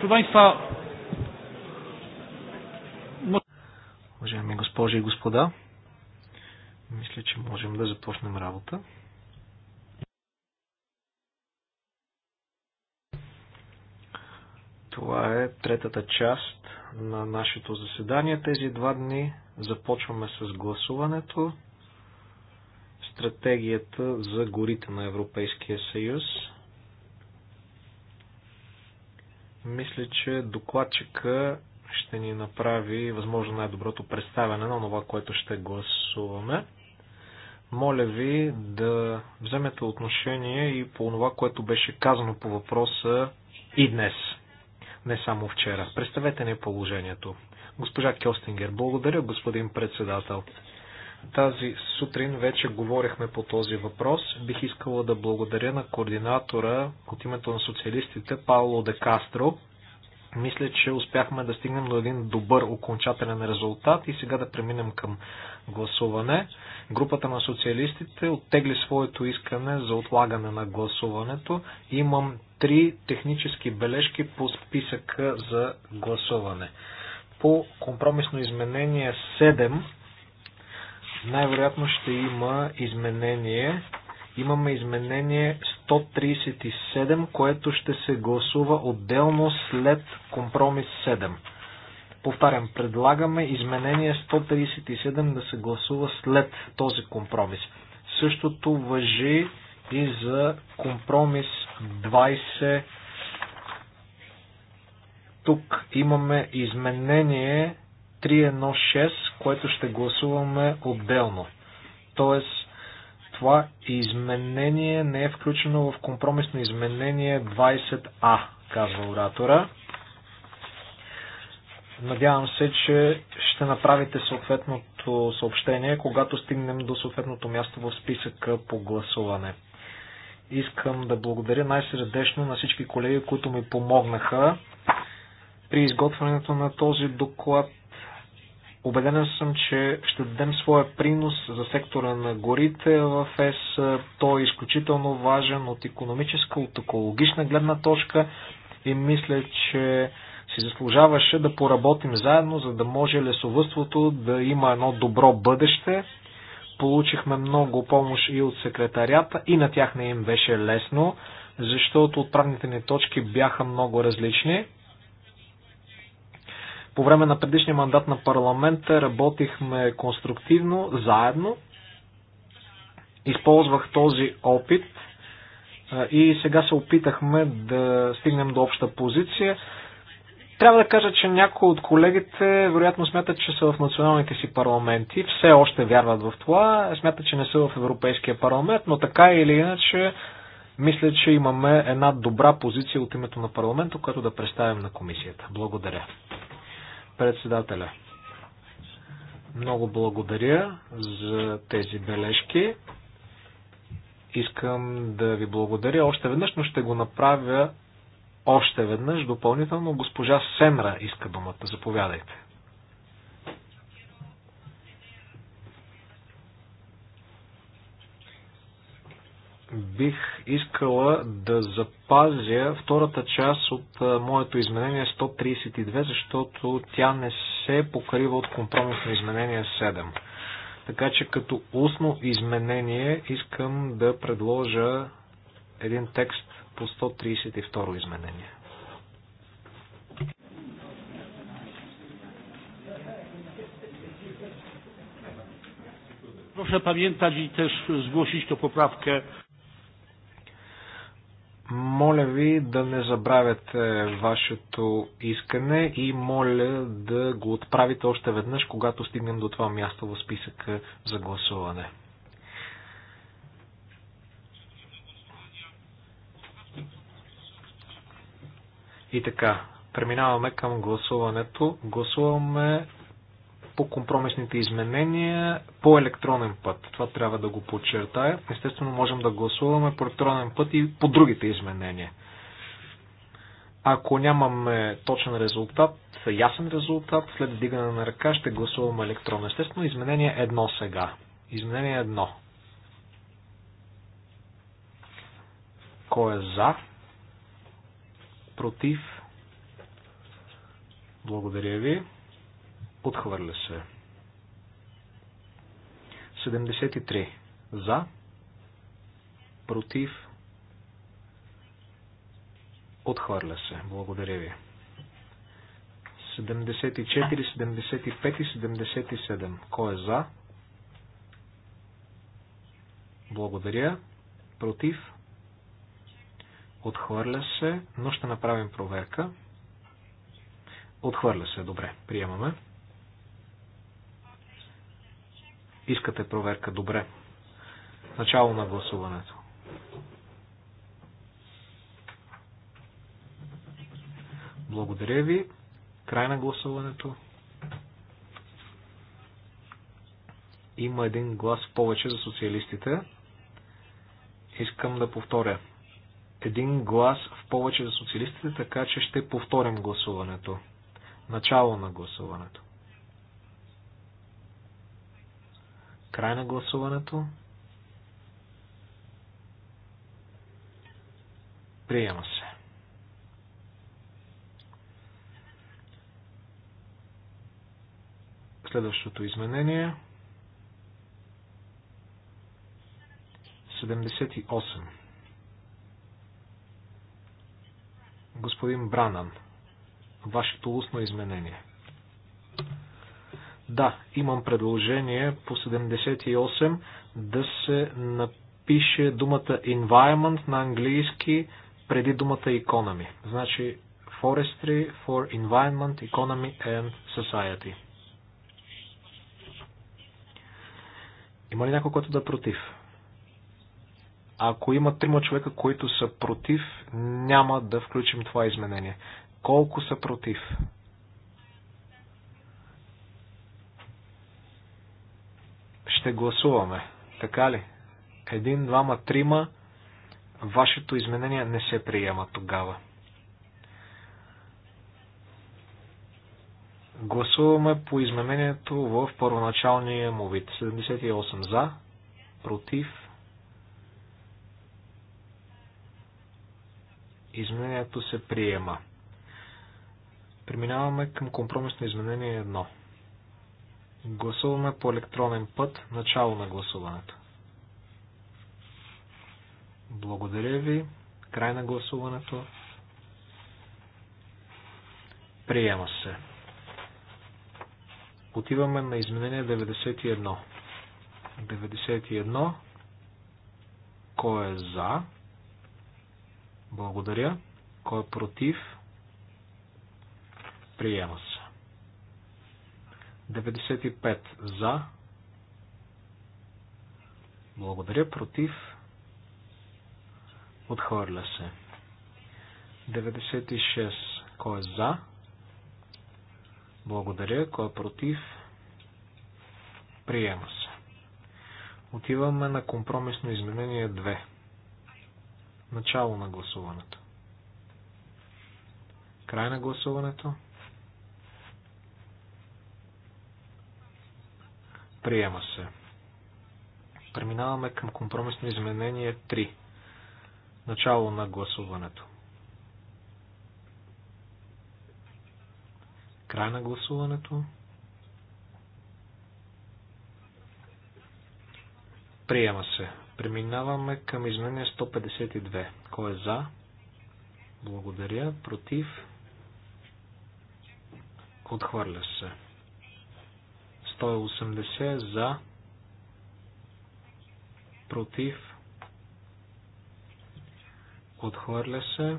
Proszę Państwa. Уважаеми госпожи и господа, мисля, че можем да започнем работа. Това е третата част на нашето заседание. Тези два дни започваме с гласуването. Стратегията за горите на Европейския съюз Мисля, че докладчика ще ни направи възможно най-доброто представяне на това, което ще гласуваме. Моля ви да вземете отношение и по това, което беше казано по въпроса и днес, не само вчера. Представете ни положението. Госпожа Кьостингер, благодаря, господин председател. Тази сутрин вече говорихме по този въпрос. Бих искала да благодаря на координатора от името на социалистите Пауло де Кастро. Мисля, че успяхме да стигнем до един добър окончателен резултат и сега да преминем към гласуване. Групата на социалистите оттегли своето искане за отлагане на гласуването. Имам три технически бележки по списъка за гласуване. По компромисно изменение 7 най-вероятно ще има изменение. Имаме изменение 137, което ще се гласува отделно след компромис 7. Повтарям, предлагаме изменение 137 да се гласува след този компромис. Същото въжи и за компромис 20. Тук имаме изменение 316, което ще гласуваме отделно. Тоест, това изменение не е включено в компромисно изменение 20А, казва оратора. Надявам се, че ще направите съответното съобщение, когато стигнем до съответното място в списъка по гласуване. Искам да благодаря най-сърдечно на всички колеги, които ми помогнаха при изготвянето на този доклад Обеден съм, че ще дадем своя принос за сектора на горите в ЕС. Той е изключително важен от економическа, от екологична гледна точка и мисля, че си заслужаваше да поработим заедно, за да може лесовътството да има едно добро бъдеще. Получихме много помощ и от секретарята и на тях не им беше лесно, защото отправните ни точки бяха много различни. По време на предишния мандат на парламента работихме конструктивно, заедно. Използвах този опит и сега се опитахме да стигнем до обща позиция. Трябва да кажа, че някои от колегите вероятно смятат, че са в националните си парламенти. Все още вярват в това. Смятат, че не са в Европейския парламент, но така или иначе мисля, че имаме една добра позиция от името на парламента, която да представим на комисията. Благодаря. Председателя. Много благодаря за тези бележки. Искам да ви благодаря още веднъж, но ще го направя още веднъж. Допълнително госпожа Сенра иска думата. Заповядайте. бих искала да запазя втората част от моето изменение 132, защото тя не се покрива от компромисно изменение 7. Така че като устно изменение искам да предложа един текст по 132 изменение. Proszę pamiętać i też zgłosić tę poprawkę моля ви да не забравяте вашето искане и моля да го отправите още веднъж, когато стигнем до това място в списъка за гласуване. И така, преминаваме към гласуването. Гласуваме по компромисните изменения по електронен път. Това трябва да го подчертая. Естествено, можем да гласуваме по електронен път и по другите изменения. Ако нямаме точен резултат, ясен резултат, след вдигане на ръка ще гласуваме електронно. Естествено, изменение едно сега. Изменение едно. Кой е за? Против? Благодаря ви. Отхвърля се. 73. За. Против. Отхвърля се. Благодаря ви. 74, 75 и 77. Кой е за? Благодаря. Против. Отхвърля се, но ще направим проверка. Отхвърля се, добре, приемаме. Искате проверка. Добре. Начало на гласуването. Благодаря ви. Край на гласуването. Има един глас повече за социалистите. Искам да повторя. Един глас в повече за социалистите, така че ще повторим гласуването. Начало на гласуването. Край на гласуването. Приема се. Следващото изменение 78. Господин Бранан, вашето устно изменение. Да, имам предложение по 78 да се напише думата environment на английски преди думата economy. Значи forestry for environment, economy and society. Има ли някой, който да е против? Ако има трима човека, които са против, няма да включим това изменение. Колко са против? Ще гласуваме. Така ли? Един, двама, трима. Вашето изменение не се приема тогава. Гласуваме по изменението в първоначалния му вид. 78 за, против. Изменението се приема. Преминаваме към компромисно изменение 1. Гласуваме по електронен път начало на гласуването. Благодаря ви. Край на гласуването. Приема се. Отиваме на изменение 91. 91. Кой е за? Благодаря. Кой е против? Приема се. 95 за. Благодаря. Против. Отхвърля се. 96. Кой е за? Благодаря. Кой е против? Приема се. Отиваме на компромисно изменение 2. Начало на гласуването. Край на гласуването. Приема се. Преминаваме към компромисно изменение 3. Начало на гласуването. Край на гласуването. Приема се. Преминаваме към изменение 152. Кой е за? Благодаря. Против? Отхвърля се. 180 за, против, отхвърля се.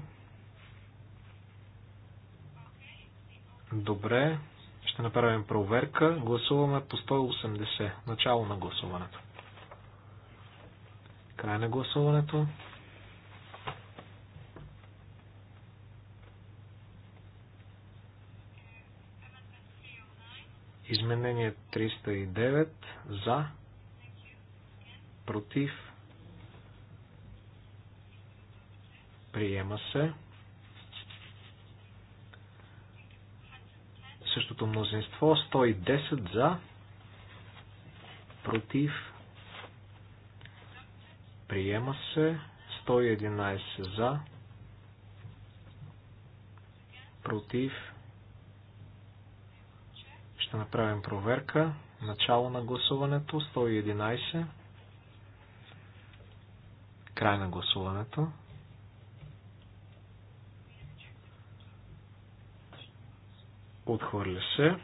Добре, ще направим проверка. Гласуваме по 180. Начало на гласуването. Край на гласуването. Изменение 309 за, против, приема се. Същото мнозинство 110 за, против, приема се. 111 за, против, ще направим проверка. Начало на гласуването 111. Край на гласуването. Отхвърля се.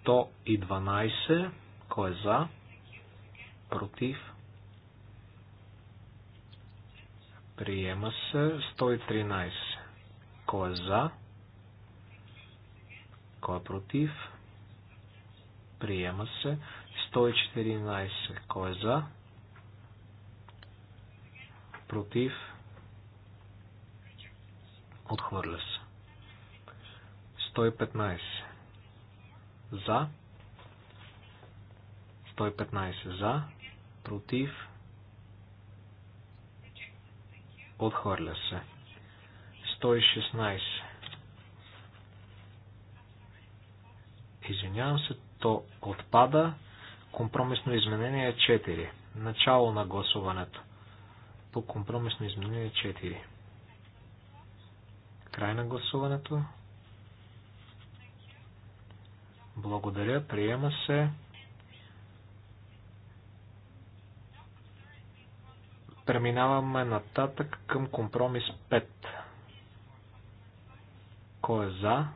Сто и дванайсе. Кой е за? Против? Приема се 113. Кой е за? Кой е против? Приема се 114. Кой е за? Против? Отхвърля се. 115. За? 115 за, против Отхвърля се. 116. Извинявам се, то отпада. Компромисно изменение 4. Е Начало на гласуването. По компромисно изменение 4. Е Край на гласуването. Благодаря, приема се. Преминаваме нататък към компромис 5. Кой е за?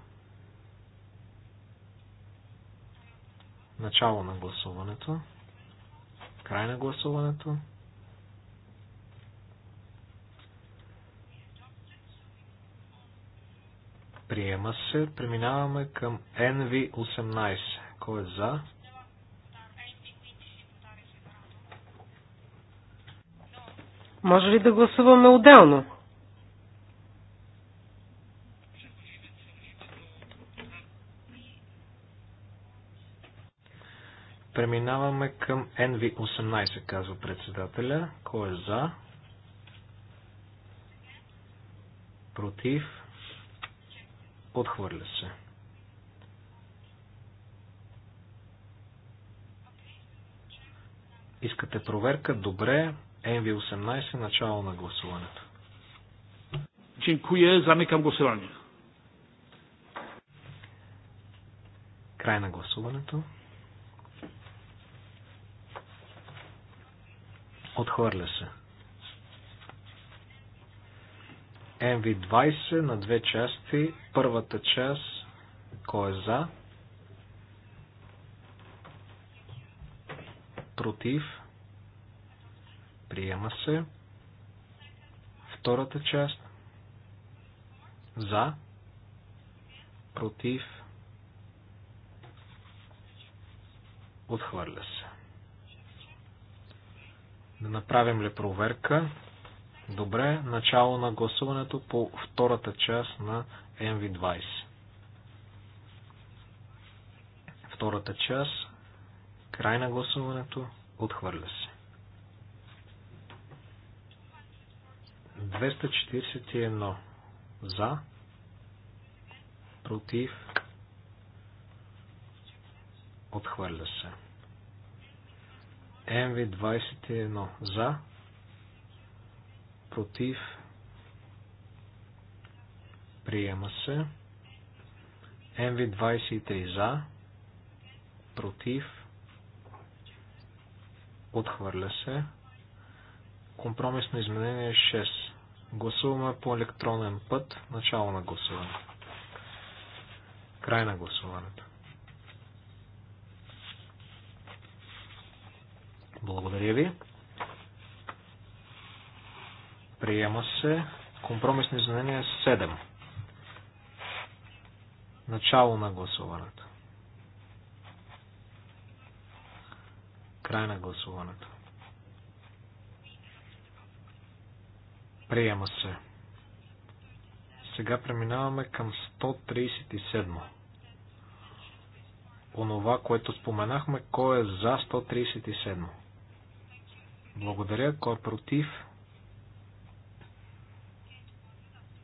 Начало на гласуването. Край на гласуването. Приема се. Преминаваме към NV18. Кой е за? Може ли да гласуваме отделно? Преминаваме към NV18, казва председателя. Кой е за? Против? Отхвърля се. Искате проверка? Добре. NV18, начало на гласуването. Дякую. Замикам гласуване. Край на гласуването. Отхвърля се. MV20 на две части. Първата част, кой е за? Против? Приема се. Втората част. За. Против. Отхвърля се. Да направим ли проверка? Добре, начало на гласуването по втората част на MV20. Втората част, край на гласуването, отхвърля се. 241 за, против, отхвърля се. МВ 21 за, против, приема се. МВ 23 за, против, отхвърля се. Компромисно изменение 6 Гласуваме по електронен път. Начало на гласуване. Край на гласуването. Благодаря ви. Приема се компромисни изменения 7. Начало на гласуването. Край на гласуването. Приема се. Сега преминаваме към 137. Онова, което споменахме, кой е за 137. Благодаря. Кой е против?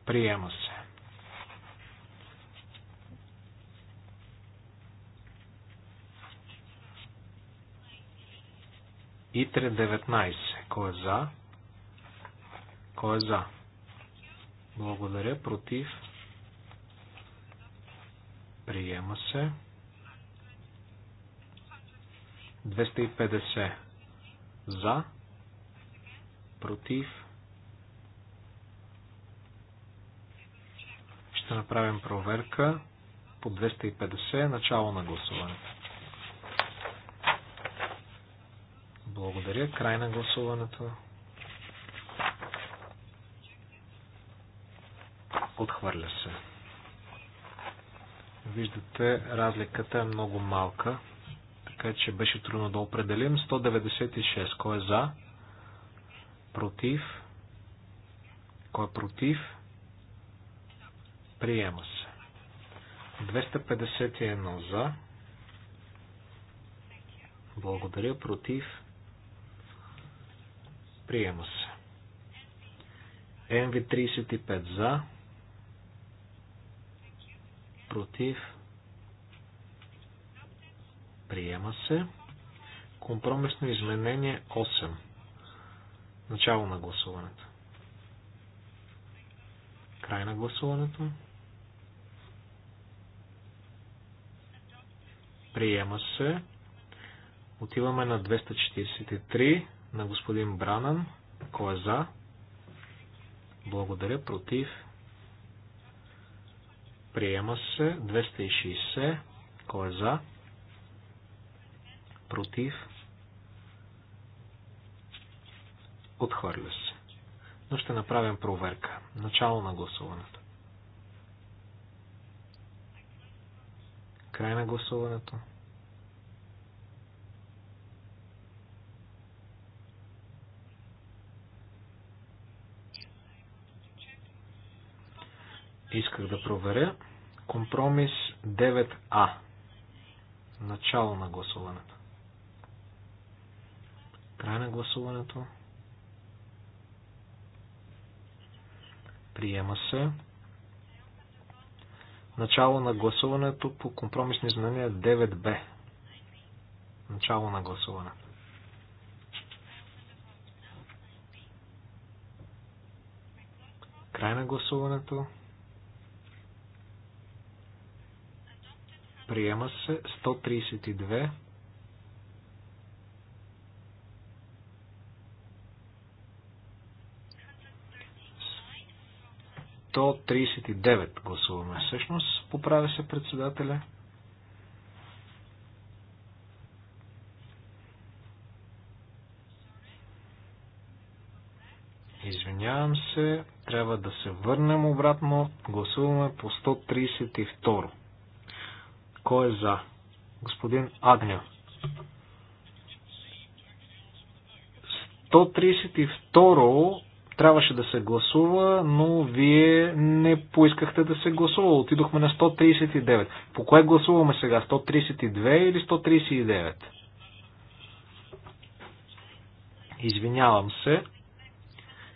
Приема се. И 319. Кой е за? Кой е за? Благодаря. Против? Приема се. 250. За? Против? Ще направим проверка по 250. Начало на гласуването. Благодаря. Край на гласуването. Отхвърля се. Виждате, разликата е много малка, така че беше трудно да определим. 196. Кой е за? Против? Кой е против? Приема се. 251 за. Благодаря. Против? Приема се. МВ 35 за против, приема се. Компромисно изменение 8. Начало на гласуването. Край на гласуването. Приема се. Отиваме на 243 на господин Бранан. Кой е за? Благодаря. Против. Приема се 260. Кой е за? Против? Отхвърля се. Но ще направим проверка. Начало на гласуването. Край на гласуването. исках да проверя. Компромис 9А. Начало на гласуването. Край на гласуването. Приема се. Начало на гласуването по компромисни знания 9Б. Начало на гласуването. Край на гласуването. Приема се 132. То 39 гласуваме всъщност, поправя се председателя. Извинявам се, трябва да се върнем обратно. Гласуваме по 132. Кой е за? Господин Агня. 132 трябваше да се гласува, но вие не поискахте да се гласува. Отидохме на 139. По кое гласуваме сега? 132 или 139? Извинявам се.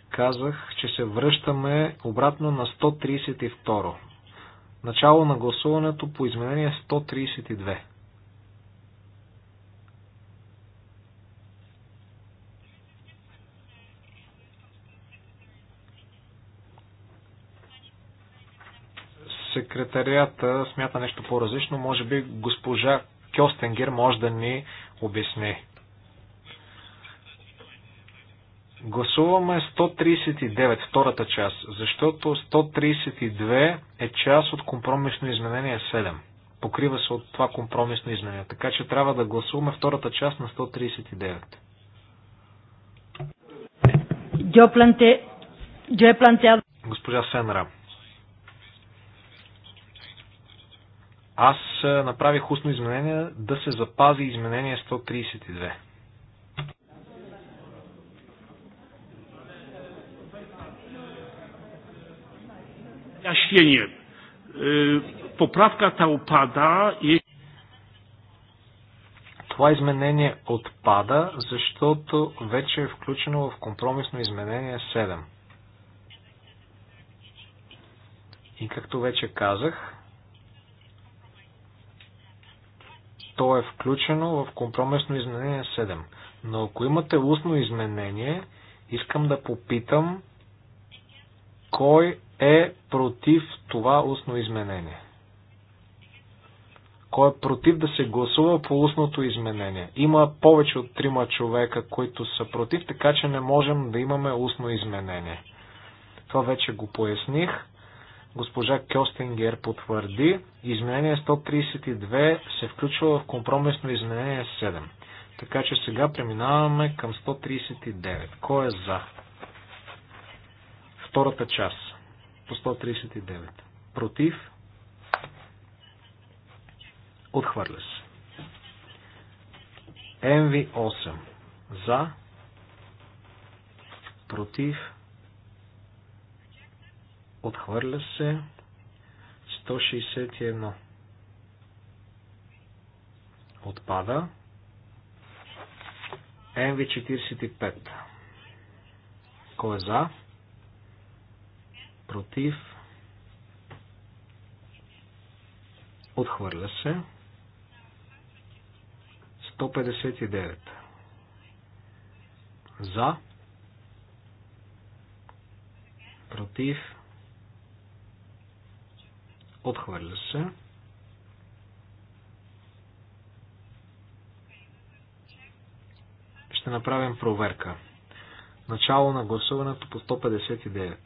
Казах, че се връщаме обратно на 132. Начало на гласуването по изменение 132. секретарията смята нещо по-различно, може би госпожа Кьостенгер може да ни обясни. Гласуваме 139, втората част, защото 132 е част от компромисно изменение 7. Покрива се от това компромисно изменение. Така че трябва да гласуваме втората част на 139. Госпожа Сенра. Аз е, направих устно изменение да се запази изменение 132. Wyjaśnienie. Поправка та опада и... Това изменение отпада, защото вече е включено в компромисно изменение 7. И както вече казах, то е включено в компромисно изменение 7. Но ако имате устно изменение, искам да попитам кой е против това устно изменение? Кой е против да се гласува по устното изменение? Има повече от трима човека, които са против, така че не можем да имаме устно изменение. Това вече го поясних. Госпожа Кьостингер потвърди, изменение 132 се включва в компромисно изменение 7. Така че сега преминаваме към 139. Кой е за? Втората част по 139. Против. Отхвърля се. МВ8. За. Против. Отхвърля се. 161. Отпада. МВ45. Кой е за? против, отхвърля се. 159. За, против, отхвърля се. Ще направим проверка. Начало на гласуването по 159.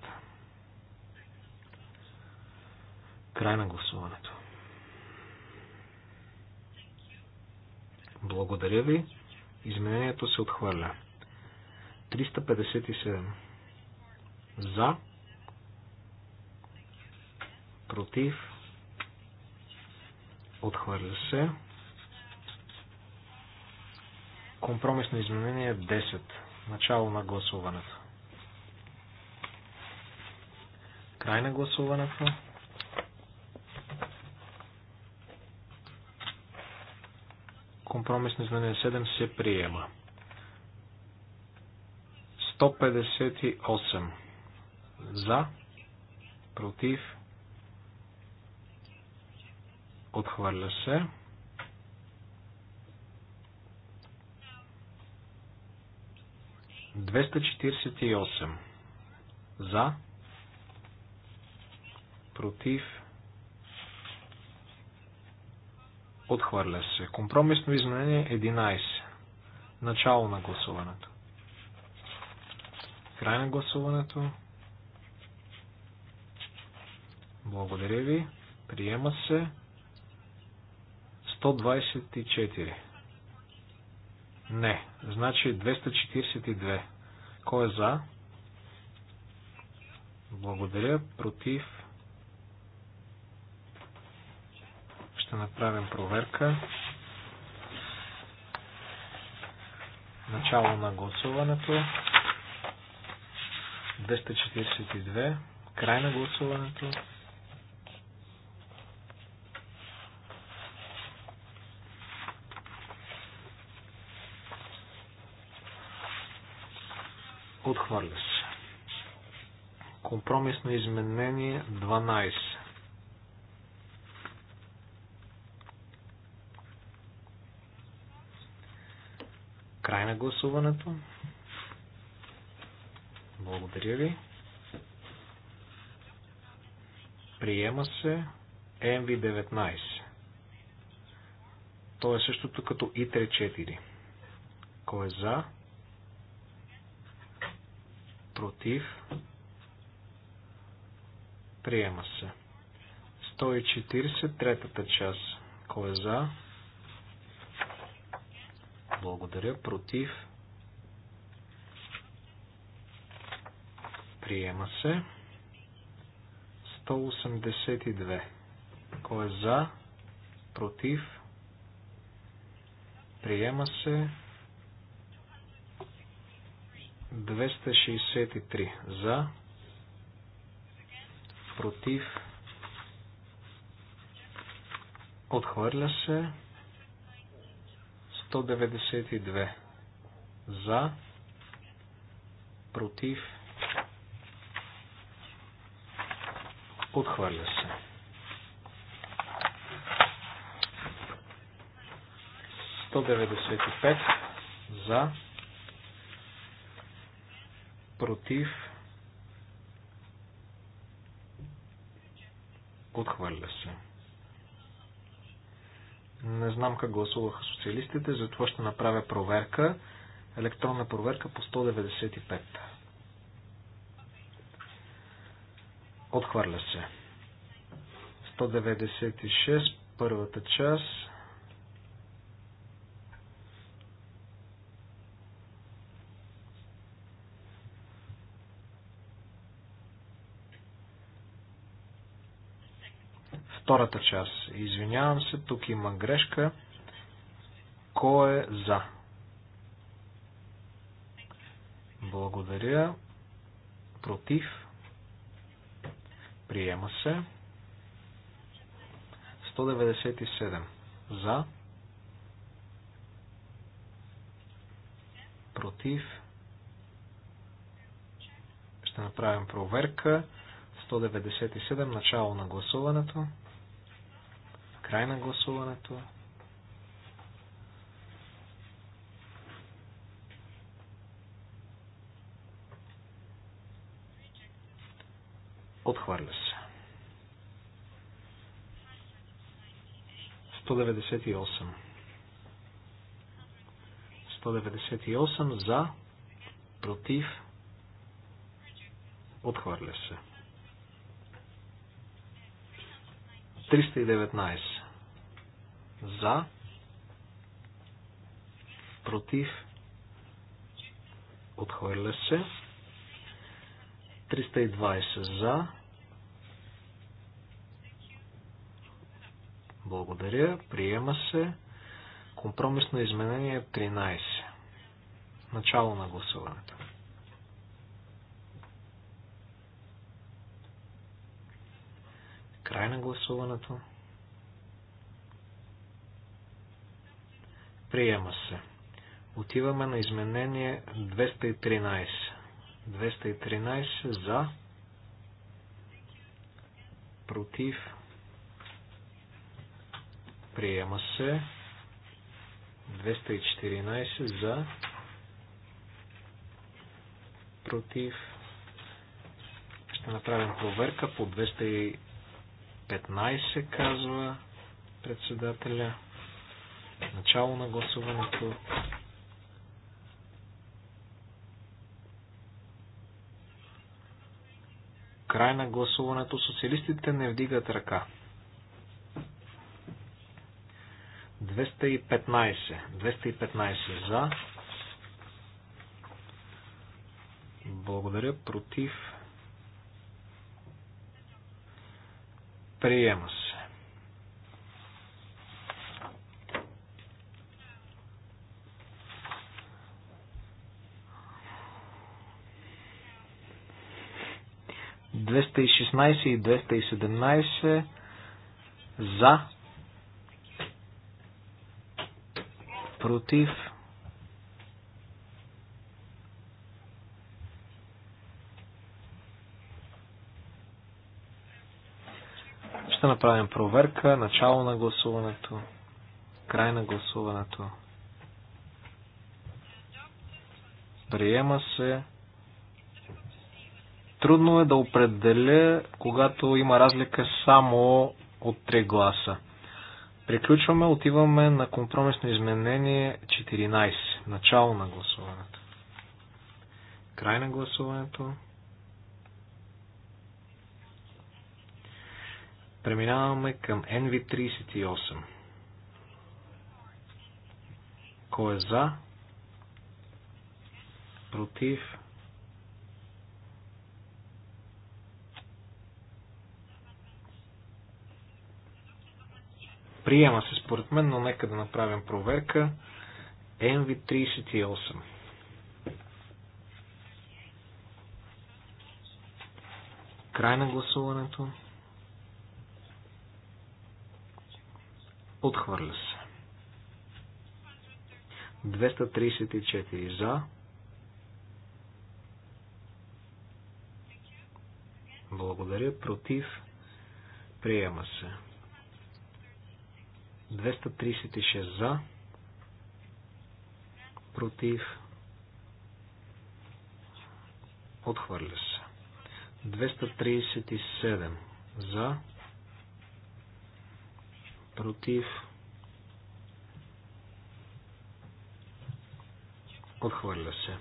Край на гласуването. Благодаря ви. Изменението се отхвърля. 357. За. Против. Отхвърля се. Компромисно изменение 10. Начало на гласуването. Край на гласуването. компромис на изменение 7 се приема. 158 за, против, отхвърля се. Двеста четиридесет и осем за, против, Отхвърля се. Компромисно изменение 11. Начало на гласуването. Край на гласуването. Благодаря ви. Приема се. 124. Не. Значи 242. Кой е за? Благодаря. Против. Ще направим проверка. Начало на гласуването. 242. Край на гласуването. Отхвърля се. Компромисно изменение 12. Край на гласуването. Благодаря ви. Приема се MV19. То е същото като I34. Кой е за? Против? Приема се. 140, третата част. Кой е за? Благодаря. Против. Приема се. 182. Кой е за? Против. Приема се. 263. За. Против. Отхвърля се. 192. За. Против. Отхвърля се. Сто деветдесет и пет за против отхвърля се. Не знам как гласуваха социалистите, затова ще направя проверка. Електронна проверка по 195. Отхвърля се. 196, първата част. втората част. Извинявам се, тук има грешка. Кой е за? Благодаря. Против. Приема се. 197. За. Против. Ще направим проверка. 197. Начало на гласуването. Край на гласуването. Отхвърля се. 198. 198 за, против, отхвърля се. 319 за. Против. Отхвърля се. 320 за. Благодаря. Приема се. Компромисно изменение 13. Начало на гласуването. Край на гласуването. Приема се. Отиваме на изменение 213. 213 за. Против. Приема се. 214 за. Против. Ще направим проверка по 215, казва председателя. Начало на гласуването. Край на гласуването. Социалистите не вдигат ръка. 215. 215 за. Благодаря. Против. Приема се. 216 и 217 за, против, ще направим проверка, начало на гласуването, край на гласуването. Приема се Трудно е да определя, когато има разлика само от 3 гласа. Приключваме, отиваме на компромисно изменение 14. Начало на гласуването. Край на гласуването. Преминаваме към NV38. Кой е за? Против? Приема се според мен, но нека да направим проверка. NV38. Край на гласуването. Отхвърля се. 234 за. Благодаря. Против. Приема се. 236 за, против, отхвърля се. 237 за, против, отхвърля се.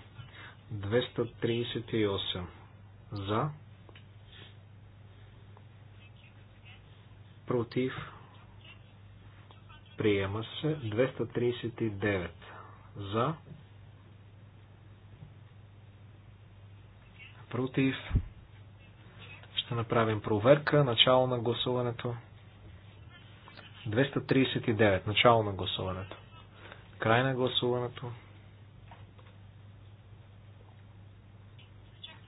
238 за, против, отхвърля се. Приема се 239 за. Против. Ще направим проверка. Начало на гласуването. 239. Начало на гласуването. Край на гласуването.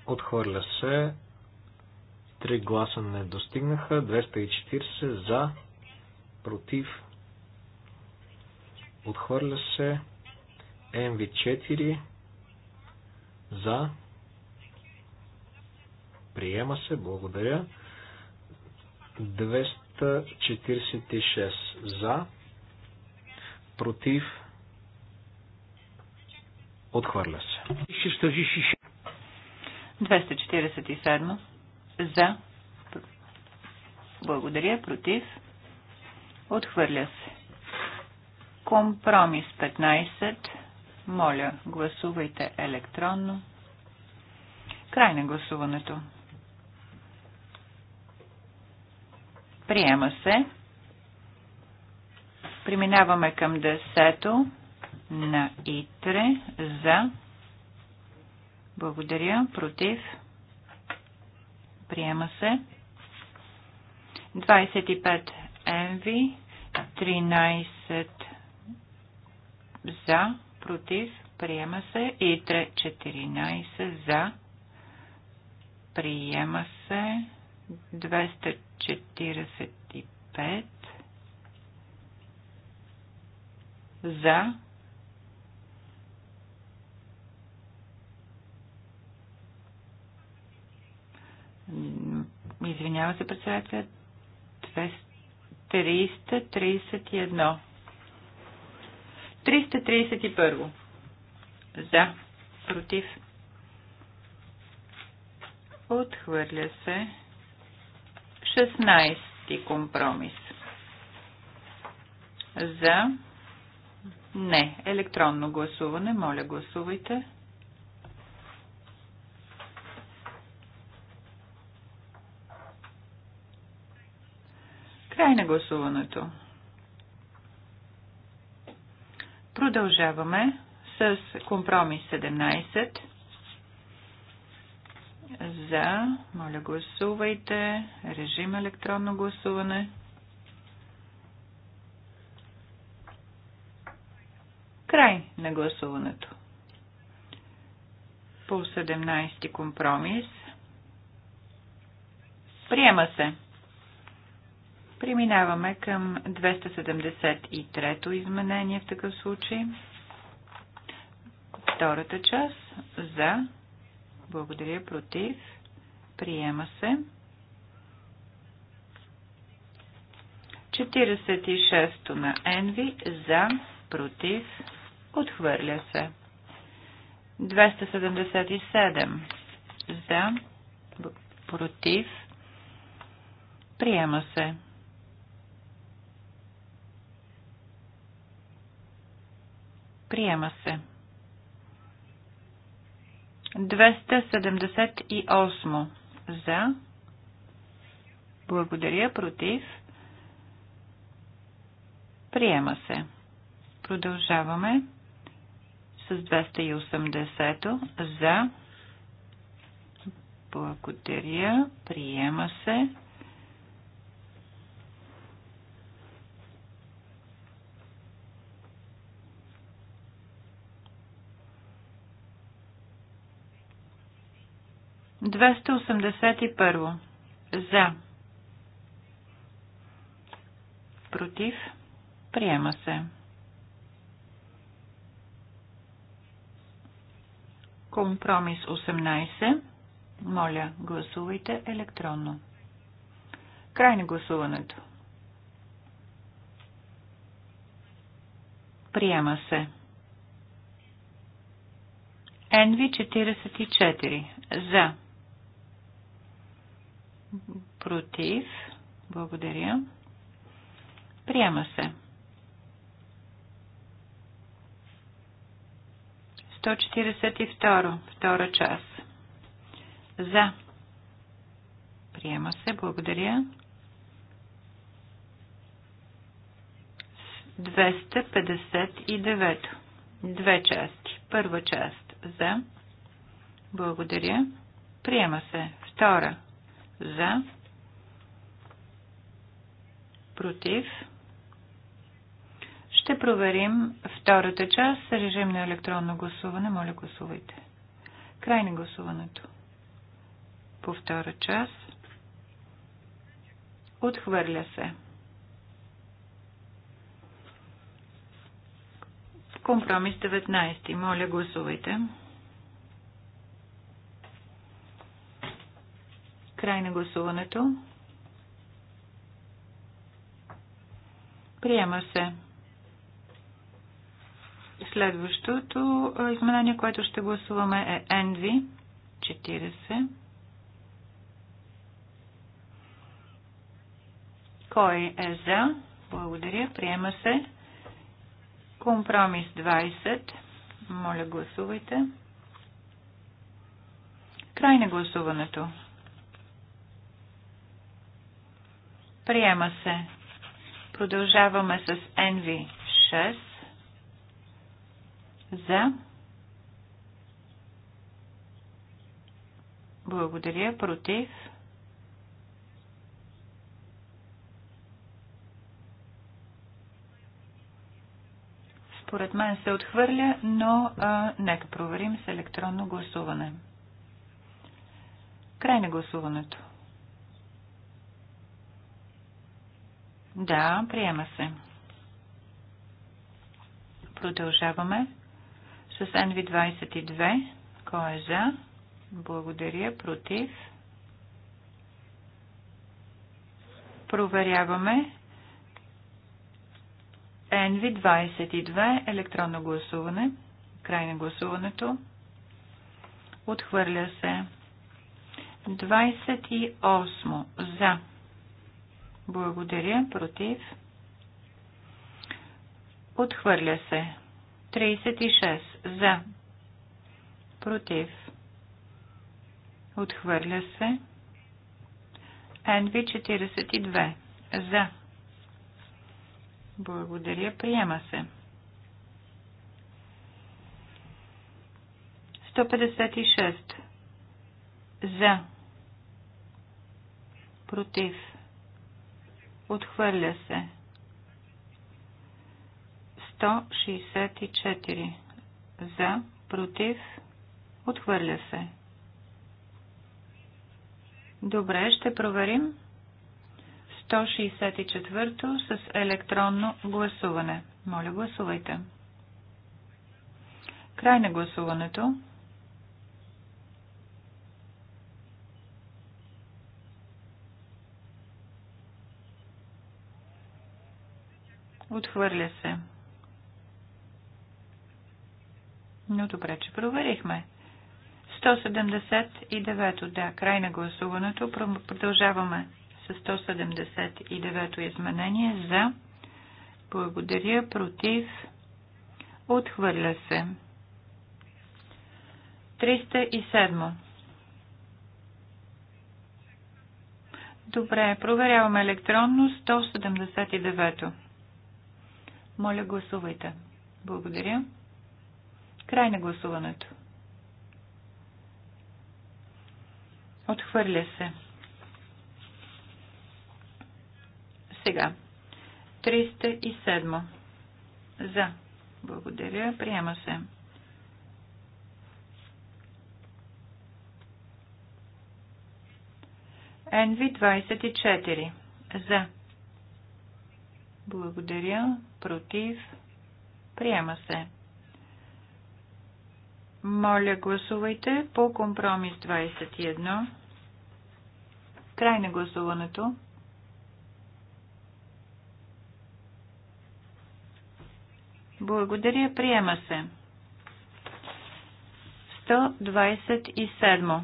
Отхвърля се. Три гласа не достигнаха. 240 за. Против. Отхвърля се. МВ4. За. Приема се. Благодаря. 246 за. Против. Отхвърля се. 247 за. Благодаря. Против. Отхвърля се. Компромис 15. Моля, гласувайте електронно. Край на гласуването. Приема се. Преминаваме към 10 на ИТРЕ за. Благодаря. Против. Приема се. 25 МВ. 13 за, против, приема се. И 3, 14 за, приема се. 245 за, извинява се председателя, 331 331. За. Против. Отхвърля се. 16 компромис. За. Не. Електронно гласуване. Моля, гласувайте. Край на гласуването. Продължаваме с компромис 17 за, моля гласувайте, режим електронно гласуване. Край на гласуването. По 17 компромис. Приема се. Преминаваме към 273-то изменение в такъв случай. Втората част за. Благодаря. Против. Приема се. 46-то на Енви за. Против. Отхвърля се. 277 за. Против. Приема се. Приема се. 278 за. Благодаря. Против. Приема се. Продължаваме с 280 за. Благодаря. Приема се. 281. За. Против. Приема се. Компромис 18. Моля, гласувайте електронно. Край на гласуването. Приема се. NV44. За. Против. Благодаря. Приема се. 142. Втора част. За. Приема се. Благодаря. 259. Две части. Първа част. За. Благодаря. Приема се. Втора. За. Против. Ще проверим втората част. Режим на електронно гласуване. Моля, гласувайте. Край на гласуването. По втора част. Отхвърля се. Компромис 19. Моля, гласувайте. Край на гласуването. Приема се. Следващото изменение, което ще гласуваме е Envy 40. Кой е за? Благодаря. Приема се. Компромис 20. Моля, гласувайте. Край на гласуването. Приема се. Продължаваме с NV6 за. Благодаря. Против. Според мен се отхвърля, но а, нека проверим с електронно гласуване. Край на гласуването. Да, приема се. Продължаваме с NV22. Кой е за? Благодаря. Против? Проверяваме. NV22. Електронно гласуване. Край на гласуването. Отхвърля се. 28. За. Благодаря. Против. Отхвърля се. 36. За. Против. Отхвърля се. Енви 42. За. Благодаря. Приема се. 156. За. Против. Отхвърля се. 164. За. Против. Отхвърля се. Добре, ще проверим. 164 с електронно гласуване. Моля, гласувайте. Край на гласуването. Отхвърля се. Но добре, че проверихме. 179 то да, край на гласуването. Продължаваме с 179 то изменение за. Благодаря, против. Отхвърля се. 307. Добре, проверяваме електронно 179. Моля, гласувайте. Благодаря. Край на гласуването. Отхвърля се. Сега. 307. За. Благодаря. Приема се. NV24. За. Благодаря. Против. Приема се. Моля, гласувайте по компромис 21. Край на гласуването. Благодаря, приема се. 127.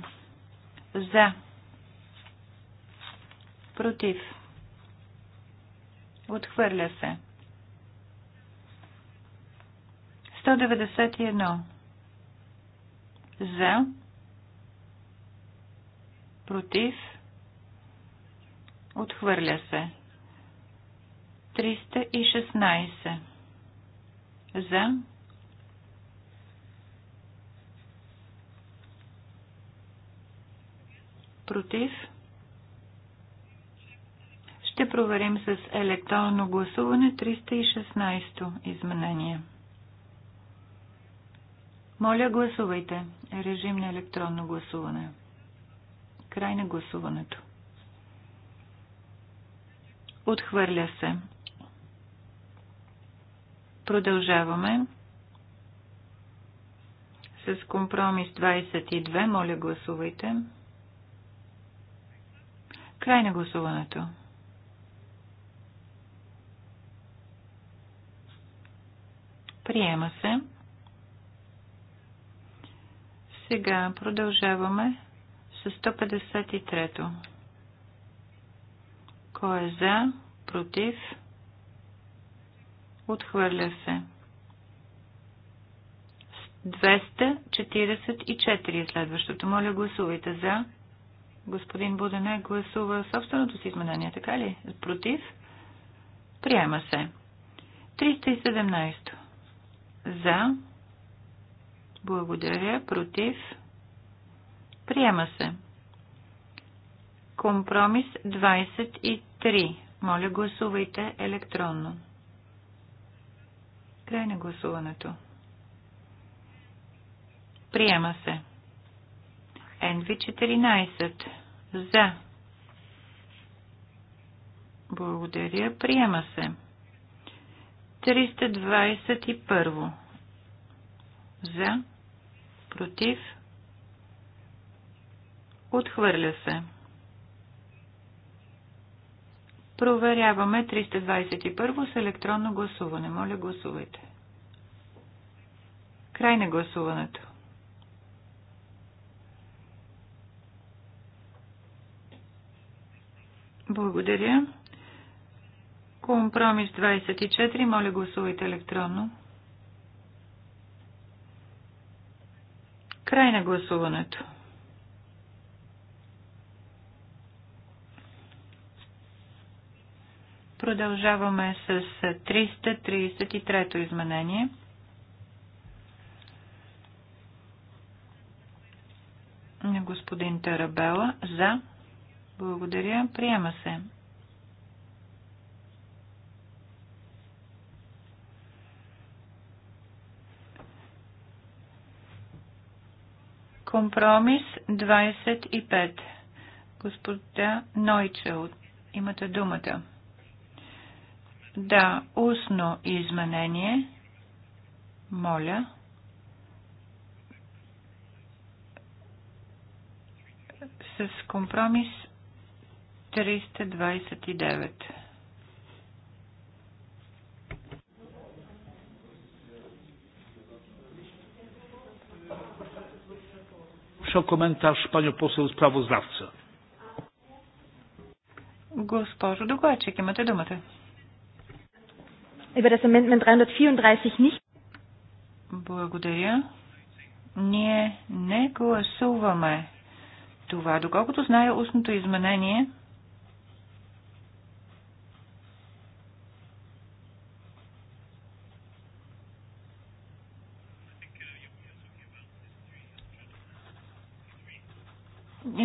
За. Против. Отхвърля се. 191. За. Против. Отхвърля се. 316. За. Против. Против. Ще проверим с електронно гласуване 316 изменение. Моля, гласувайте. Режим на електронно гласуване. Край на гласуването. Отхвърля се. Продължаваме с компромис 22. Моля, гласувайте. Край на гласуването. Приема се. Сега продължаваме с 153-то. Кой е за? Против? Отхвърля се. 244 е следващото. Моля, гласувайте за. Господин Будене гласува собственото си изменение, така ли? Против? Приема се. 317. то за. Благодаря. Против. Приема се. Компромис 23. Моля, гласувайте електронно. Край на гласуването. Приема се. НВ 14 За. Благодаря. Приема се. 321. За. Против. Отхвърля се. Проверяваме 321 с електронно гласуване. Моля, гласувайте. Край на гласуването. Благодаря. Компромис 24. Моля гласувайте електронно. Край на гласуването. Продължаваме с 333 изменение. На господин Тарабела за. Благодаря. Приема се. Компромис 25. Господа Нойчел, имате думата. Да, устно изменение. Моля. С компромис 329. Proszę o komentarz panią poseł sprawozdawcę. Госпожо докладчик, имате думата. Über das Amendment 334 nicht. Благодаря. Ние не гласуваме това. Доколкото знае устното изменение,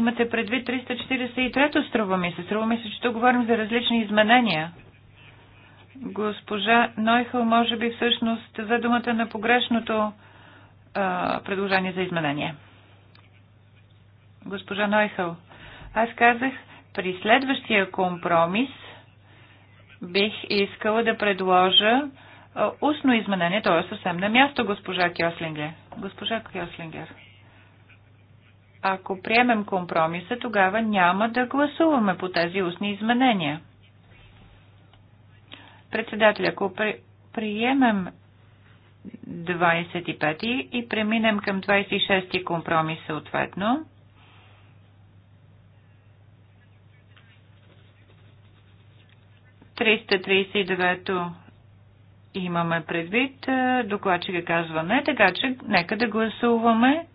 имате предвид 343-то струва ми се. Струва ми се, че тук говорим за различни изменения. Госпожа Нойхъл, може би всъщност за думата на погрешното а, предложение за изменение. Госпожа Нойхъл, аз казах, при следващия компромис бих искала да предложа устно изменение. То е съвсем на място, госпожа Кьослингер. Госпожа Кьослингер. Ако приемем компромиса, тогава няма да гласуваме по тези устни изменения. Председателя, ако при... приемем 25 и преминем към 26 компромис съответно, Триста имаме предвид. Е, докладчика казва не, така че нека да гласуваме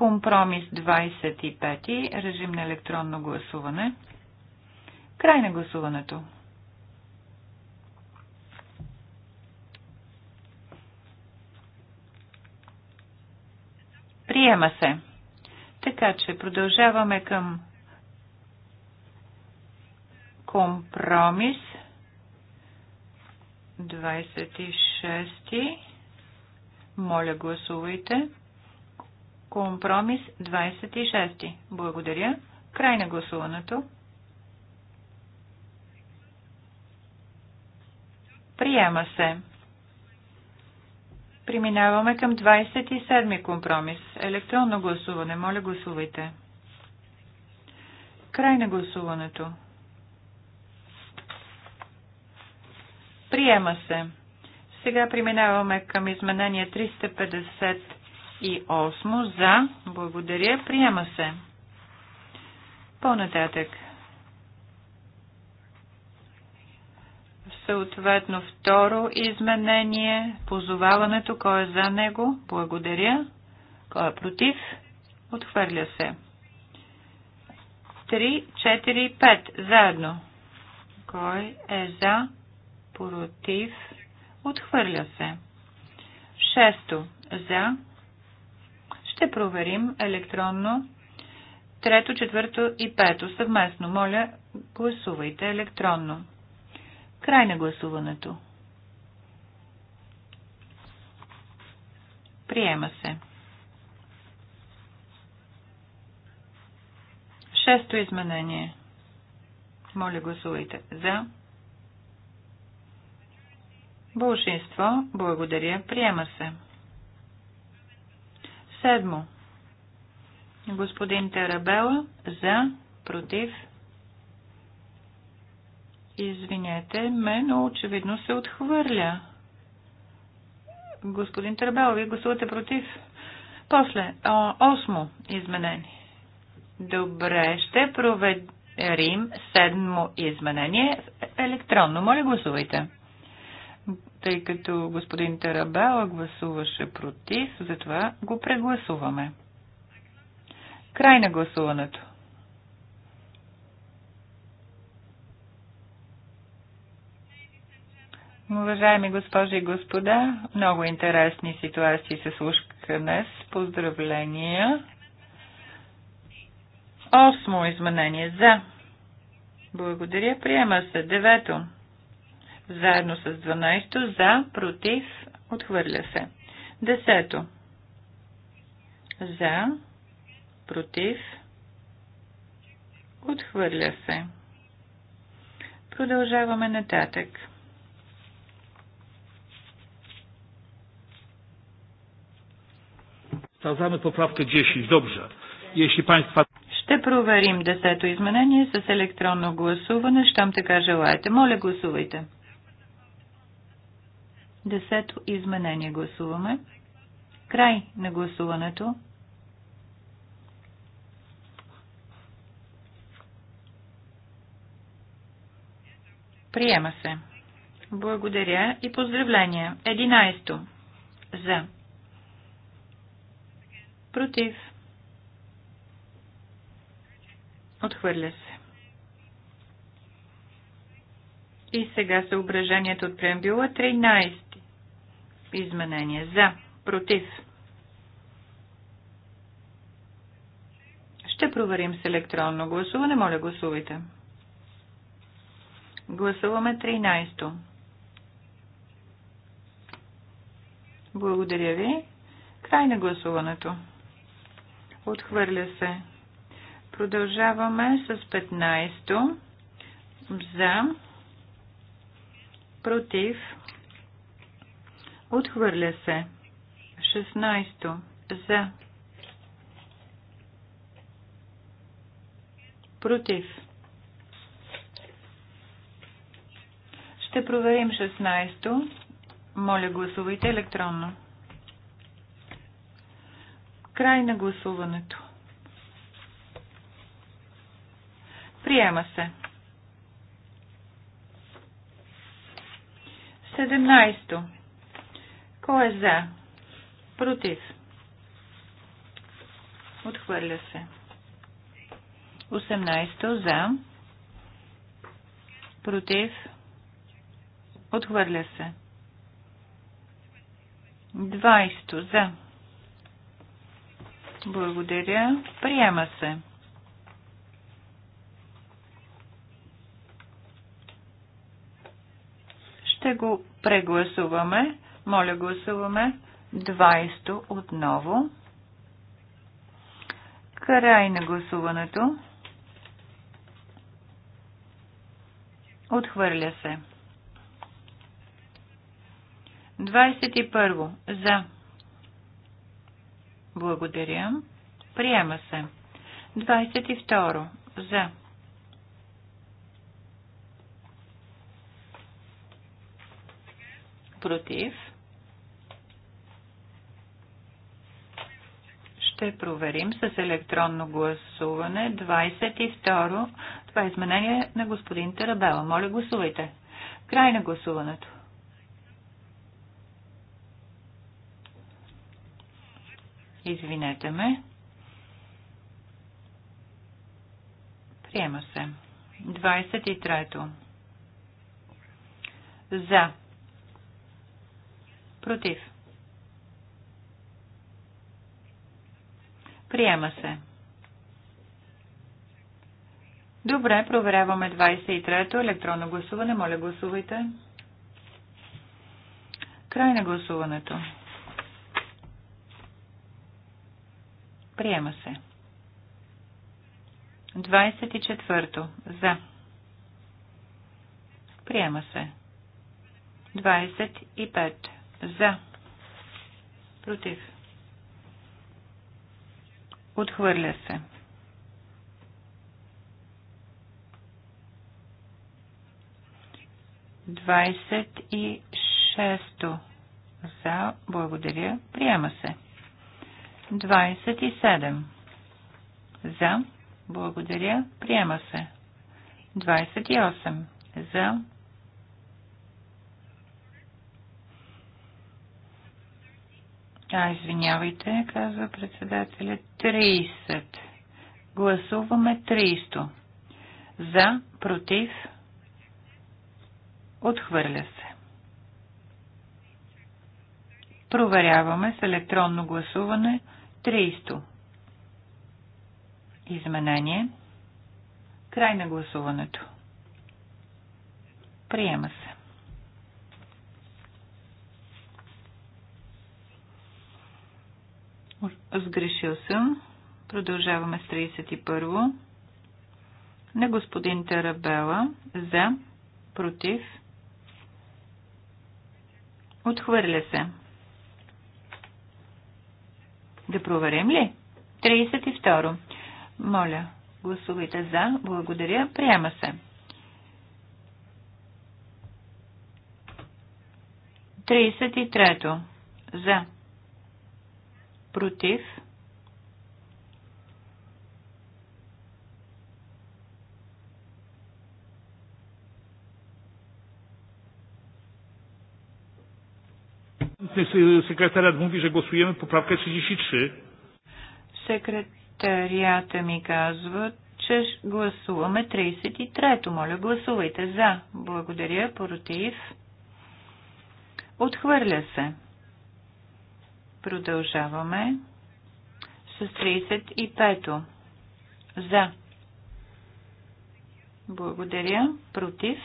Компромис 25. Режим на електронно гласуване. Край на гласуването. Приема се. Така че продължаваме към компромис 26. Моля, гласувайте. Компромис 26. Благодаря. Край на гласуването. Приема се. Преминаваме към 27 ми компромис. Електронно гласуване. Моля гласувайте. Край на гласуването. Приема се. Сега преминаваме към изменение 350 и 108 за. Благодаря. Приема се. По-нататък. Съответно второ изменение. Позоваването. Кой е за него? Благодаря. Кой е против? Отхвърля се. 3, 4, 5. Заедно. Кой е за? Против. Отхвърля се. Шесто. За. Ще проверим електронно трето, четвърто и пето съвместно. Моля, гласувайте електронно. Край на гласуването. Приема се. Шесто изменение. Моля, гласувайте за. Бълшинство, Благодаря. Приема се. Седмо. Господин Терабела за, против. Извинете ме, но очевидно се отхвърля. Господин Терабела, вие гласувате против. После, о, осмо изменение. Добре, ще проверим седмо изменение електронно. Моля, гласувайте тъй като господин Тарабела гласуваше против, затова го прегласуваме. Край на гласуването. Уважаеми госпожи и господа, много интересни ситуации се слушка днес. Поздравления! Осмо изменение за. Благодаря, приема се. Девето заедно с 12 за, против, отхвърля се. Десето. за, против, отхвърля се. Продължаваме нататък. Ставаме поправка 10. Добре. Jeśli Państwa... Ще проверим десето изменение с електронно гласуване. Щом така желаете. Моля, гласувайте. Десето изменение гласуваме. Край на гласуването. Приема се. Благодаря и поздравления. Единайсто. За. Против. Отхвърля се. И сега съображението от преамбюла 13 изменение. За. Против. Ще проверим с електронно гласуване. Моля, гласувайте. Гласуваме 13-то. Благодаря ви. Край на гласуването. Отхвърля се. Продължаваме с 15-то. За. Против. Против Отхвърля се. 16. За. Против. Ще проверим 16. Моля, гласувайте електронно. Край на гласуването. Приема се. 17. Кой е за? Против. Отхвърля се. 18 за. Против. Отхвърля се. 20 за. Благодаря. Приема се. Ще го прегласуваме. Моля, гласуваме 20 отново. Край на гласуването. Отхвърля се. 21. За. Благодаря. Приема се. 22. За. Против. Ще проверим с електронно гласуване 22 това е изменение на господин Тарабела. Моля, гласувайте. Край на гласуването. Извинете ме. Приема се. 23-то. За. Против. Приема се. Добре, проверяваме 23-то електронно гласуване. Моля, гласувайте. Край на гласуването. Приема се. 24-то. За. Приема се. 25. За. Против. Отхвърля се. Двайсет и шесто. За. Благодаря. Приема се. 27. За. Благодаря. Приема се. 28. За. А, извинявайте, казва председателя. 30. Гласуваме 300. За, против, отхвърля се. Проверяваме с електронно гласуване 300. Изменение. Край на гласуването. Приема се. Сгрешил съм. Продължаваме с 31. На господин Тарабела за, против, отхвърля се. Да проверим ли? 32. Моля, гласувайте за. Благодаря. Приема се. 33. За против, Секретарят mówi, że гласуваме. Поправка 33. Секретарията ми казва, че гласуваме 33 Моля, гласувайте за. Благодаря. Против. Отхвърля се. Продължаваме с 35-то. За. Благодаря. Против.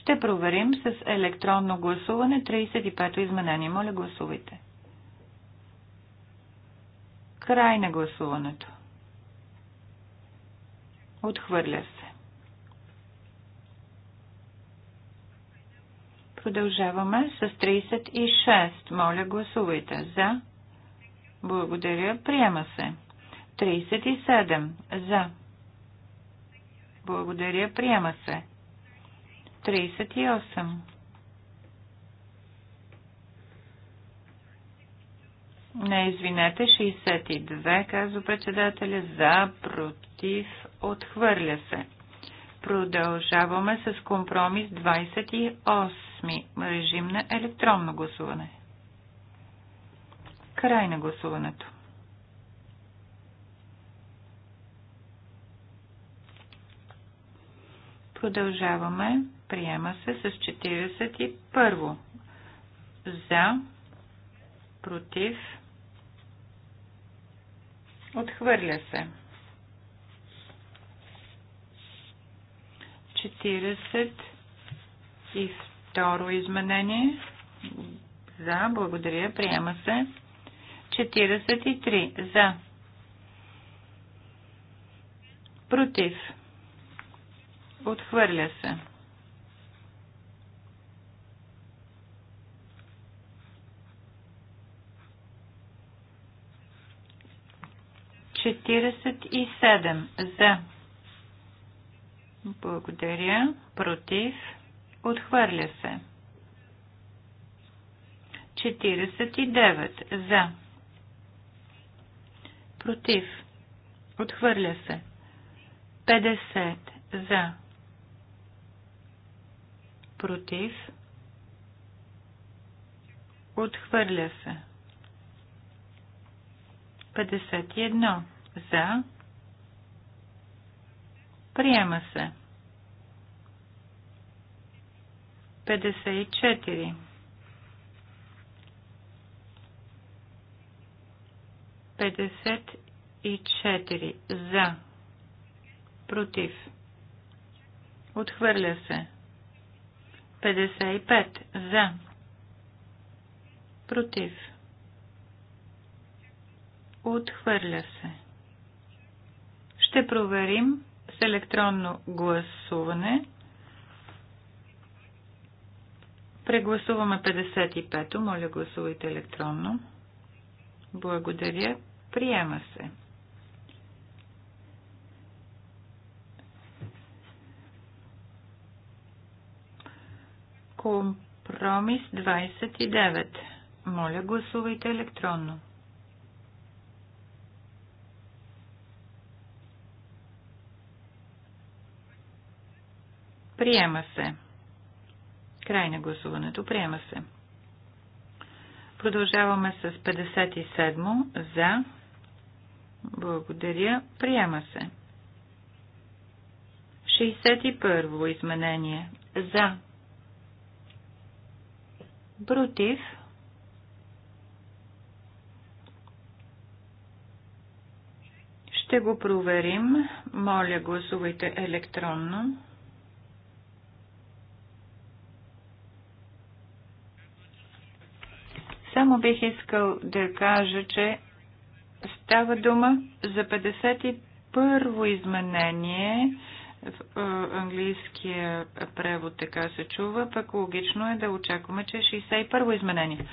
Ще проверим с електронно гласуване 35-то изменение. Моля, гласувайте. Край на гласуването. Отхвърля се. Продължаваме с 36. Моля, гласувайте. За. Благодаря. Приема се. 37. За. Благодаря. Приема се. 38. Не, извинете, 62, казва председателя, за, против, отхвърля се. Продължаваме с компромис 28. 8. Режим на електронно гласуване. Край на гласуването. Продължаваме. Приема се с 41. За. Против. Отхвърля се. 40 и Второ изменение. За. Благодаря. Приема се. 43. За. Против. Отхвърля се. Четиридесет и седем. За. Благодаря. Против. Отхвърля се. 49. За. Против. Отхвърля се. 50. За. Против. Отхвърля се. 51. За. Приема се. 54. За. Против. Отхвърля се. 55. За. Против. Отхвърля се. Ще проверим с електронно гласуване Прегласуваме 55-то. Моля, гласувайте електронно. Благодаря. Приема се. Компромис 29. Моля, гласувайте електронно. Приема се. Край на гласуването. Приема се. Продължаваме с 57 за. Благодаря. Приема се. 61 изменение. За. Против. Ще го проверим. Моля, гласувайте електронно. Само бих искал да кажа, че става дума за 51-во изменение в английския превод така се чува, пък логично е да очакваме, че 61-во е изменение.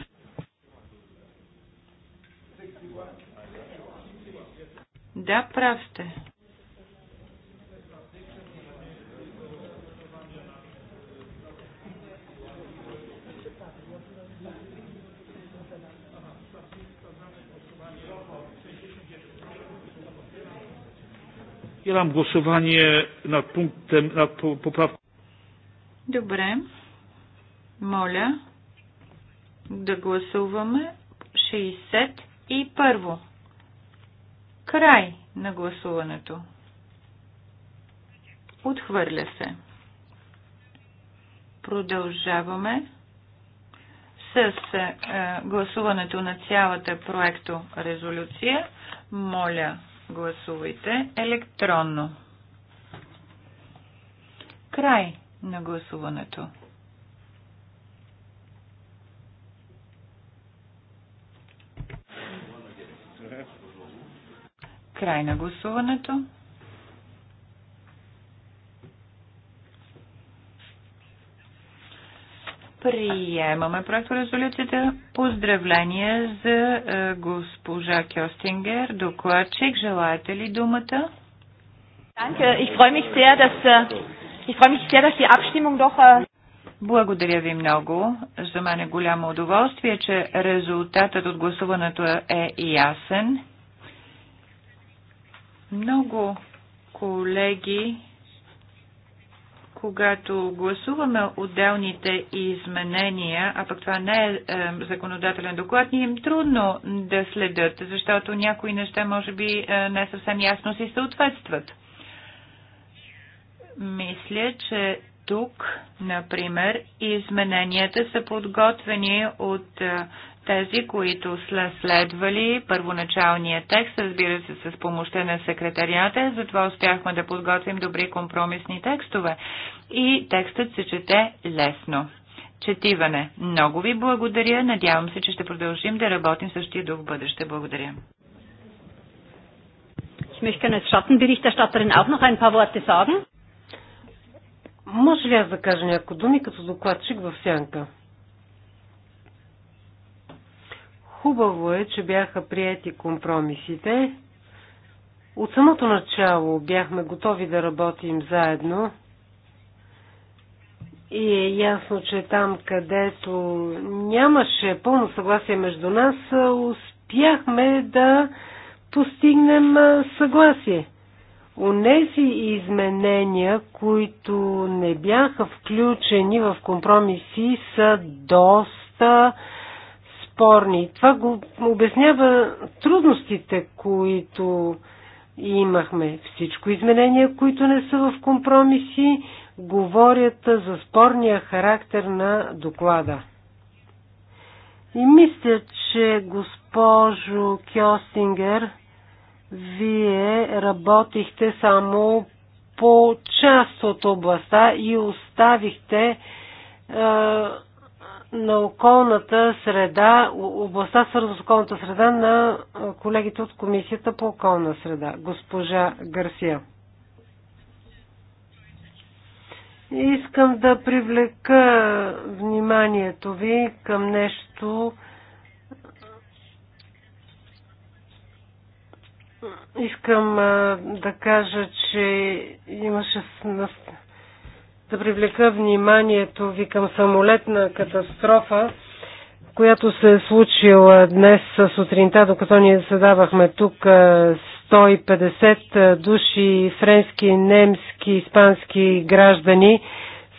Да, прав сте. Otwieram głosowanie nad punktem, nad poprawką. Добре. Моля да гласуваме 61. Край на гласуването. Отхвърля се. Продължаваме с е, гласуването на цялата проекто резолюция. Моля Гласувайте електронно. Край на гласуването. Край на гласуването. Приемаме резолюцията. Поздравления за е, госпожа Кьостингер, докладчик. Желаете ли думата? Äh, äh, Благодаря ви много. За мен е голямо удоволствие, че резултатът от гласуването е ясен. Много колеги когато гласуваме отделните изменения, а пък това не е, е законодателен доклад, ни им трудно да следят, защото някои неща може би е, не съвсем ясно си съответстват. Мисля, че тук, например, измененията са подготвени от е, тези, които са следвали първоначалния текст, разбира се, с помощта на секретарията, затова успяхме да подготвим добри компромисни текстове. И текстът се чете лесно. Четиване. Много ви благодаря. Надявам се, че ще продължим да работим същия дух в бъдеще. Благодаря. Може ли аз да кажа някои думи като докладчик в сянка? Хубаво е, че бяха прияти компромисите. От самото начало бяхме готови да работим заедно. И е ясно, че там, където нямаше пълно съгласие между нас, успяхме да постигнем съгласие. Онези изменения, които не бяха включени в компромиси, са доста спорни. Това го обяснява трудностите, които имахме. Всичко изменения, които не са в компромиси, говорят за спорния характер на доклада. И мисля, че госпожо Кьосингер, вие работихте само по част от областта и оставихте е, на околната среда, областта свързана с околната среда на колегите от Комисията по околна среда, госпожа Гарсия. Искам да привлека вниманието ви към нещо, Искам а, да кажа, че имаше да привлека вниманието ви към самолетна катастрофа, която се е случила днес сутринта, докато ние задавахме тук 150 е, е, души френски, немски, испански граждани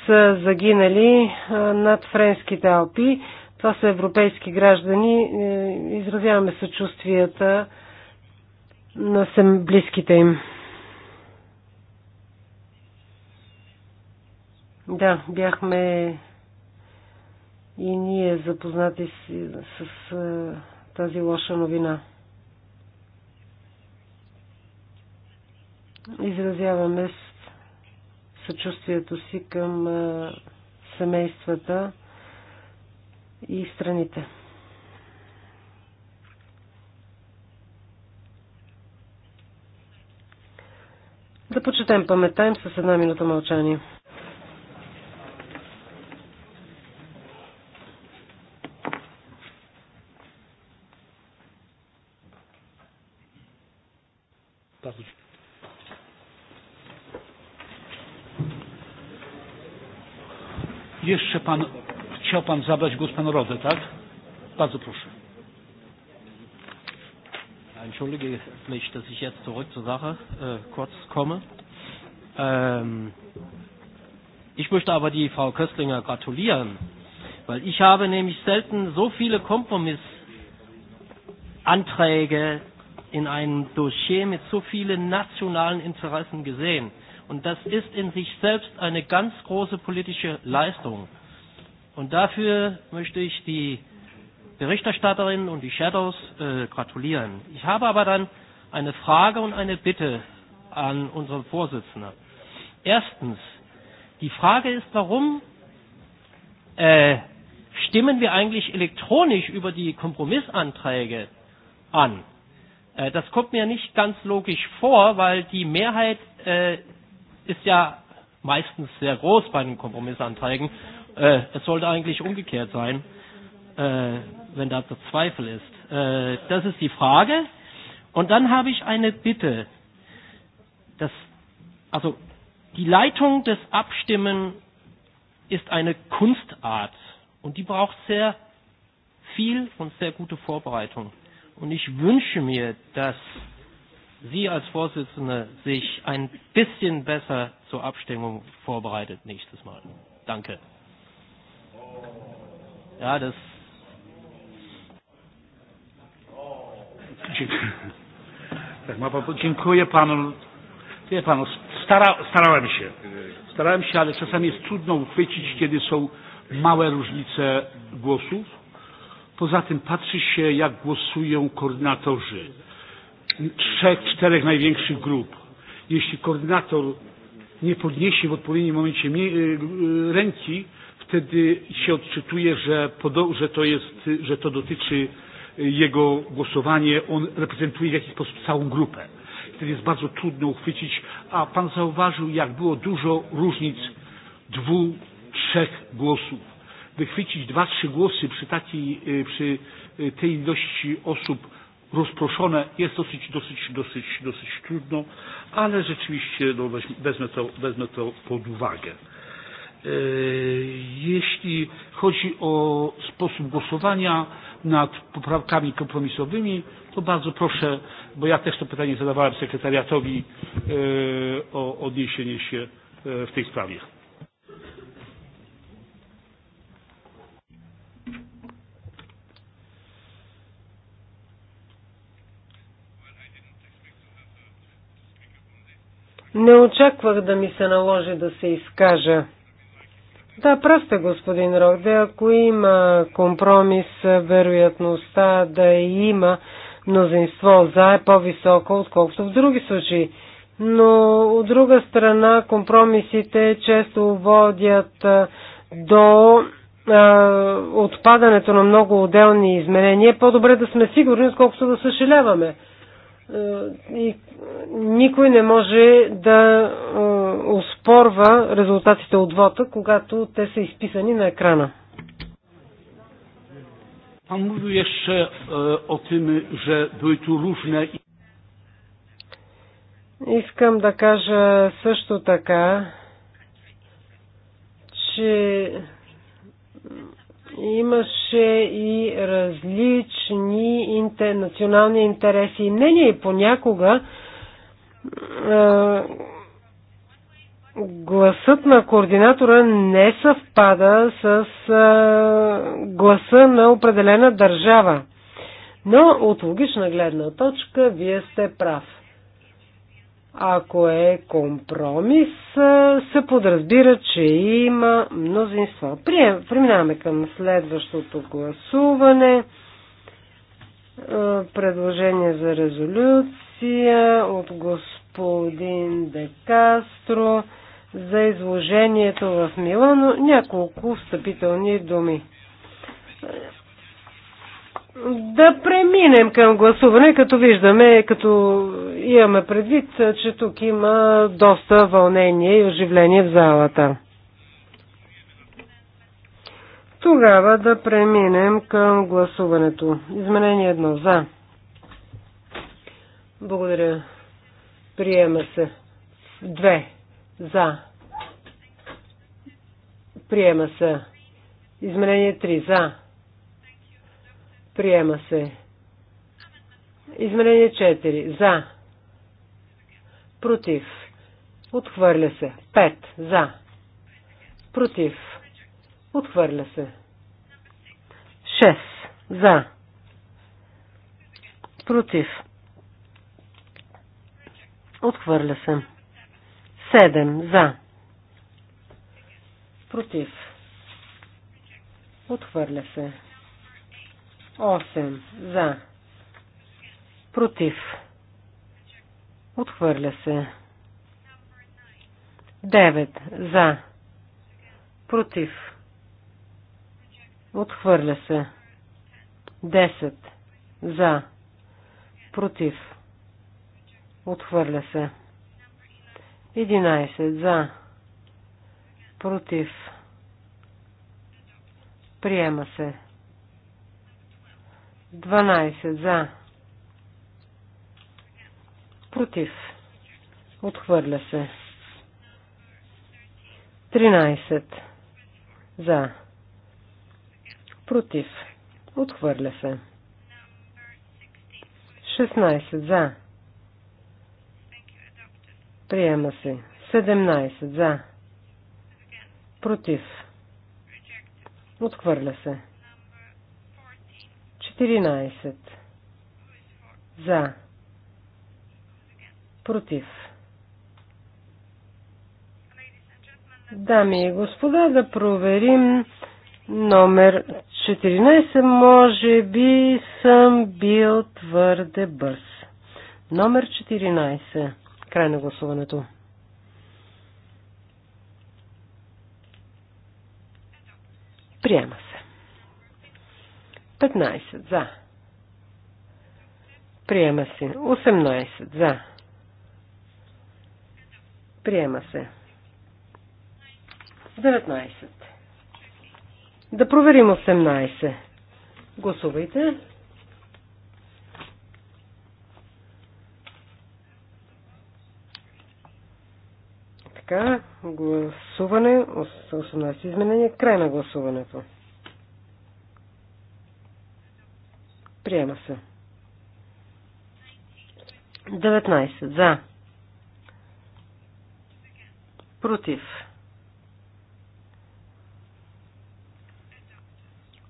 са загинали е, над френските Алпи. Това са европейски граждани. Изразяваме съчувствията на близките им. Да, бяхме и ние запознати с, с, с тази лоша новина. Изразяваме съчувствието си към семействата и страните. Да почетем паметта им с една минута мълчание. Jeszcze pan, chciał pan zabrać głos panu Rodze, tak? Bardzo proszę. Entschuldige, vielleicht, dass ich jetzt zurück zur Sache äh, kurz komme. Ähm, ich möchte aber die Frau Köstlinger gratulieren, weil ich habe nämlich selten so viele Kompromissanträge in einem Dossier mit so vielen nationalen Interessen gesehen. Und das ist in sich selbst eine ganz große politische Leistung. Und dafür möchte ich die Berichterstatterin und die Shadows äh, gratulieren. Ich habe aber dann eine Frage und eine Bitte an unseren Vorsitzenden. Erstens, die Frage ist, warum äh, stimmen wir eigentlich elektronisch über die Kompromissanträge an? Äh, das kommt mir nicht ganz logisch vor, weil die Mehrheit äh, ist ja meistens sehr groß bei den Kompromissanträgen. Äh, es sollte eigentlich umgekehrt sein, äh, wenn da zu Zweifel ist. Äh, das ist die Frage. Und dann habe ich eine Bitte. Das, also die Leitung des Abstimmen ist eine Kunstart und die braucht sehr viel und sehr gute Vorbereitung. Und ich wünsche mir, dass Sie als Vorsitzende sich ein bisschen besser zur Abstimmung vorbereitet nächstes Mal. Danke. Ja, das. Dziękuję panu. Wie panu, stara, starałem się. Starałem się, ale czasami jest trudno uchwycić, kiedy są małe różnice głosów. Poza tym patrzy się, jak głosują koordynatorzy trzech, czterech największych grup. Jeśli koordynator nie podniesie w odpowiednim momencie ręki, wtedy się odczytuje, że, że, to, jest, że to dotyczy jego głosowanie, on reprezentuje w jakiś sposób całą grupę. Wtedy jest bardzo trudno uchwycić, a pan zauważył, jak było dużo różnic dwóch, trzech głosów wychwycić dwa, trzy głosy przy, takiej, przy tej ilości osób rozproszone. Jest dosyć, dosyć, dosyć, dosyć trudno, ale rzeczywiście no, wezmę, to, wezmę to pod uwagę. Jeśli chodzi o sposób głosowania nad poprawkami kompromisowymi, to bardzo proszę, bo ja też to pytanie zadawałem sekretariatowi o odniesienie się w tej sprawie. Не очаквах да ми се наложи да се изкажа. Да, прав сте, господин Рогде. Ако има компромис, вероятността да има мнозинство за е по-висока, отколкото в други случаи. Но от друга страна, компромисите често водят до а, отпадането на много отделни изменения. По-добре да сме сигурни, отколкото да съжаляваме. Е, и никой не може да е, оспорва резултатите от вота, когато те са изписани на екрана. Е, Искам да кажа също така, че Имаше и различни национални интереси и мнения и понякога гласът на координатора не съвпада с гласа на определена държава. Но от логична гледна точка вие сте прав. Ако е компромис, се подразбира, че има мнозинство. Прием, преминаваме към следващото гласуване. Предложение за резолюция от господин Декастро за изложението в Милано. Няколко встъпителни думи да преминем към гласуване, като виждаме, като имаме предвид, че тук има доста вълнение и оживление в залата. Тогава да преминем към гласуването. Изменение едно за. Благодаря. Приема се. Две. За. Приема се. Изменение три За. Приема се. Изменение 4. За. Против. Отхвърля се. 5. За. Против. Отхвърля се. 6. За. Против. Отхвърля се. 7. За. Против. Отхвърля се. 8. За. Против. Отхвърля се. 9. За. Против. Отхвърля се. 10. За. Против. Отхвърля се. 11. За. Против. Приема се. 12 за. Против. Отхвърля се. 13 за. Против. Отхвърля се. 16 за. Приема се. 17 за. Против. Отхвърля се. 14. За. Против. Дами и господа, да проверим номер 14. Може би съм бил твърде бърз. Номер 14. Край на гласуването. Приема 15 за. Приема се. 18 за. Приема се. 19. Да проверим 18. Гласувайте. Така, гласуване, 18 изменения. край на гласуването. Приема се. 19. За. Против.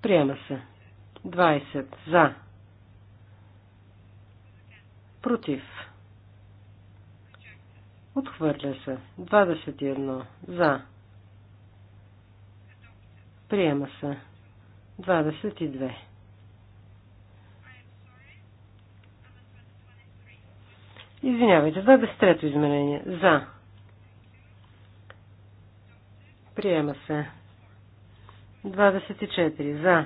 Приема се. 20. За. Против. Отхвърля се. 21. За. Приема се. 22. Извинявайте, това е без трето изменение. За. Приема се. 24. За.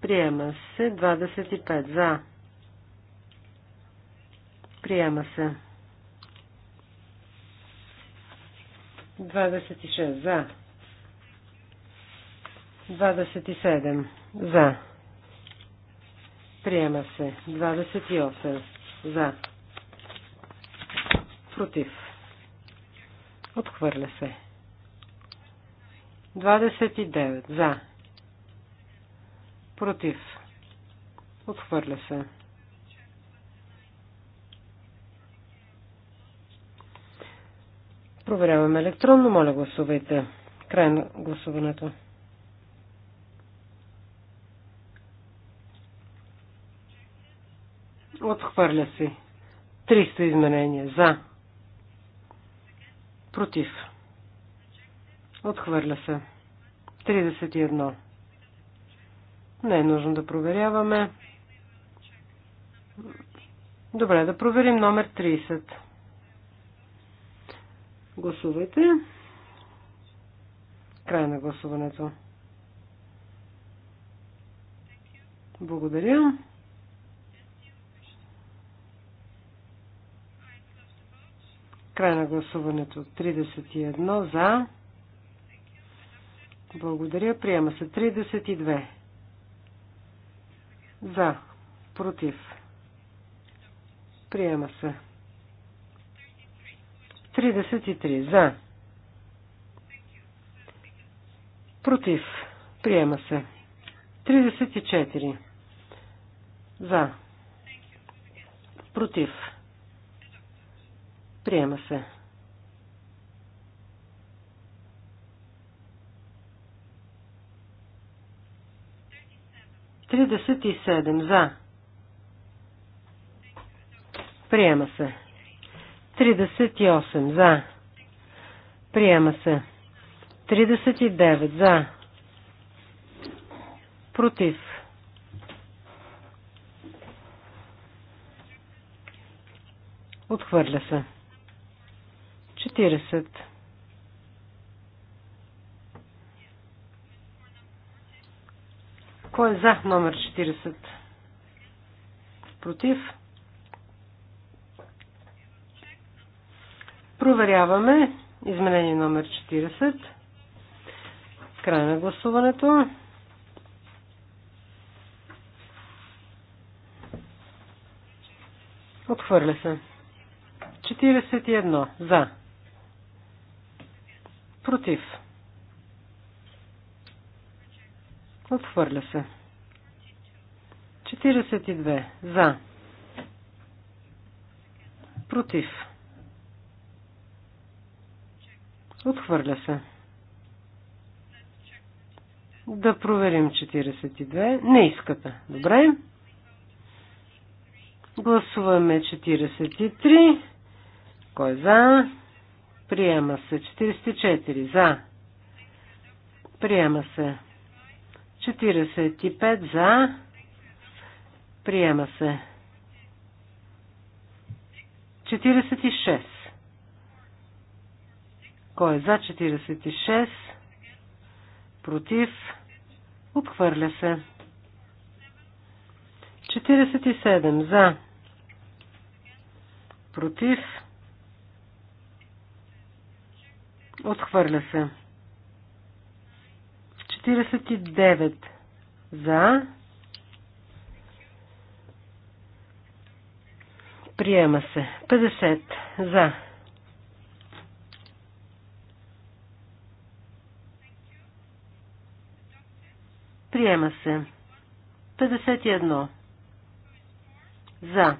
Приема се. 25. За. Приема се. 26. За. 27. За. Приема се. 28. За. Против. Отхвърля се. 29. За. Против. Отхвърля се. Проверяваме електронно. Моля гласувайте. Край на гласуването. Отхвърля се. 300 изменения. За. Против. Отхвърля се. 31. Не е нужно да проверяваме. Добре, да проверим номер 30. Гласувайте. Край на гласуването. Благодаря. Край на гласуването. 31 за. Благодаря. Приема се 32. За. Против. Приема се. 33. За. Против. Приема се. 34. За. Против. Приема се. Тридесет и седем. За. Приема се. Тридесет и осем. За. Приема се. Тридесет и девет. За. Против. Отхвърля се. 40. Кой е за номер 40? Против? Проверяваме изменение номер 40. Край на гласуването. Отхвърля се. 41. За. Против. Отхвърля се. 42. За. Против. Отхвърля се. Да проверим 42. Не искате. Добре. Гласуваме 43. Кой е за? Приема се. 44. За. Приема се. 45. За. Приема се. 46. Кой е за 46? Против? Отхвърля се. 47. За. Против? Отхвърля се. 49 за. Приема се. 50 за. Приема се. 51 за.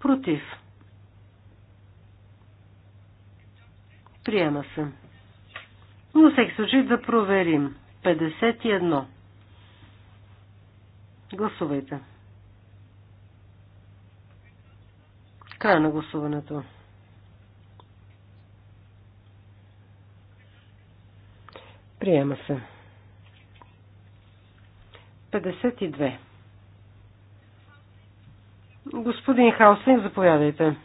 Против. Приема се. Но всеки случай да проверим. 51. Гласувайте. Край на гласуването. Приема се. 52. Господин Хаусинг, заповядайте.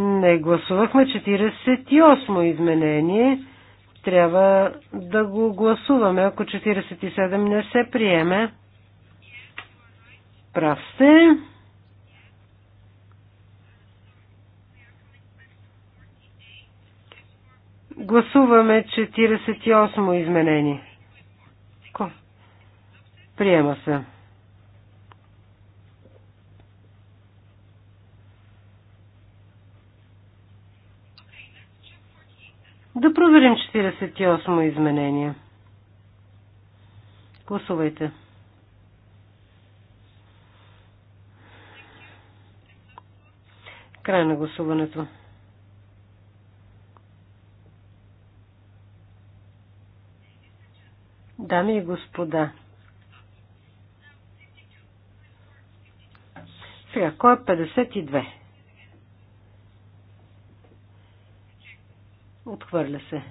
Не гласувахме 48 изменение. Трябва да го гласуваме, ако 47 не се приеме. Прав сте. Гласуваме 48 изменение. Приема се. Да проверим 48 изменение. Гласувайте. Край на гласуването. Дами и господа, сега, кой е 52? Отхвърля се.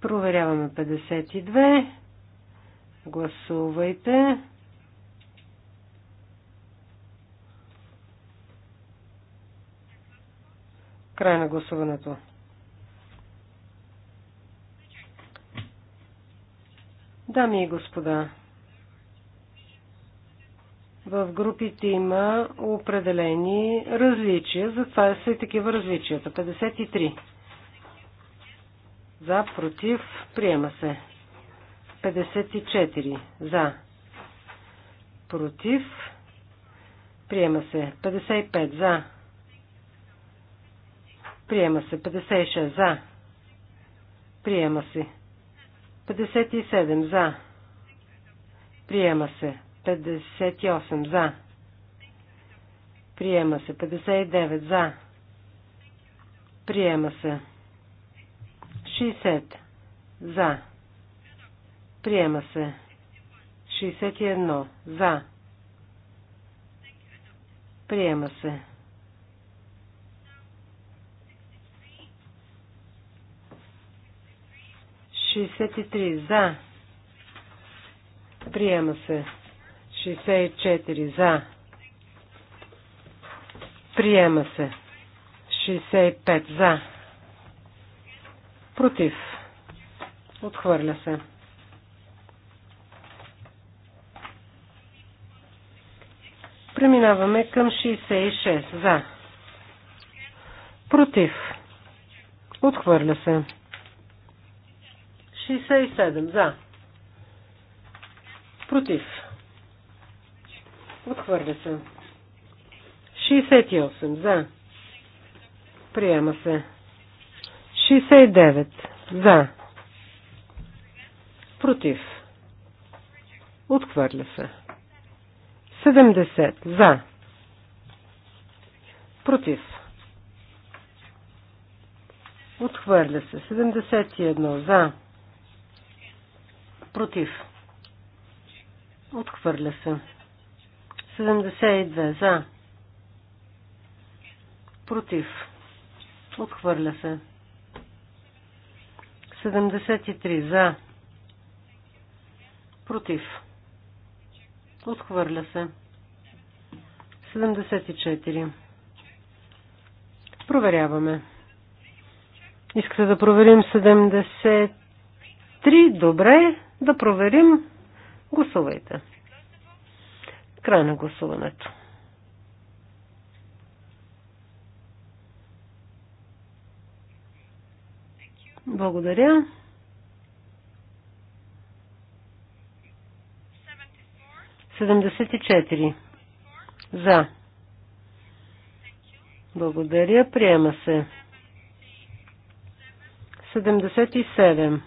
Проверяваме 52. Гласувайте. Край на гласуването. Дами и господа, в групите има определени различия, затова са и такива различията. 53. За, против, приема се. 54. За, против, приема се. 55. За, приема се. 56. За, приема се. 57. За, приема се. 58 за. Приема се. 59 за. Приема се. 60 за. Приема се. 61 за. Приема се. Шестдесет три за. Приема се. 64 за. Приема се. 65 за. Против. Отхвърля се. Преминаваме към 66 за. Против. Отхвърля се. 67 за. Против. Отхвърля се. 68 за. Приема се. 69 за. Против. Отхвърля се. 70 за. Против. Отхвърля се. 71 за. Против. Отхвърля се. 72 за. Против. Отхвърля се. 73 за. Против. Отхвърля се. 74. Проверяваме. Искате да проверим 73? Добре, да проверим. Гласувайте. Край на гласуването. Благодаря. 74. За. Благодаря. Приема се. 77.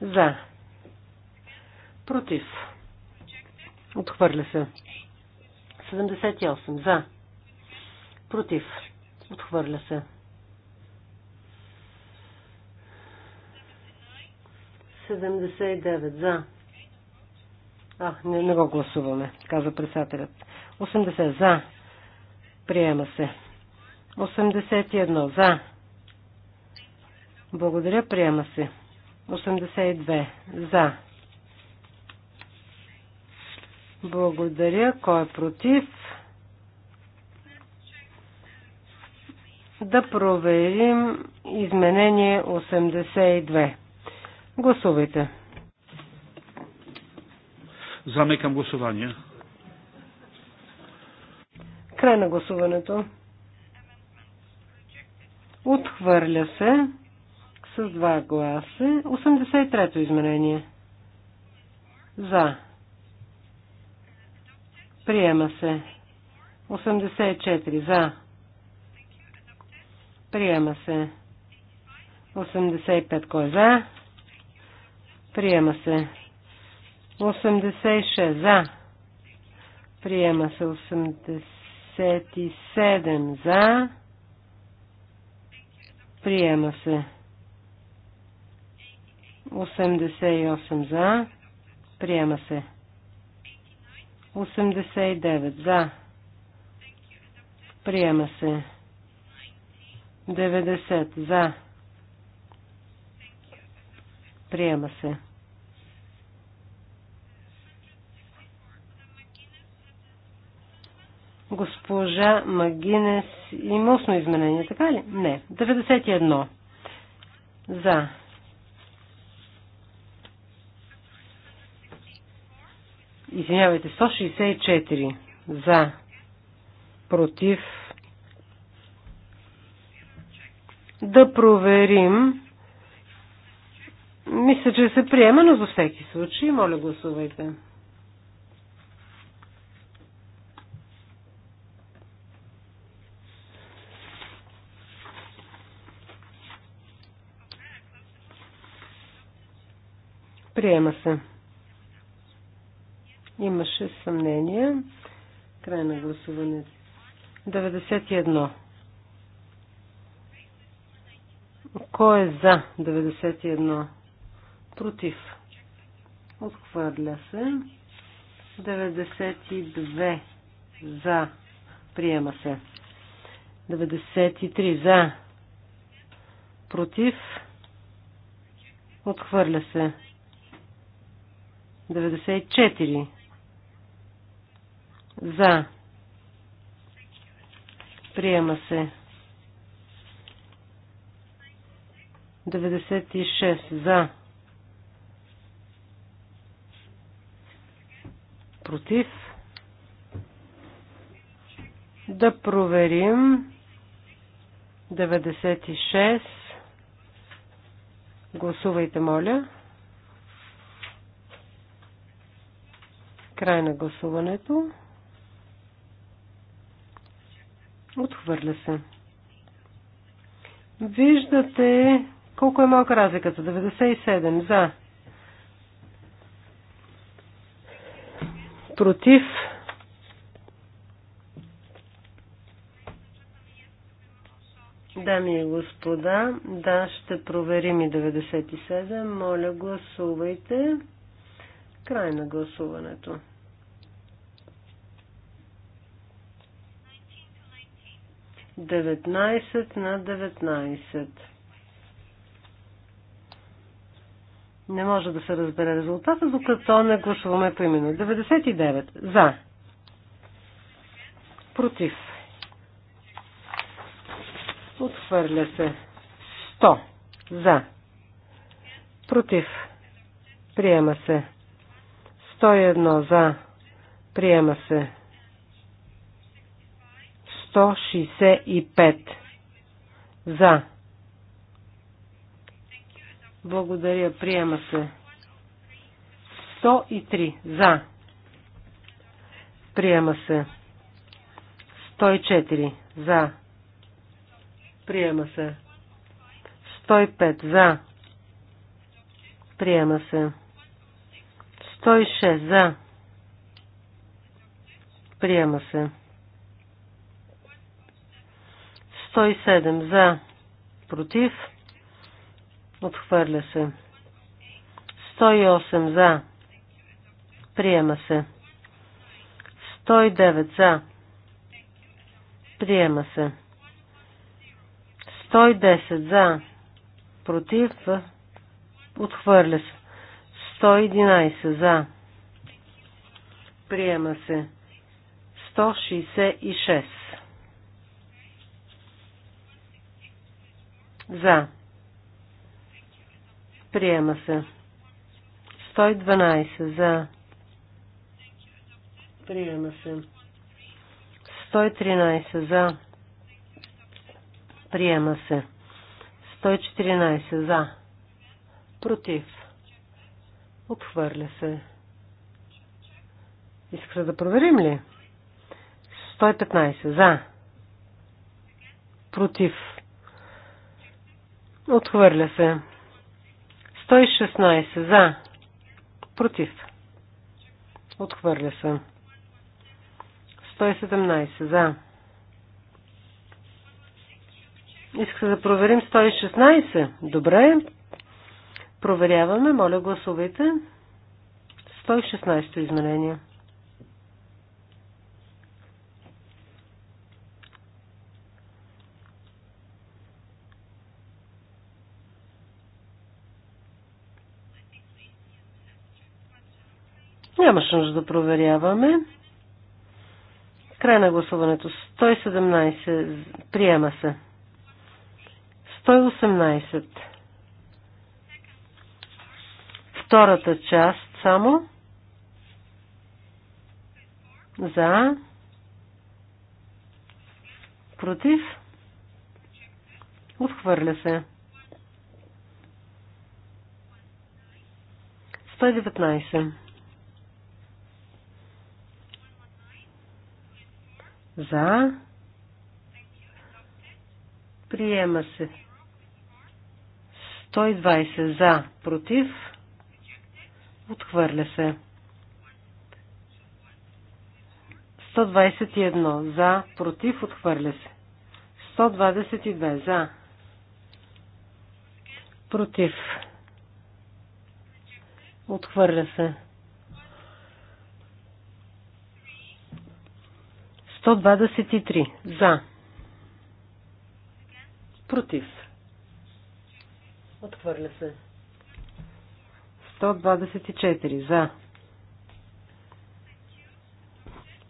За. Против. Отхвърля се. 78. За. Против. Отхвърля се. 79. За. А, не, не го гласуваме, каза председателят. 80. За. Приема се. 81. За. Благодаря, приема се. 82. За. Благодаря. Кой е против? Да проверим изменение 82. Гласувайте. Замекам гласуване. Край на гласуването. Отхвърля се с два гласа. 83-то изменение. За. Приема се. 84 за. Приема се. 85 кой е за? Приема се. 86 за. Приема се 87 за. Приема се. 88 за. Приема се. 89 за. Приема се. 90 за. Приема се. 100. Госпожа Магинес има устно изменение, така ли? Не. 91. За. 91. Извинявайте, 164 за, против. Да проверим. Мисля, че се приема, но за всеки случай, моля гласувайте. Приема се. Имаше съмнение. Край на гласуване. 91. Кой е за 91? Против. Отхвърля се. 92 за. Приема се. 93 за. Против. Отхвърля се. 94 за. Приема се. 96. За. Против. Да проверим. 96. Гласувайте, моля. Край на гласуването. Отхвърля се. Виждате колко е малка разликата. 97 за. Против. Дами и господа, да, ще проверим и 97. Моля, гласувайте. Край на гласуването. 19 на 19. Не може да се разбере резултата, докато не гласуваме по именно. 99. За. Против. Отхвърля се. 100. За. Против. Приема се. 101. За. Приема се. 165 за. Благодаря, приема се. 103 за. Приема се. 104 за. Приема се. 105 за. Приема се. 106 за. Приема се. 107 за, против, отхвърля се. 108 за, приема се. 109 за, приема се. 110 за, против, отхвърля се. 111 за, приема се. 166 За. Приема се. 112 за. Приема се. 113 за. Приема се. 114 за. Против. Отхвърля се. Искате да проверим ли? 115 за. Против. Отхвърля се. 116 за. Против. Отхвърля се. 117 за. Иска да проверим 116. Добре. Проверяваме. Моля, гласувайте. 116 изменение. Нямаше нужда да проверяваме. Край на гласуването. 117. Приема се. 118. Втората част само. За. Против. Отхвърля се. 119. За. Приема се. 120 за. Против. Отхвърля се. 121 за. Против. Отхвърля се. 122 за. Против. Отхвърля се. 123. За. Против. Отхвърля се. 124. За.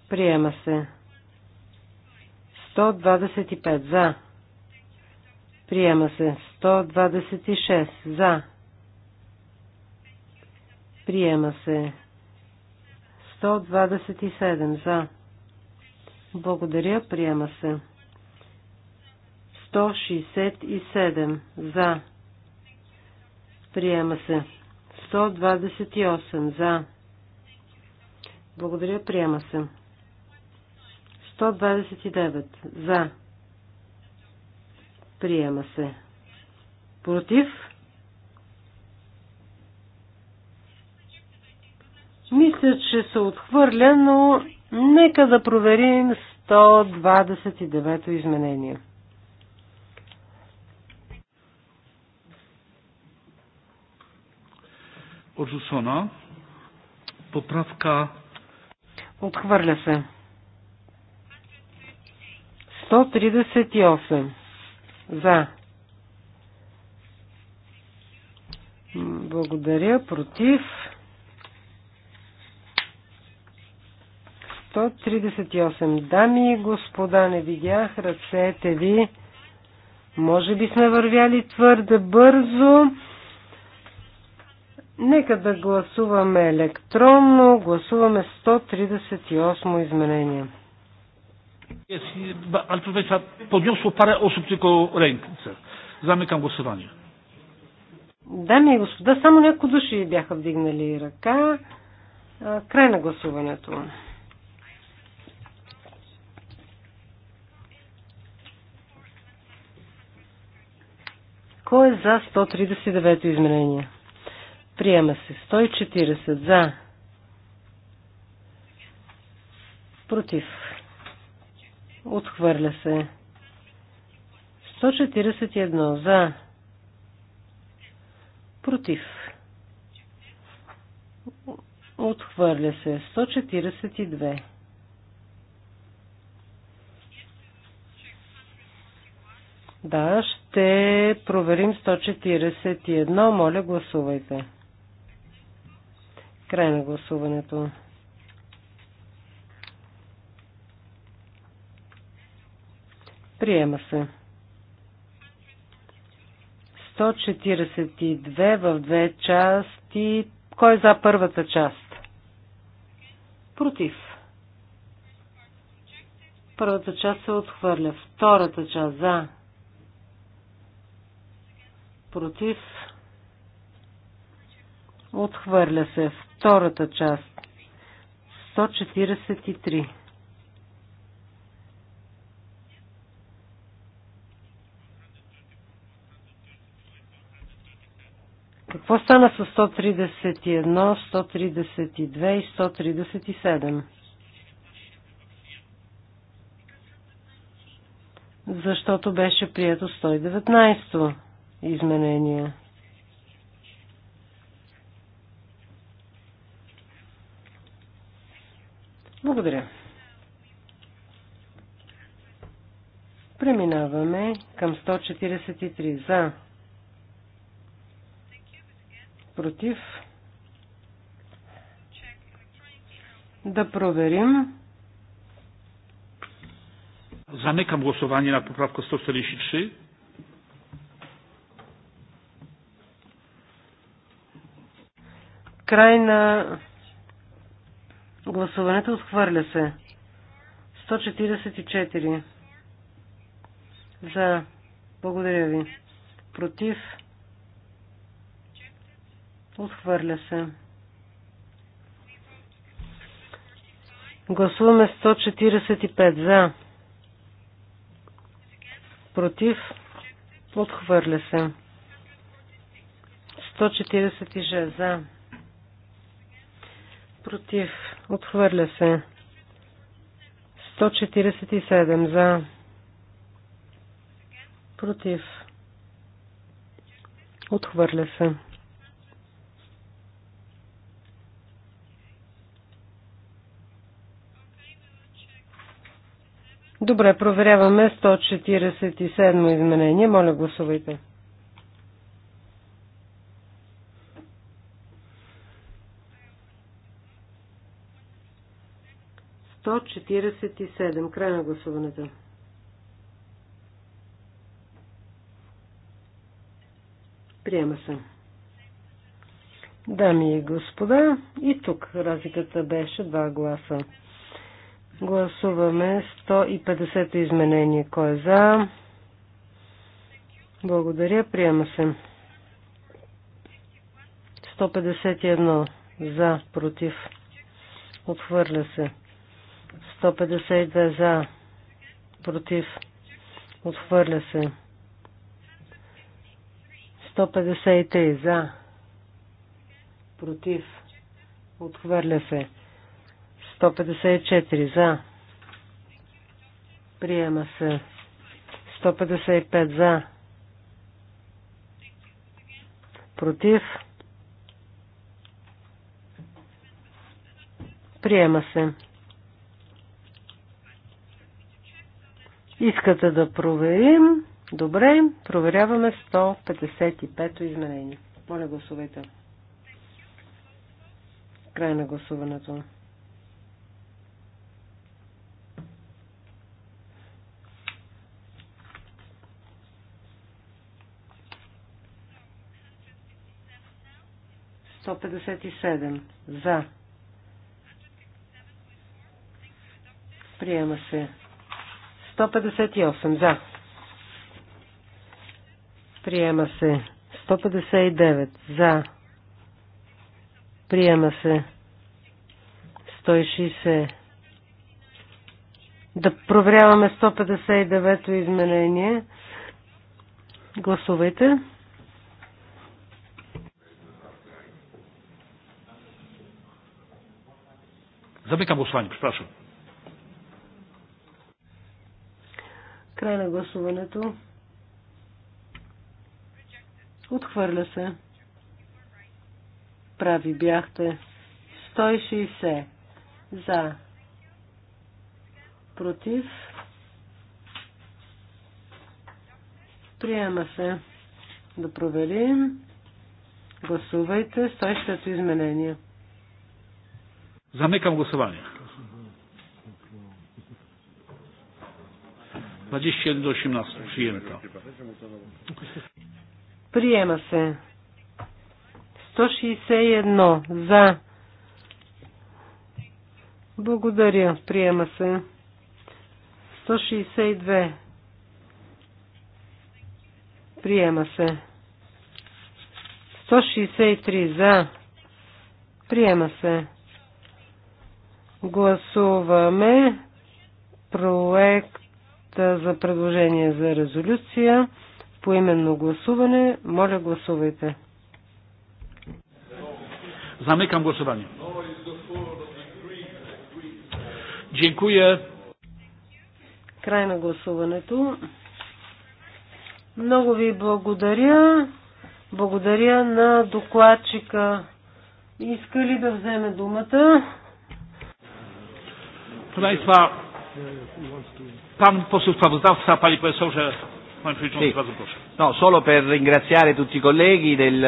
Приема се. 125. За. Приема се. 126. За. Приема се. 127. За. Благодаря. Приема се. 167 за. Приема се. 128 за. Благодаря. Приема се. 129 за. Приема се. Против? Мисля, че се отхвърля, но Нека да проверим 129 изменение. Отжусона. поправка. Отхвърля се. 138. За. Благодаря. Против. 138. Дами и господа, не видях ръцете ви. Може би сме вървяли твърде бързо. Нека да гласуваме електронно. Гласуваме 138 изменение. Ale proszę Дами и господа, само някои души бяха вдигнали ръка. Край на гласуването. Кой е за 139 изменение? Приема се 140 за. Против. Отхвърля се. 141 за. Против. Отхвърля се. 142. Да, ще проверим 141. Моля, гласувайте. Край на гласуването. Приема се. 142 в две части. Кой е за първата част? Против. Първата част се отхвърля. Втората част за против, отхвърля се втората част, 143. Какво стана с 131, 132 и 137? Защото беше прието 119 изменения. Благодаря. Преминаваме към 143 за. Против. Да проверим. към гласование на поправка 143. Край на гласуването отхвърля се. 144. За. Благодаря ви. Против. Отхвърля се. Гласуваме 145 за. Против. Отхвърля се. 146 за. Против. Отхвърля се. 147 за. Против. Отхвърля се. Добре, проверяваме 147 изменение. Моля, гласувайте. 147. Край на гласуването. Приема се. Дами и господа, и тук разликата беше 2 гласа. Гласуваме 150 изменение. Кой е за? Благодаря. Приема се. 151 за, против. Отхвърля се. 152 за, против, отхвърля се. 153 за, против, отхвърля се. 154 за, приема се. 155 за, против, приема се. Искате да проверим? Добре, проверяваме 155-то изменение. Моля, гласувайте. Край на гласуването. Сто и седем. За. Приема се. 158 за. Приема се. 159 за. Приема се. 160. Да проверяваме 159-то изменение. Гласувайте. с вами, przepraszam. Край на гласуването. Отхвърля се. Прави бяхте. 160. За. Против. Приема се. Да проверим. Гласувайте 160 изменения. Замикам гласуване. 21 е до 18 przyjęto. Приема се. 161 за. Благодаря. Приема се. 162. Приема се. 163 за. Приема се. Гласуваме проект за предложение за резолюция по именно гласуване. Моля, гласувайте. Замикам гласуване. Дякую. Край на гласуването. Много ви благодаря. Благодаря на докладчика. Иска ли да вземе думата? Това е това. Pan poseł sprawozdawca, panie profesorze, panie przewodniczący, bardzo proszę. No, solo per ringraziare tutti i colleghi del,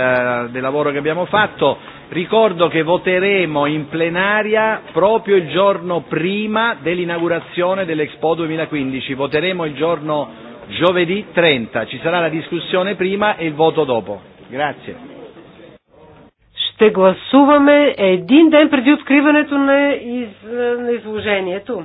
del lavoro che abbiamo fatto. Ricordo che voteremo in plenaria proprio il giorno prima dell'inaugurazione dell'Expo 2015. Voteremo il giorno giovedì 30. Ci sarà la discussione prima e il voto dopo. Grazie ще гласуваме един ден преди откриването на, из, на изложението.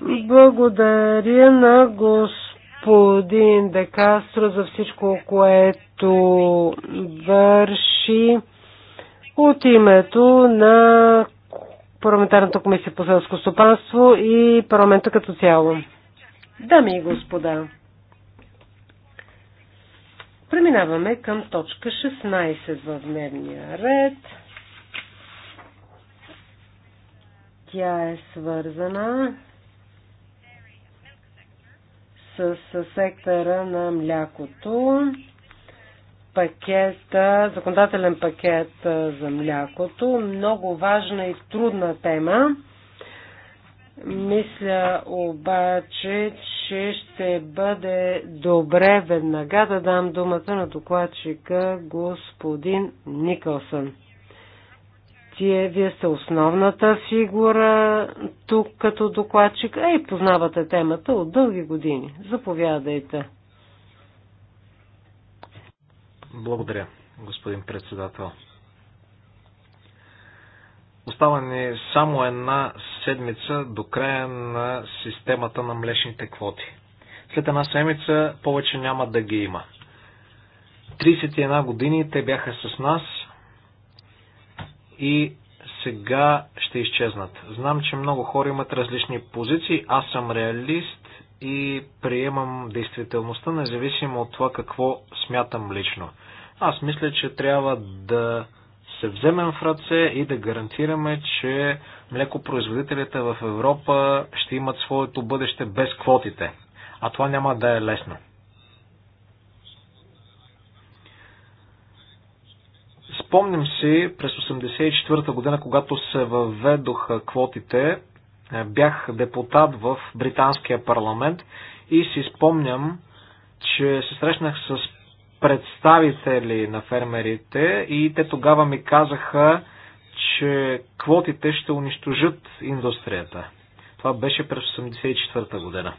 Благодаря на господин Декастро за всичко, което върши от името на Парламентарната комисия по селско стопанство и парламента като цяло. Дами и господа, преминаваме към точка 16 в дневния ред. Тя е свързана с сектора на млякото, пакета, законодателен пакет за млякото. Много важна и трудна тема. Мисля обаче, че ще бъде добре веднага да дам думата на докладчика господин Никълсън участие. Вие сте основната фигура тук като докладчик, а и познавате темата от дълги години. Заповядайте. Благодаря, господин председател. Остава ни само една седмица до края на системата на млечните квоти. След една седмица повече няма да ги има. 31 години те бяха с нас, и сега ще изчезнат. Знам, че много хора имат различни позиции. Аз съм реалист и приемам действителността, независимо от това какво смятам лично. Аз мисля, че трябва да се вземем в ръце и да гарантираме, че млекопроизводителите в Европа ще имат своето бъдеще без квотите. А това няма да е лесно. Спомням си през 1984 година, когато се въведоха квотите, е, бях депутат в британския парламент и си спомням, че се срещнах с представители на фермерите и те тогава ми казаха, че квотите ще унищожат индустрията. Това беше през 1984 година.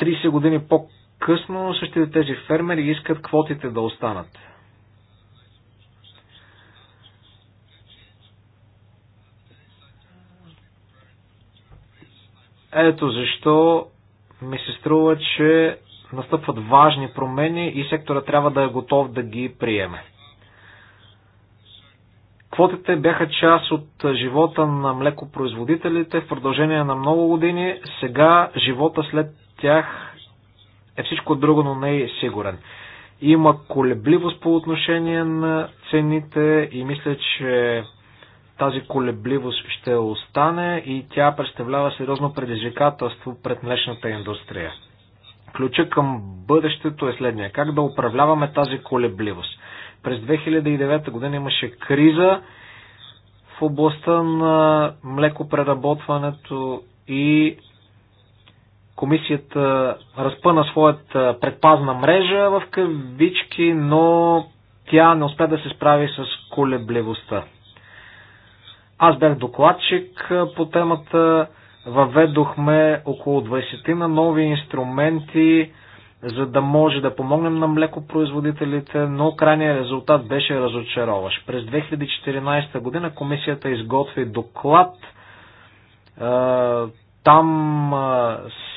30 години по-късно същите тези фермери искат квотите да останат. Ето защо ми се струва, че настъпват важни промени и сектора трябва да е готов да ги приеме. Квотите бяха част от живота на млекопроизводителите в продължение на много години. Сега живота след тях е всичко друго, но не е сигурен. Има колебливост по отношение на цените и мисля, че тази колебливост ще остане и тя представлява сериозно предизвикателство пред млечната индустрия. Ключа към бъдещето е следния. Как да управляваме тази колебливост? През 2009 година имаше криза в областта на млекопреработването и комисията разпъна своята предпазна мрежа в кавички, но тя не успя да се справи с колебливостта. Аз бях докладчик по темата, въведохме около 20 на нови инструменти, за да може да помогнем на млекопроизводителите, но крайният резултат беше разочароващ. През 2014 година комисията изготви доклад. Там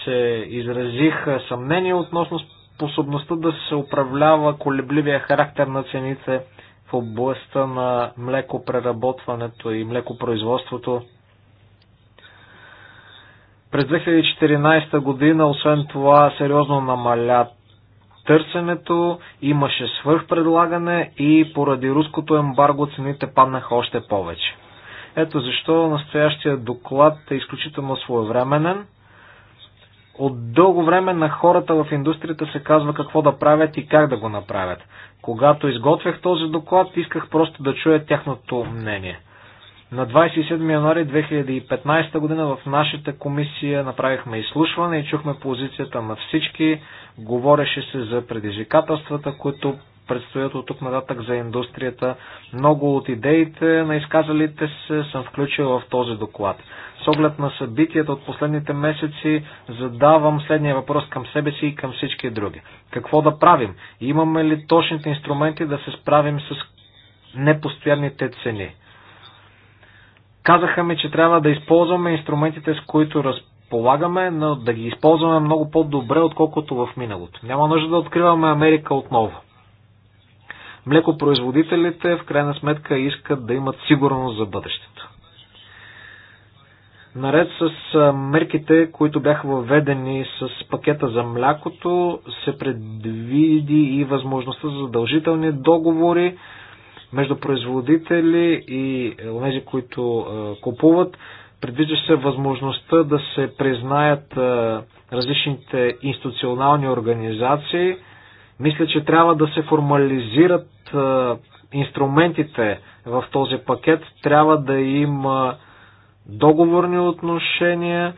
се изразиха съмнения относно способността да се управлява колебливия характер на цените в областта на млекопреработването и млекопроизводството. През 2014 година, освен това, сериозно намаля търсенето, имаше свърхпредлагане и поради руското ембарго цените паднаха още повече. Ето защо настоящия доклад е изключително своевременен. От дълго време на хората в индустрията се казва какво да правят и как да го направят. Когато изготвях този доклад, исках просто да чуя тяхното мнение. На 27 януари 2015 година в нашата комисия направихме изслушване и чухме позицията на всички. Говореше се за предизвикателствата, които предстоят от тук нататък за индустрията. Много от идеите на изказалите се съм включил в този доклад. С оглед на събитията от последните месеци задавам следния въпрос към себе си и към всички други. Какво да правим? Имаме ли точните инструменти да се справим с непостоянните цени? Казаха ми, че трябва да използваме инструментите, с които разполагаме, но да ги използваме много по-добре, отколкото в миналото. Няма нужда да откриваме Америка отново. Млекопроизводителите в крайна сметка искат да имат сигурност за бъдещето. Наред с мерките, които бяха въведени с пакета за млякото, се предвиди и възможността за задължителни договори между производители и тези, е, които е, купуват. Предвижда се възможността да се признаят е, различните институционални организации – мисля, че трябва да се формализират инструментите в този пакет. Трябва да има договорни отношения,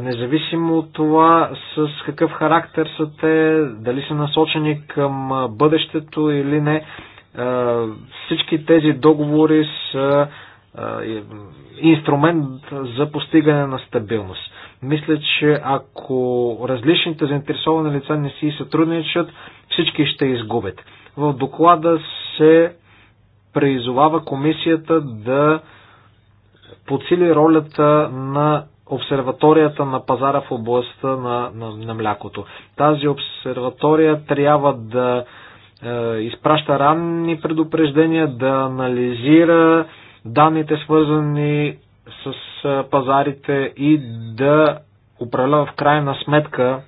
независимо от това с какъв характер са те, дали са насочени към бъдещето или не. Всички тези договори са инструмент за постигане на стабилност. Мисля, че ако различните заинтересовани лица не си сътрудничат, всички ще изгубят. В доклада се призовава комисията да подсили ролята на обсерваторията на пазара в областта на, на, на млякото. Тази обсерватория трябва да е, изпраща ранни предупреждения, да анализира данните свързани с пазарите и да управлява в крайна сметка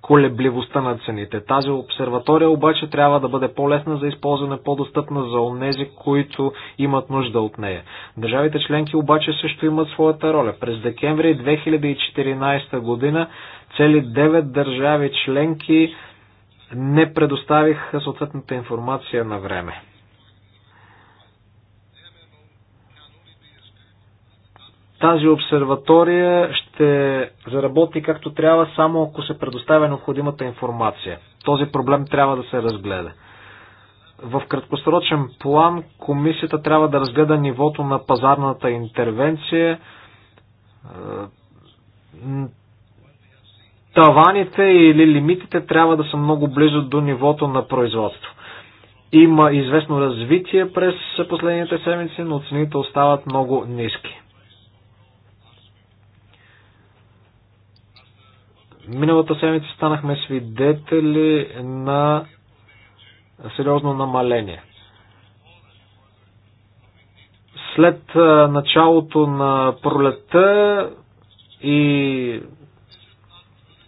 колебливостта на цените. Тази обсерватория обаче трябва да бъде по-лесна за използване, по-достъпна за онези, които имат нужда от нея. Държавите членки обаче също имат своята роля. През декември 2014 година цели 9 държави членки не предоставиха съответната информация на време. Тази обсерватория ще заработи както трябва, само ако се предоставя необходимата информация. Този проблем трябва да се разгледа. В краткосрочен план комисията трябва да разгледа нивото на пазарната интервенция, е, таваните или лимитите трябва да са много близо до нивото на производство. Има известно развитие през последните седмици, но цените остават много ниски. Миналата седмица станахме свидетели на сериозно намаление. След началото на пролета и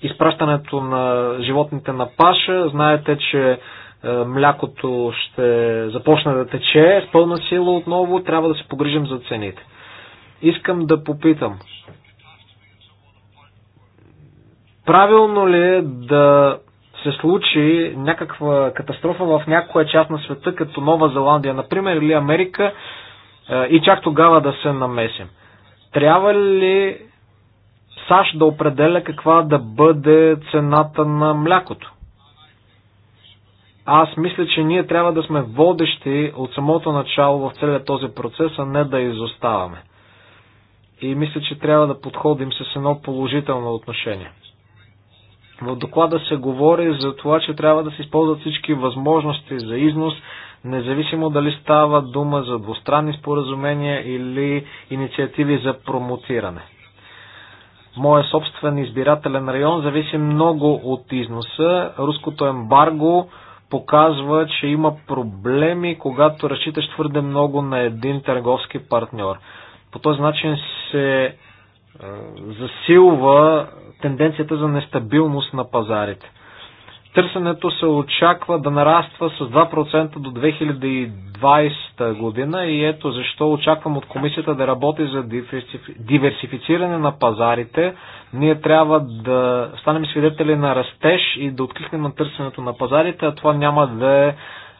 изпращането на животните на паша, знаете, че млякото ще започне да тече с пълна сила отново, трябва да се погрижим за цените. Искам да попитам, Правилно ли е да се случи някаква катастрофа в някоя част на света, като Нова Зеландия, например, или Америка, е, и чак тогава да се намесим? Трябва ли САЩ да определя каква да бъде цената на млякото? Аз мисля, че ние трябва да сме водещи от самото начало в целия този процес, а не да изоставаме. И мисля, че трябва да подходим с едно положително отношение. В доклада се говори за това, че трябва да се използват всички възможности за износ, независимо дали става дума за двустранни споразумения или инициативи за промотиране. Моя собствен избирателен район зависи много от износа. Руското ембарго показва, че има проблеми, когато разчиташ твърде много на един търговски партньор. По този начин се засилва тенденцията за нестабилност на пазарите. Търсенето се очаква да нараства с 2% до 2020 година и ето защо очаквам от комисията да работи за диверсифициране на пазарите. Ние трябва да станем свидетели на растеж и да откликнем на търсенето на пазарите, а това няма да е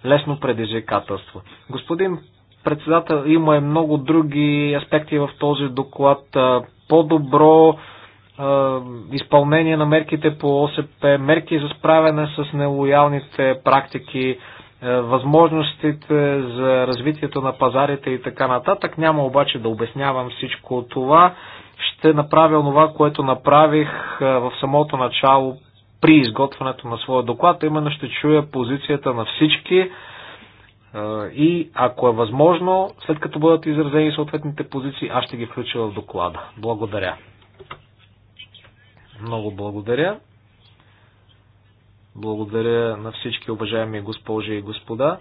лесно предизвикателство. Господин председател, има и много други аспекти в този доклад. По-добро изпълнение на мерките по ОСП, мерки за справяне с нелоялните практики, възможностите за развитието на пазарите и така нататък. Няма обаче да обяснявам всичко това. Ще направя това, което направих в самото начало при изготвянето на своя доклад, именно ще чуя позицията на всички и ако е възможно, след като бъдат изразени съответните позиции, аз ще ги включа в доклада. Благодаря. Много благодаря. Благодаря на всички уважаеми госпожи и господа.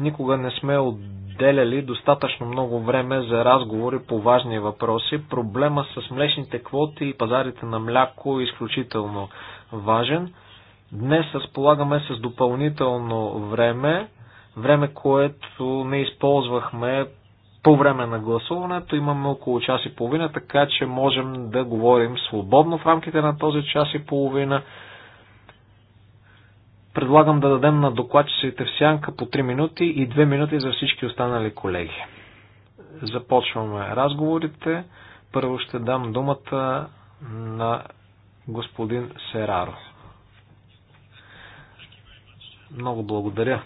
Никога не сме отделяли достатъчно много време за разговори по важни въпроси. Проблема с млечните квоти и пазарите на мляко е изключително важен. Днес разполагаме с допълнително време, време, което не използвахме по време на гласуването. Имаме около час и половина, така че можем да говорим свободно в рамките на този час и половина. Предлагам да дадем на докладчиците в сянка по 3 минути и 2 минути за всички останали колеги. Започваме разговорите. Първо ще дам думата на господин Сераро. Много благодаря,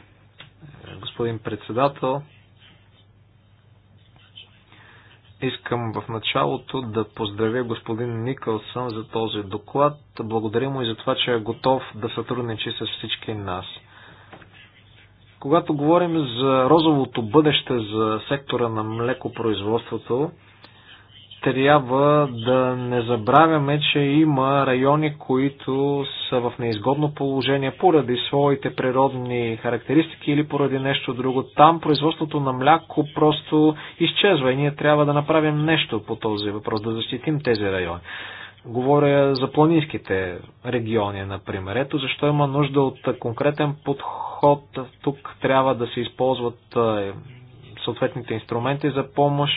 господин председател. Искам в началото да поздравя господин Никълсън за този доклад. Благодаря му и за това, че е готов да сътрудничи с всички нас. Когато говорим за розовото бъдеще за сектора на млекопроизводството, трябва да не забравяме, че има райони, които са в неизгодно положение поради своите природни характеристики или поради нещо друго. Там производството на мляко просто изчезва и ние трябва да направим нещо по този въпрос, да защитим тези райони. Говоря за планинските региони, например. Ето защо има нужда от конкретен подход. Тук трябва да се използват е, съответните инструменти за помощ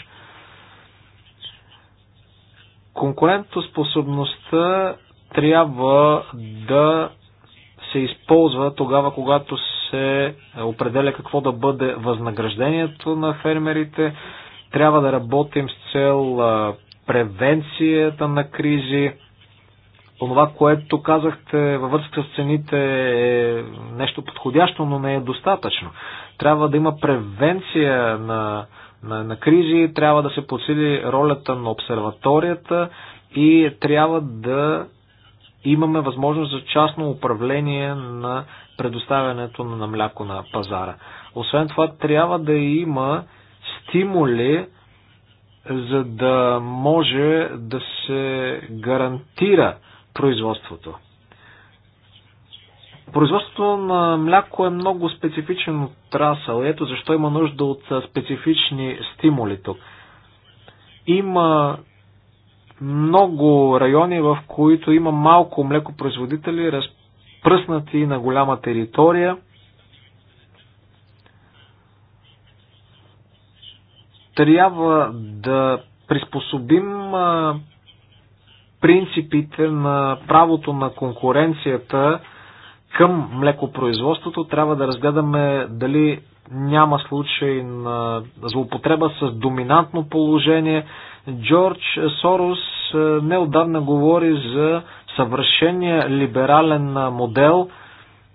Конкурентоспособността трябва да се използва тогава, когато се определя какво да бъде възнаграждението на фермерите. Трябва да работим с цел превенцията на кризи. Онова, което казахте във връзка с цените е нещо подходящо, но не е достатъчно. Трябва да има превенция на на, на кризи, трябва да се подсили ролята на обсерваторията и трябва да имаме възможност за частно управление на предоставянето на мляко на пазара. Освен това, трябва да има стимули, за да може да се гарантира производството. Производството на мляко е много специфичен отрасъл. Ето защо има нужда от специфични стимули тук. Има много райони, в които има малко млекопроизводители, разпръснати на голяма територия. Трябва да приспособим принципите на правото на конкуренцията към млекопроизводството, трябва да разгледаме дали няма случай на злоупотреба с доминантно положение. Джордж Сорос е, неодавна говори за съвършения либерален е, модел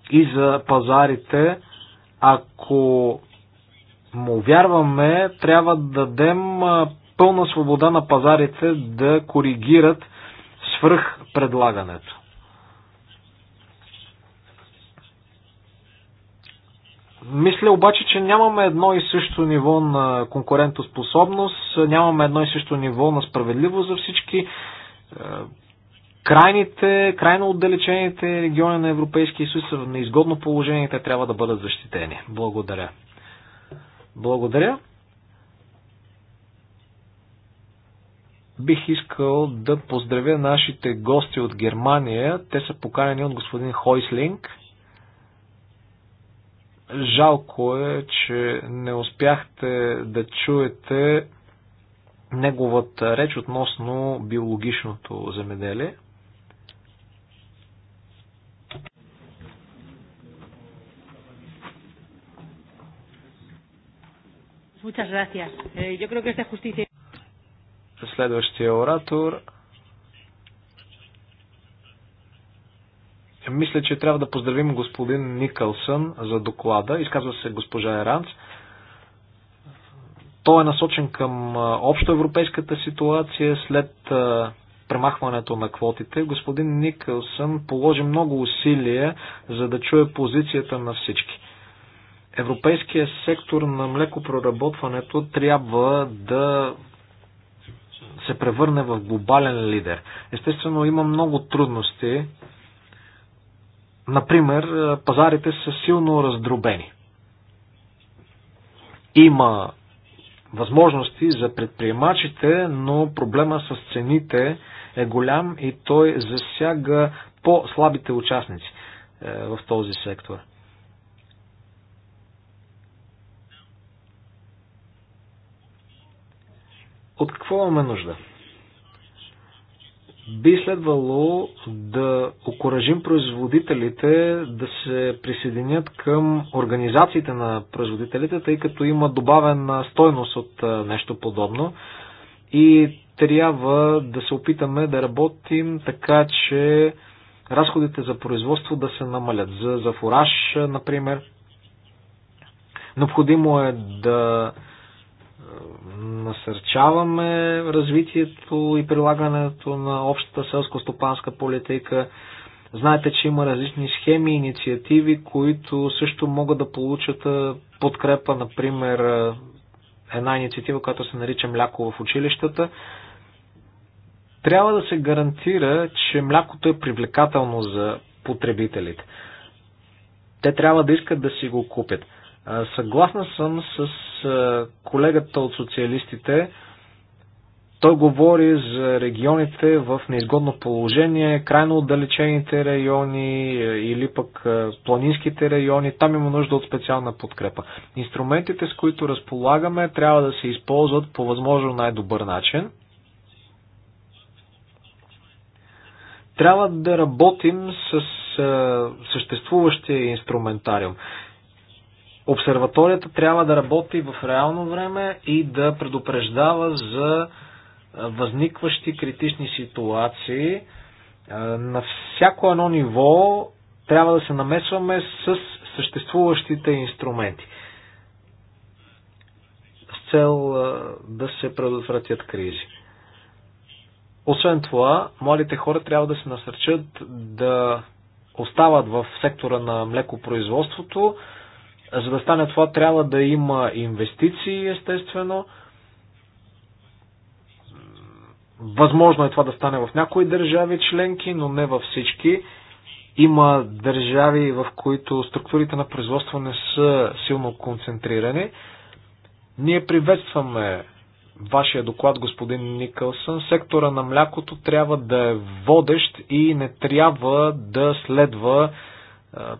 и за пазарите. Ако му вярваме, трябва да дадем е, пълна свобода на пазарите да коригират свръх предлагането. Мисля обаче, че нямаме едно и също ниво на конкурентоспособност, нямаме едно и също ниво на справедливост за всички. Е, крайните, крайно отдалечените региони на Европейския съюз са в неизгодно положение те трябва да бъдат защитени. Благодаря. Благодаря. Бих искал да поздравя нашите гости от Германия. Те са поканени от господин Хойслинг Жалко е, че не успяхте да чуете неговата реч относно биологичното земеделие. Eh, Следващия оратор Мисля, че трябва да поздравим господин Никълсън за доклада. Изказва се госпожа Еранц. Той е насочен към общо европейската ситуация след премахването на квотите. Господин Никълсън положи много усилия, за да чуе позицията на всички. Европейския сектор на млекопроработването трябва да се превърне в глобален лидер. Естествено, има много трудности, Например, е, пазарите са силно раздробени. Има възможности за предприемачите, но проблема с цените е голям и той засяга по-слабите участници е, в този сектор. От какво имаме нужда? би следвало да окоръжим производителите да се присъединят към организациите на производителите, тъй като има добавена стойност от нещо подобно и трябва да се опитаме да работим така, че разходите за производство да се намалят. За, за фураж, например, необходимо е да насърчаваме развитието и прилагането на общата селско-стопанска политика. Знаете, че има различни схеми и инициативи, които също могат да получат подкрепа, например една инициатива, която се нарича Мляко в училищата. Трябва да се гарантира, че млякото е привлекателно за потребителите. Те трябва да искат да си го купят. Съгласна съм с колегата от социалистите. Той говори за регионите в неизгодно положение, крайно отдалечените райони или пък планинските райони. Там има нужда от специална подкрепа. Инструментите, с които разполагаме, трябва да се използват по възможно най-добър начин. Трябва да работим с съществуващия инструментариум. Обсерваторията трябва да работи в реално време и да предупреждава за възникващи критични ситуации. На всяко едно ниво трябва да се намесваме с съществуващите инструменти с цел да се предотвратят кризи. Освен това, младите хора трябва да се насърчат да остават в сектора на млекопроизводството, за да стане това, трябва да има инвестиции, естествено. Възможно е това да стане в някои държави членки, но не във всички. Има държави, в които структурите на производство не са силно концентрирани. Ние приветстваме вашия доклад, господин Никълсън. Сектора на млякото трябва да е водещ и не трябва да следва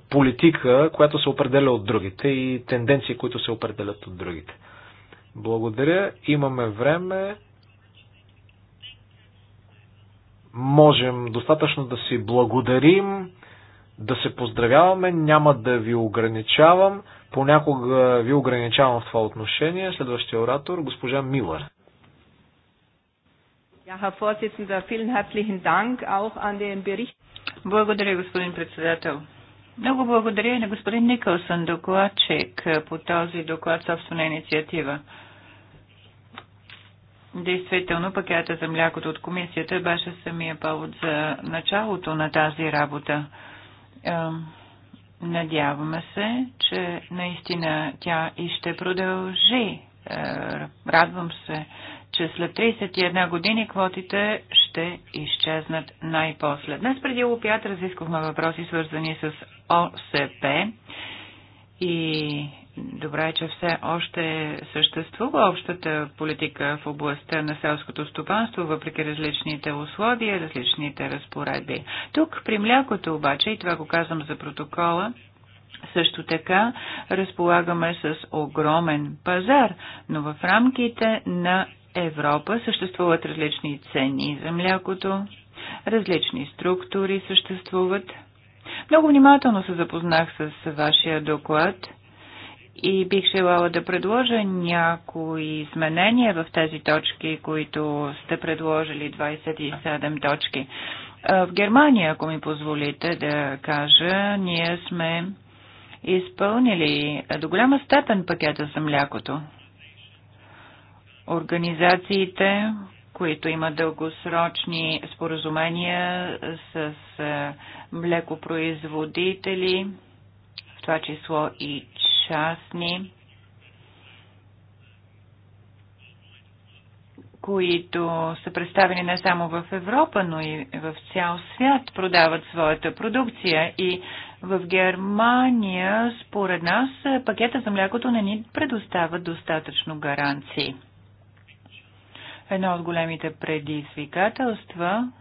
политика, която се определя от другите и тенденции, които се определят от другите. Благодаря. Имаме време. Можем достатъчно да си благодарим, да се поздравяваме. Няма да ви ограничавам. Понякога ви ограничавам в това отношение. Следващия оратор, госпожа Милър. Благодаря, господин председател. Много благодаря на господин Никълсън, докладчик по този доклад собствена инициатива. Действително, пакета за млякото от комисията беше самия повод за началото на тази работа. Надяваме се, че наистина тя и ще продължи. Радвам се, че след 31 години квотите ще изчезнат най-после. Днес преди лопиат разисквахме въпроси, свързани с ОСП и добре, е, че все още съществува общата политика в областта на селското стопанство, въпреки различните условия, различните разпоредби. Тук при млякото обаче, и това го казвам за протокола, също така разполагаме с огромен пазар, но в рамките на Европа съществуват различни цени за млякото, различни структури съществуват. Много внимателно се запознах с вашия доклад и бих желала да предложа някои изменения в тези точки, които сте предложили 27 точки. В Германия, ако ми позволите да кажа, ние сме изпълнили до голяма степен пакета за млякото. Организациите, които имат дългосрочни споразумения с е, млекопроизводители, в това число и частни, които са представени не само в Европа, но и в цял свят, продават своята продукция. И в Германия, според нас, пакета за млякото не ни предоставят достатъчно гаранции. Едно от големите предизвикателства,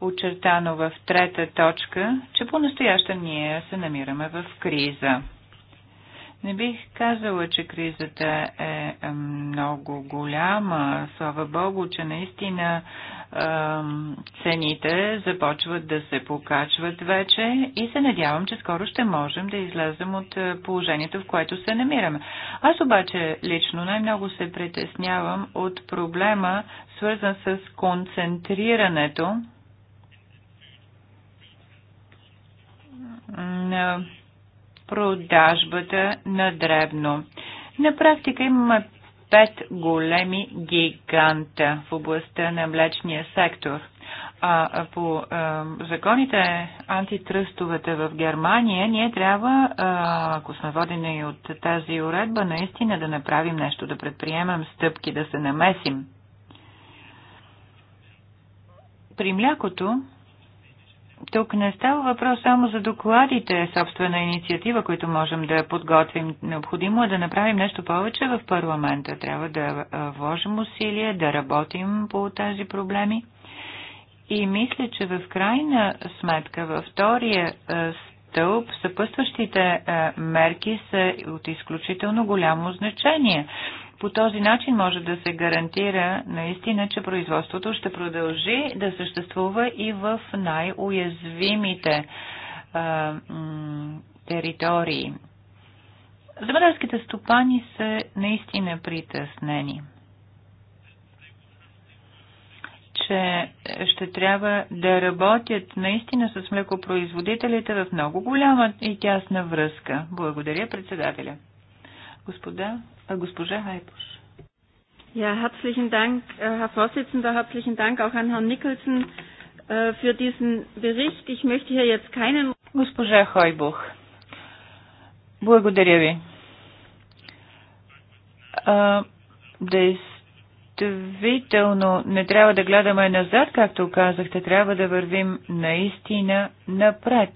очертано в трета точка, че по настояща ние се намираме в криза. Не бих казала, че кризата е, е много голяма. Слава Богу, че наистина цените започват да се покачват вече и се надявам, че скоро ще можем да излезем от е, положението, в което се намираме. Аз обаче лично най-много се притеснявам от проблема, свързан с концентрирането на продажбата на дребно. На практика имаме пет големи гиганта в областта на млечния сектор. А по а, законите антитръстовете в Германия, ние трябва, а, ако сме водени от тази уредба, наистина да направим нещо, да предприемем стъпки, да се намесим. При млякото тук не става въпрос само за докладите, собствена инициатива, които можем да подготвим. Необходимо е да направим нещо повече в парламента. Трябва да вложим усилия, да работим по тези проблеми. И мисля, че в крайна сметка, във втория стълб, съпътстващите мерки са от изключително голямо значение. По този начин може да се гарантира наистина, че производството ще продължи да съществува и в най-уязвимите територии. Земеделските стопани са наистина притеснени, че ще трябва да работят наистина с млекопроизводителите в много голяма и тясна връзка. Благодаря председателя. Господа, Госпожа Хайпуш. Ja, herzlichen Dank, äh, Herr Vorsitzender, herzlichen Dank auch an Herrn Nicholson äh, für diesen Bericht. Ich möchte hier jetzt keinen. Госпожа Хайбух, благодаря ви. действително не трябва да гледаме назад, както казахте, трябва да вървим наистина напред.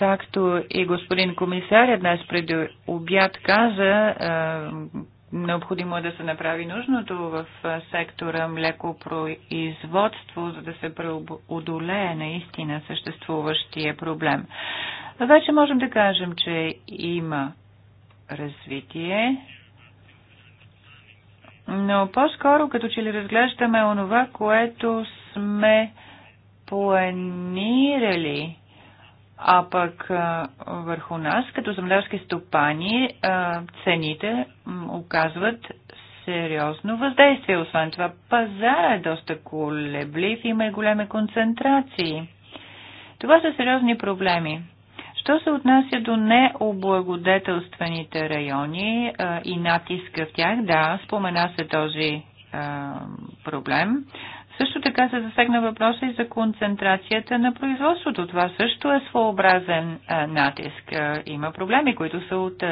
Както и господин комисаря днес преди обяд каза, е, Необходимо е да се направи нужното в е, сектора млекопроизводство, за да се преодолее наистина съществуващия проблем. Вече можем да кажем, че има развитие, но по-скоро като че ли разглеждаме онова, което сме планирали а пък върху нас, като земеделски стопани, цените оказват сериозно въздействие. Освен това, пазара е доста колеблив, има и големи концентрации. Това са сериозни проблеми. Що се отнася до необлагодетелствените райони а, и натиска в тях, да, спомена се този а, проблем. Също така се засегна въпроса и за концентрацията на производството. Това също е своеобразен натиск. Има проблеми, които са от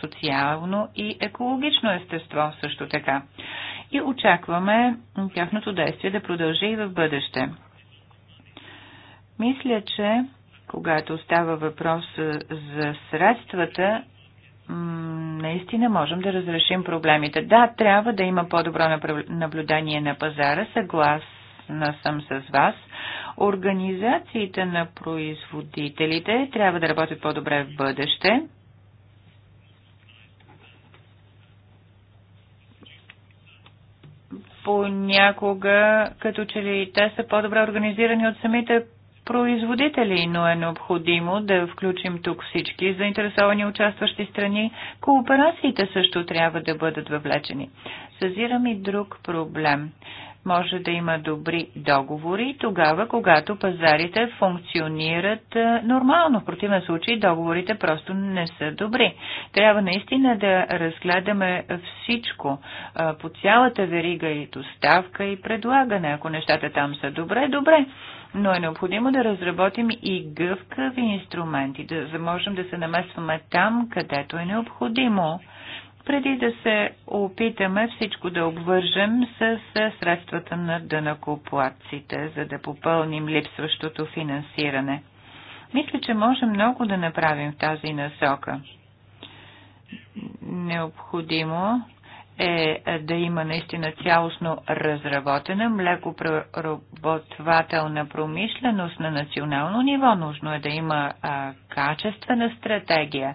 социално и екологично естество също така. И очакваме тяхното действие да продължи и в бъдеще. Мисля, че когато става въпрос за средствата, наистина можем да разрешим проблемите. Да, трябва да има по-добро наблюдение на пазара, съгласна съм с вас. Организациите на производителите трябва да работят по-добре в бъдеще. понякога, като че ли те са по-добре организирани от самите производители, но е необходимо да включим тук всички заинтересовани участващи страни. Кооперациите също трябва да бъдат въвлечени. Съзирам и друг проблем. Може да има добри договори тогава, когато пазарите функционират е, нормално. В противен случай договорите просто не са добри. Трябва наистина да разгледаме всичко е, по цялата верига и доставка и предлагане. Ако нещата там са добре, добре но е необходимо да разработим и гъвкави инструменти, да можем да се намесваме там, където е необходимо преди да се опитаме всичко да обвържем с средствата на дънакоплаците, за да попълним липсващото финансиране. Мисля, че можем много да направим в тази насока. Необходимо е да има наистина цялостно разработена млекопреработвателна промишленост на национално ниво. Нужно е да има а, качествена стратегия.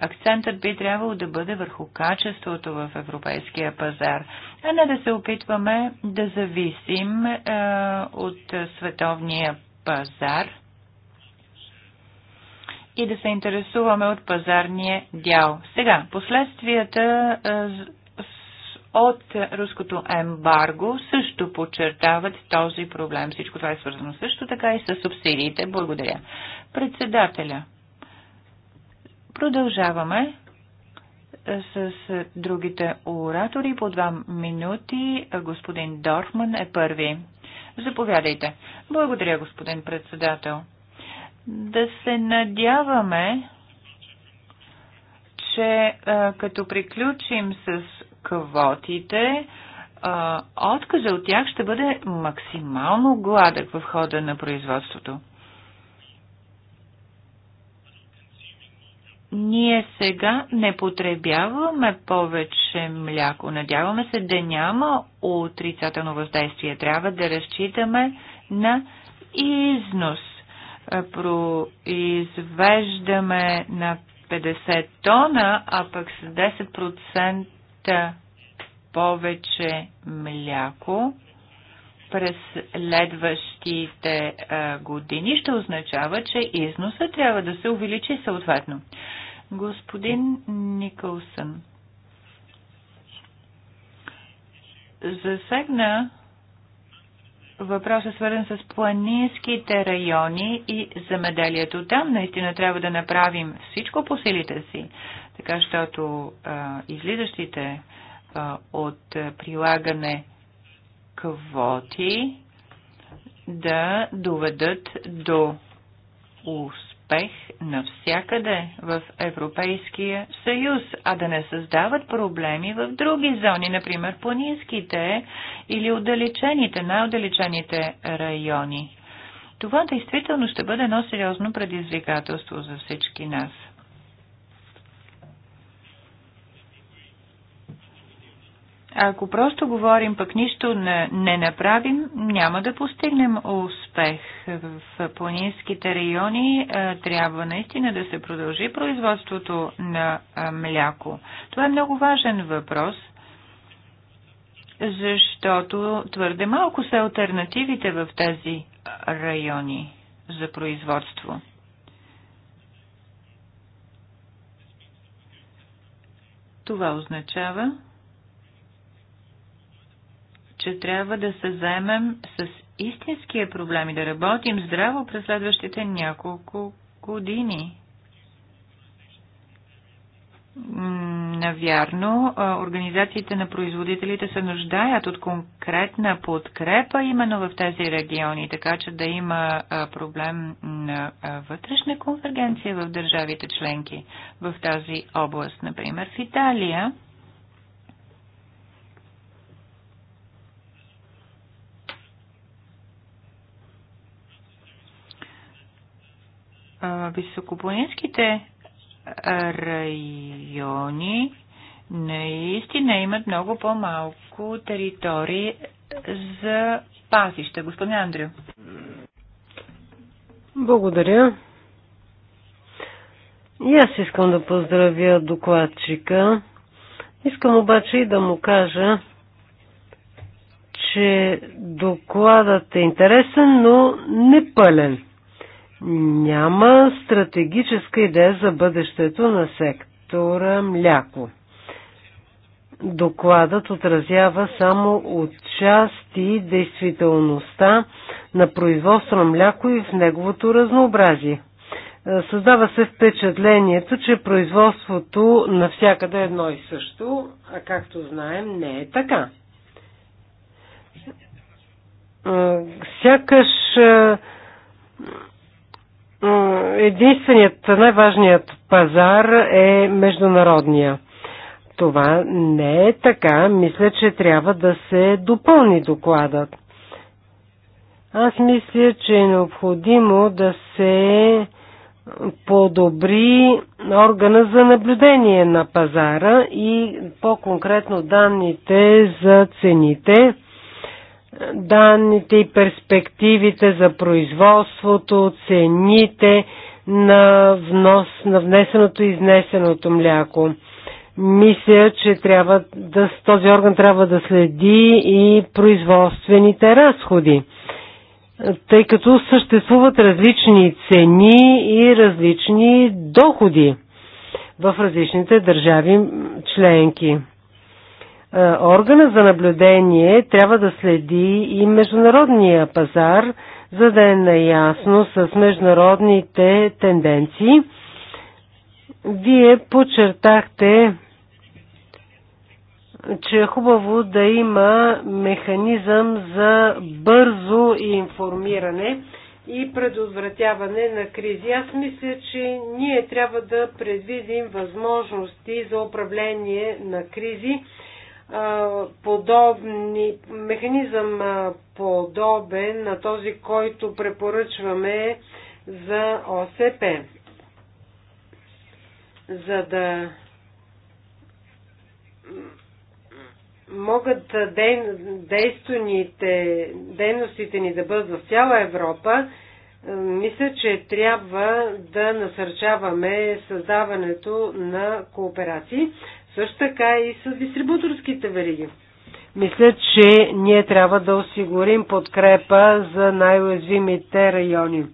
Акцентът би трябвало да бъде върху качеството в европейския пазар, а не да се опитваме да зависим а, от световния пазар и да се интересуваме от пазарния дял. Сега, последствията от руското ембарго също подчертават този проблем. Всичко това е свързано също така и с субсидиите. Благодаря. Председателя. Продължаваме с другите оратори по два минути. Господин Дорфман е първи. Заповядайте. Благодаря, господин председател. Да се надяваме, че като приключим с квотите, отказа от тях ще бъде максимално гладък в хода на производството. ние сега не потребяваме повече мляко. Надяваме се да няма отрицателно въздействие. Трябва да разчитаме на износ. Е, произвеждаме на 50 тона, а пък с 10% повече мляко през следващите а, години, ще означава, че износа трябва да се увеличи съответно. Господин Николсън засегна въпроса свързан с планинските райони и замеделието Там наистина трябва да направим всичко по силите си, така щото а, излизащите а, от прилагане квоти да доведат до успех навсякъде в Европейския съюз, а да не създават проблеми в други зони, например планинските или отдалечените, най-отдалечените райони. Това действително ще бъде едно сериозно предизвикателство за всички нас. Ако просто говорим, пък нищо не, не направим, няма да постигнем успех. В планинските райони е, трябва наистина да се продължи производството на е, мляко. Това е много важен въпрос – защото твърде малко са альтернативите в тези райони за производство. Това означава, че трябва да се заемем с истинския проблем и да работим здраво през следващите няколко години. Навярно, организациите на производителите се нуждаят от конкретна подкрепа именно в тези региони, така че да има проблем на вътрешна конвергенция в държавите членки в тази област. Например, в Италия високопланинските райони наистина имат много по-малко територии за пасища. Господин Андрю. Благодаря. И аз искам да поздравя докладчика. Искам обаче и да му кажа, че докладът е интересен, но не пълен. Няма стратегическа идея за бъдещето на сектора мляко. Докладът отразява само отчасти действителността на производство на мляко и в неговото разнообразие. Е, създава се впечатлението, че производството навсякъде е едно и също, а както знаем не е така. Е, сякаш е, единственият, най-важният пазар е международния. Това не е така. Мисля, че трябва да се допълни докладът. Аз мисля, че е необходимо да се подобри органа за наблюдение на пазара и по-конкретно данните за цените данните и перспективите за производството, цените на внос на внесеното и изнесеното мляко. Мисля, че трябва да, този орган трябва да следи и производствените разходи, тъй като съществуват различни цени и различни доходи в различните държави членки. Е, Органът за наблюдение трябва да следи и международния пазар, за да е наясно с международните тенденции. Вие подчертахте, че е хубаво да има механизъм за бързо информиране и предотвратяване на кризи. Аз мисля, че ние трябва да предвидим възможности за управление на кризи подобни, механизъм подобен на този, който препоръчваме за ОСП. За да могат дейностите ни да бъдат в цяла Европа, мисля, че трябва да насърчаваме създаването на кооперации също така и с дистрибуторските вериги. Мисля, че ние трябва да осигурим подкрепа за най-уязвимите райони.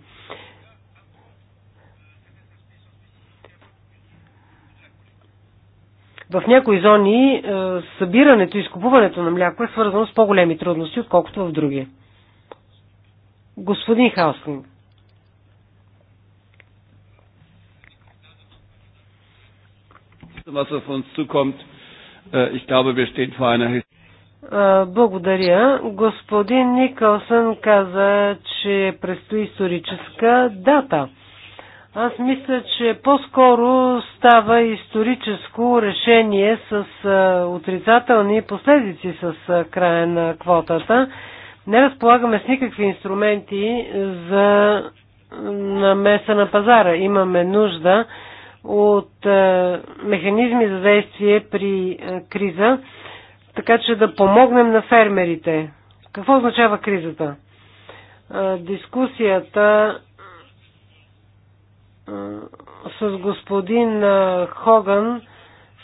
В някои зони е, събирането и изкупуването на мляко е свързано с по-големи трудности, отколкото в други. Господин Хаослинг. was auf uns zukommt. Äh, ich glaube, wir stehen vor einer е, благодаря. Господин Никълсън каза, че предстои историческа дата. Аз мисля, че по-скоро става историческо решение с е, отрицателни последици с е, края на квотата. Не разполагаме с никакви инструменти за намеса на пазара. Имаме нужда от е, механизми за действие при е, криза, така че да помогнем на фермерите. Какво означава кризата? Е, дискусията с господин Хоган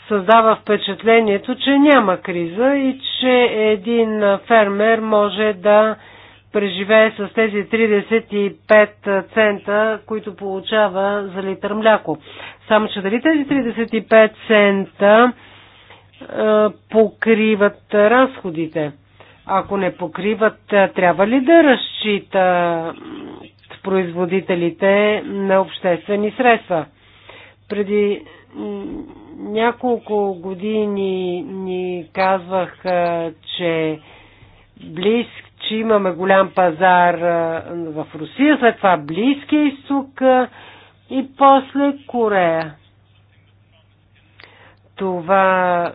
създава впечатлението, че няма криза и че един фермер може да преживее с тези 35 цента, които получава за литър мляко. Само, че дали тези 35 цента е, покриват разходите? Ако не покриват, е, трябва ли да разчита производителите на обществени средства? Преди няколко години ни казвах, е, че близк, че имаме голям пазар в Русия, след това Близкия изток, и после Корея. Това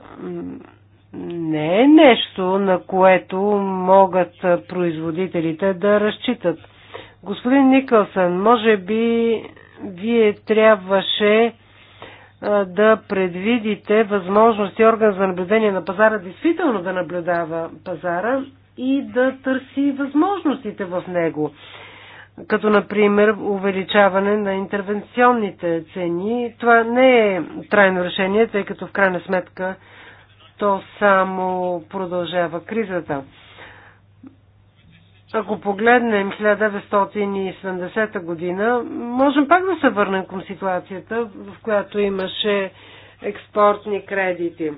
не е нещо, на което могат производителите да разчитат. Господин Никълсън, може би вие трябваше да предвидите възможности орган за наблюдение на пазара действително да наблюдава пазара и да търси възможностите в него като например увеличаване на интервенционните цени. Това не е трайно решение, тъй като в крайна сметка то само продължава кризата. Ако погледнем 1970 година, можем пак да се върнем към ситуацията, в която имаше експортни кредити.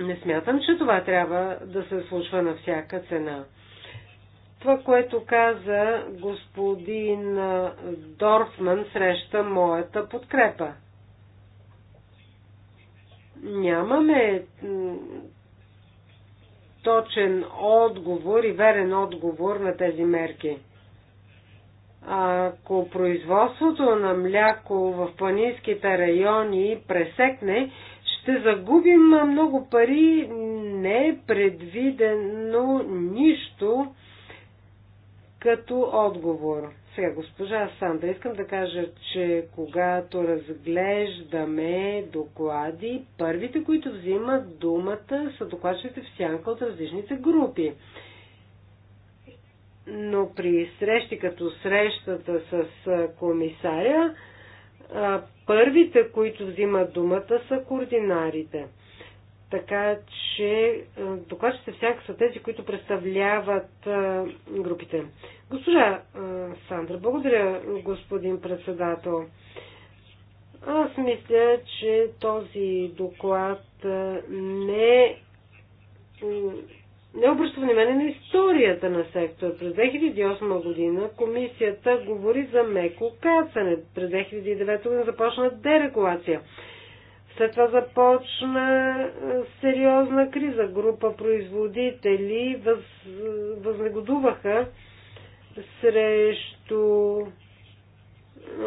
Не смятам, че това трябва да се случва на всяка цена. Това, което каза господин Дорфман, среща моята подкрепа. Нямаме точен отговор и верен отговор на тези мерки. Ако производството на мляко в планинските райони пресекне, ще загубим много пари. Не е предвидено нищо като отговор. Сега, госпожа Сандра, искам да кажа, че когато разглеждаме доклади, първите, които взимат думата, са докладчите в сянка от различните групи. Но при срещи като срещата с комисаря, първите, които взимат думата, са координарите – така че е, докладчите всяка са тези, които представляват е, групите. Госпожа е, Сандра, благодаря, господин председател. Аз мисля, че този доклад не, не обръща внимание на историята на сектора. През 2008 година комисията говори за меко кацане. През 2009 година започна дерегулация. След това започна е, сериозна криза. Група производители въз, възнегодуваха срещу е,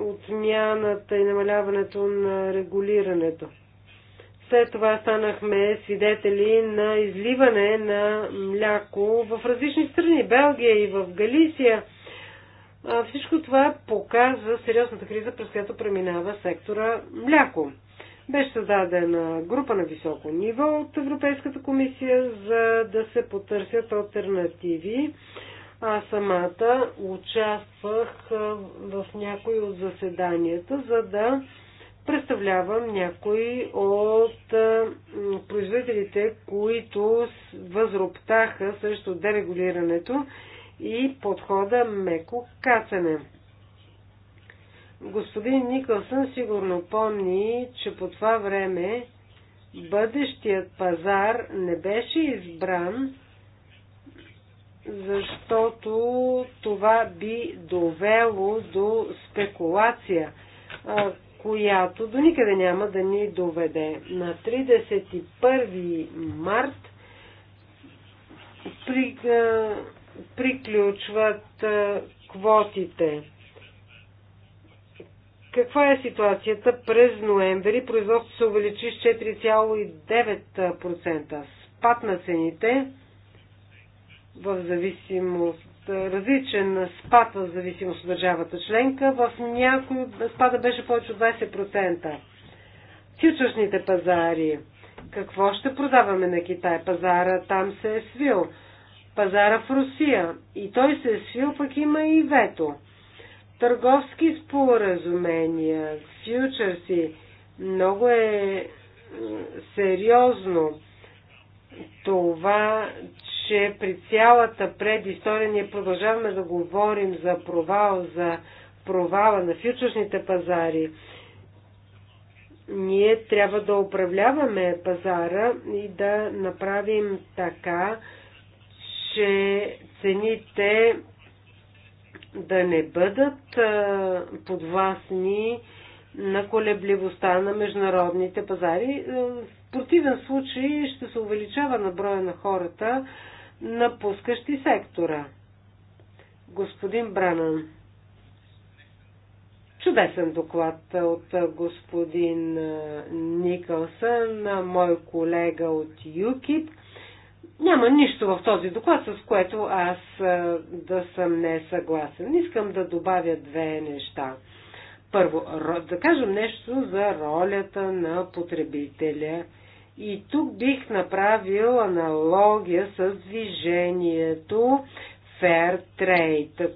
отмяната и намаляването на регулирането. След това станахме свидетели на изливане на мляко в различни страни, Белгия и в Галисия. Всичко това показва сериозната криза, през която преминава сектора мляко. Беше създадена група на високо ниво от Европейската комисия, за да се потърсят альтернативи. а самата участвах в някои от заседанията, за да представлявам някои от производителите, които възроптаха срещу дерегулирането и подхода меко кацане. Господин Никълсън сигурно помни, че по това време бъдещият пазар не беше избран, защото това би довело до спекулация, която до никъде няма да ни доведе. На 31 март при, приключват квотите. Каква е ситуацията през ноември? Производството се увеличи с 4,9%. Спад на цените в зависимост различен спад в зависимост от държавата членка. В някои спада беше повече от 20%. Фьючерсните пазари. Какво ще продаваме на Китай? Пазара там се е свил. Пазара в Русия. И той се е свил, пък има и вето търговски споразумения, фьючерси. Много е сериозно това, че при цялата предистория ние продължаваме да говорим за провал, за провала на фьючерсните пазари. Ние трябва да управляваме пазара и да направим така, че цените да не бъдат подвластни на колебливостта на международните пазари. В противен случай ще се увеличава на броя на хората, напускащи сектора. Господин Бранан. Чудесен доклад от господин Никълсън, мой колега от ЮКИП. Няма нищо в този доклад, с което аз да съм не съгласен. Искам да добавя две неща. Първо, да кажем нещо за ролята на потребителя. И тук бих направил аналогия с движението Fair Trade.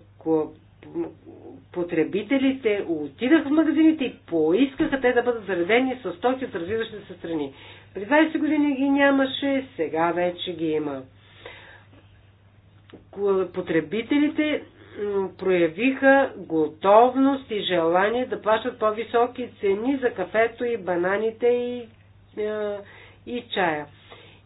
Потребителите отидах в магазините и поискаха те да бъдат заредени с стоки от развиващите се страни. При 20 години ги нямаше, сега вече ги има. Потребителите проявиха готовност и желание да плащат по-високи цени за кафето и бананите и, е, и чая.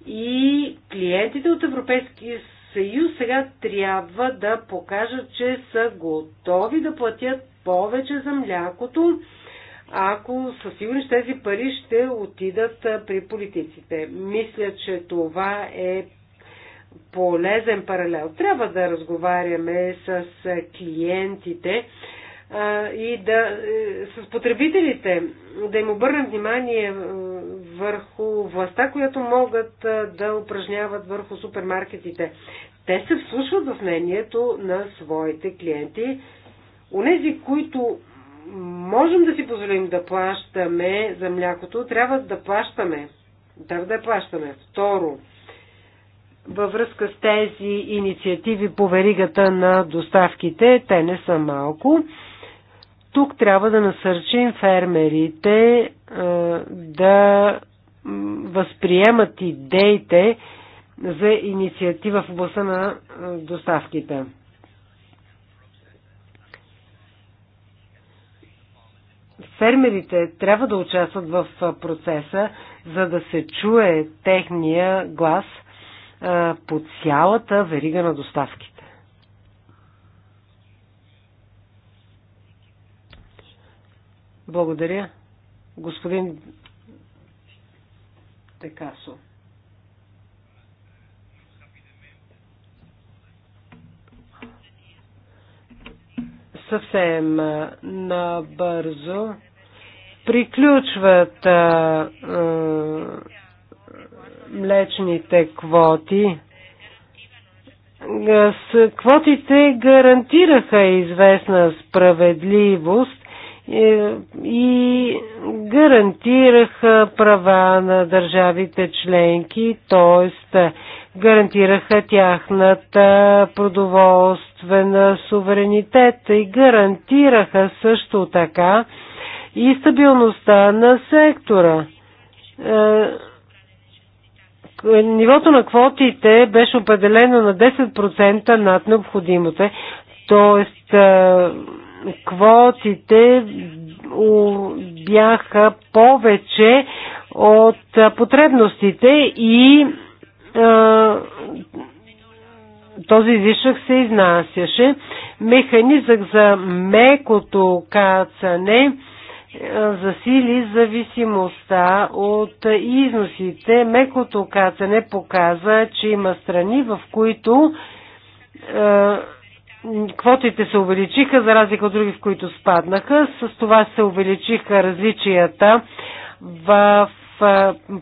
И клиентите от Европейския съюз сега трябва да покажат, че са готови да платят повече за млякото ако със сигурност тези пари ще отидат при политиците. Мисля, че това е полезен паралел. Трябва да разговаряме с клиентите и да, е, с потребителите, да им обърнем внимание върху властта, която могат да упражняват върху супермаркетите. Те се вслушват в мнението на своите клиенти. Онези, които можем да си позволим да плащаме за млякото, трябва да плащаме. Трябва да я плащаме. Второ, във връзка с тези инициативи по веригата на доставките, те не са малко. Тук трябва да насърчим фермерите е, да възприемат идеите за инициатива в областта на е, доставките. Фермерите трябва да участват в процеса, за да се чуе техния глас по цялата верига на доставките. Благодаря. Господин Текасов. съвсем набързо. Приключват а, а, млечните квоти. С квотите гарантираха известна справедливост е, и гарантираха права на държавите членки, т.е гарантираха тяхната продоволствена суверенитет и гарантираха също така и стабилността на сектора. Е, е, нивото на квотите беше определено на 10% над необходимото. Тоест, е, квотите бяха повече от потребностите и този излишък се изнасяше. Механизък за мекото кацане засили зависимостта от износите. Мекото кацане показа, че има страни, в които квотите се увеличиха, за разлика от други, в които спаднаха. С това се увеличиха различията в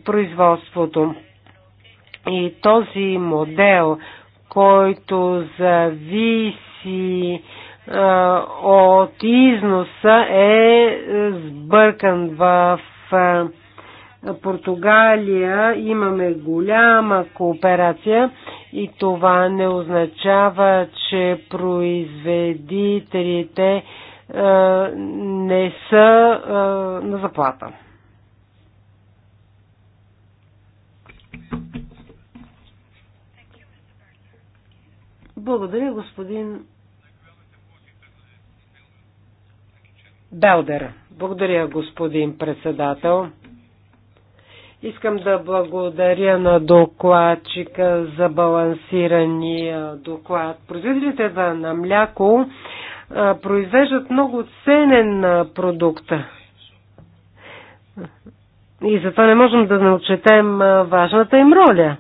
производството. И този модел, който зависи от износа, е сбъркан в Португалия имаме голяма кооперация и това не означава, че произведителите не са на заплата. Благодаря, господин Белдер. Благодаря, господин председател. Искам да благодаря на докладчика за балансирания доклад. Производителите на мляко произвеждат много ценен продукт. И затова не можем да не отчетем важната им роля.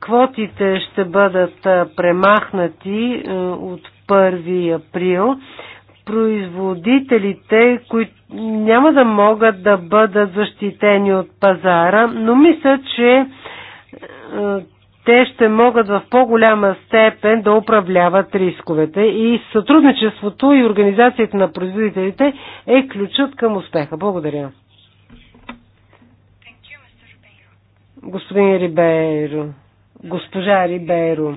Квотите ще бъдат премахнати от 1 април. Производителите, които няма да могат да бъдат защитени от пазара, но мисля, че те ще могат в по-голяма степен да управляват рисковете и сътрудничеството и организацията на производителите е ключът към успеха. Благодаря. господин Рибейро. Госпожа Рибейро.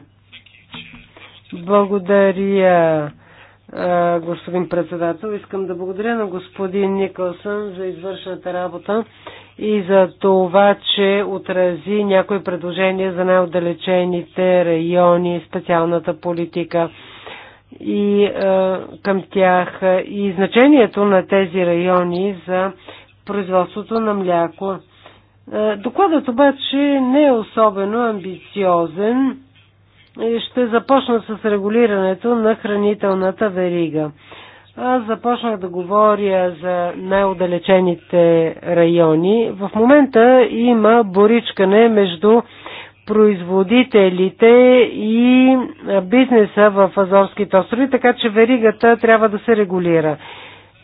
Благодаря, господин председател. Искам да благодаря на господин Никълсън за извършената работа и за това, че отрази някои предложения за най-отдалечените райони, специалната политика и към тях и значението на тези райони за производството на мляко. Е, докладът обаче не е особено амбициозен. Е, ще започна с регулирането на хранителната верига. Аз започнах да говоря за най-отдалечените райони. В момента има боричкане между производителите и бизнеса в Азорските острови, така че веригата трябва да се регулира.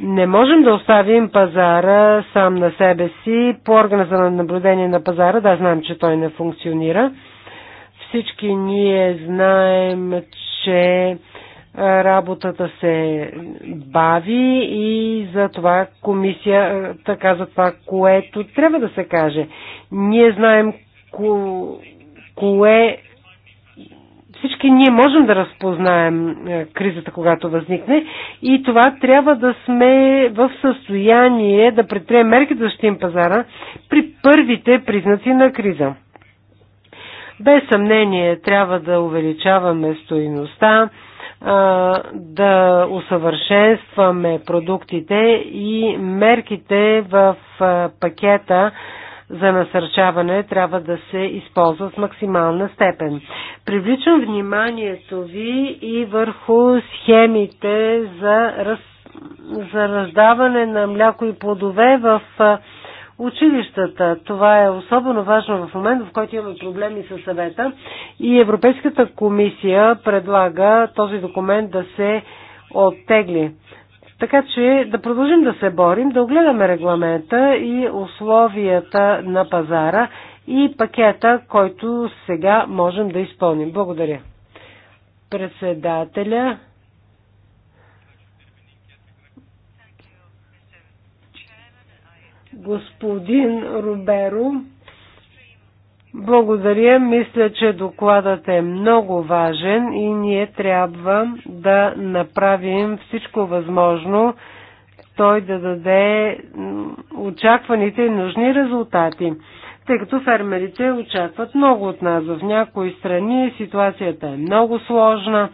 Не можем да оставим пазара сам на себе си. По органа за наблюдение на пазара, да, знаем, че той не функционира. Всички ние знаем, че работата се бави и за това комисията каза това, което трябва да се каже. Ние знаем ко... кое всички ние можем да разпознаем е, кризата, когато възникне и това трябва да сме в състояние да предприемем мерки да защитим пазара при първите признаци на криза. Без съмнение трябва да увеличаваме стоиността, е, да усъвършенстваме продуктите и мерките в е, пакета за насърчаване трябва да се използва с максимална степен. Привличам вниманието ви и върху схемите за, раз, за раздаване на мляко и плодове в училищата. Това е особено важно в момента, в който имаме проблеми с съвета и Европейската комисия предлага този документ да се оттегли. Така че да продължим да се борим, да огледаме регламента и условията на пазара и пакета, който сега можем да изпълним. Благодаря. Председателя. Господин Руберо. Благодаря. Мисля, че докладът е много важен и ние трябва да направим всичко възможно той да даде очакваните и нужни резултати. Тъй като фермерите очакват много от нас. В някои страни ситуацията е много сложна,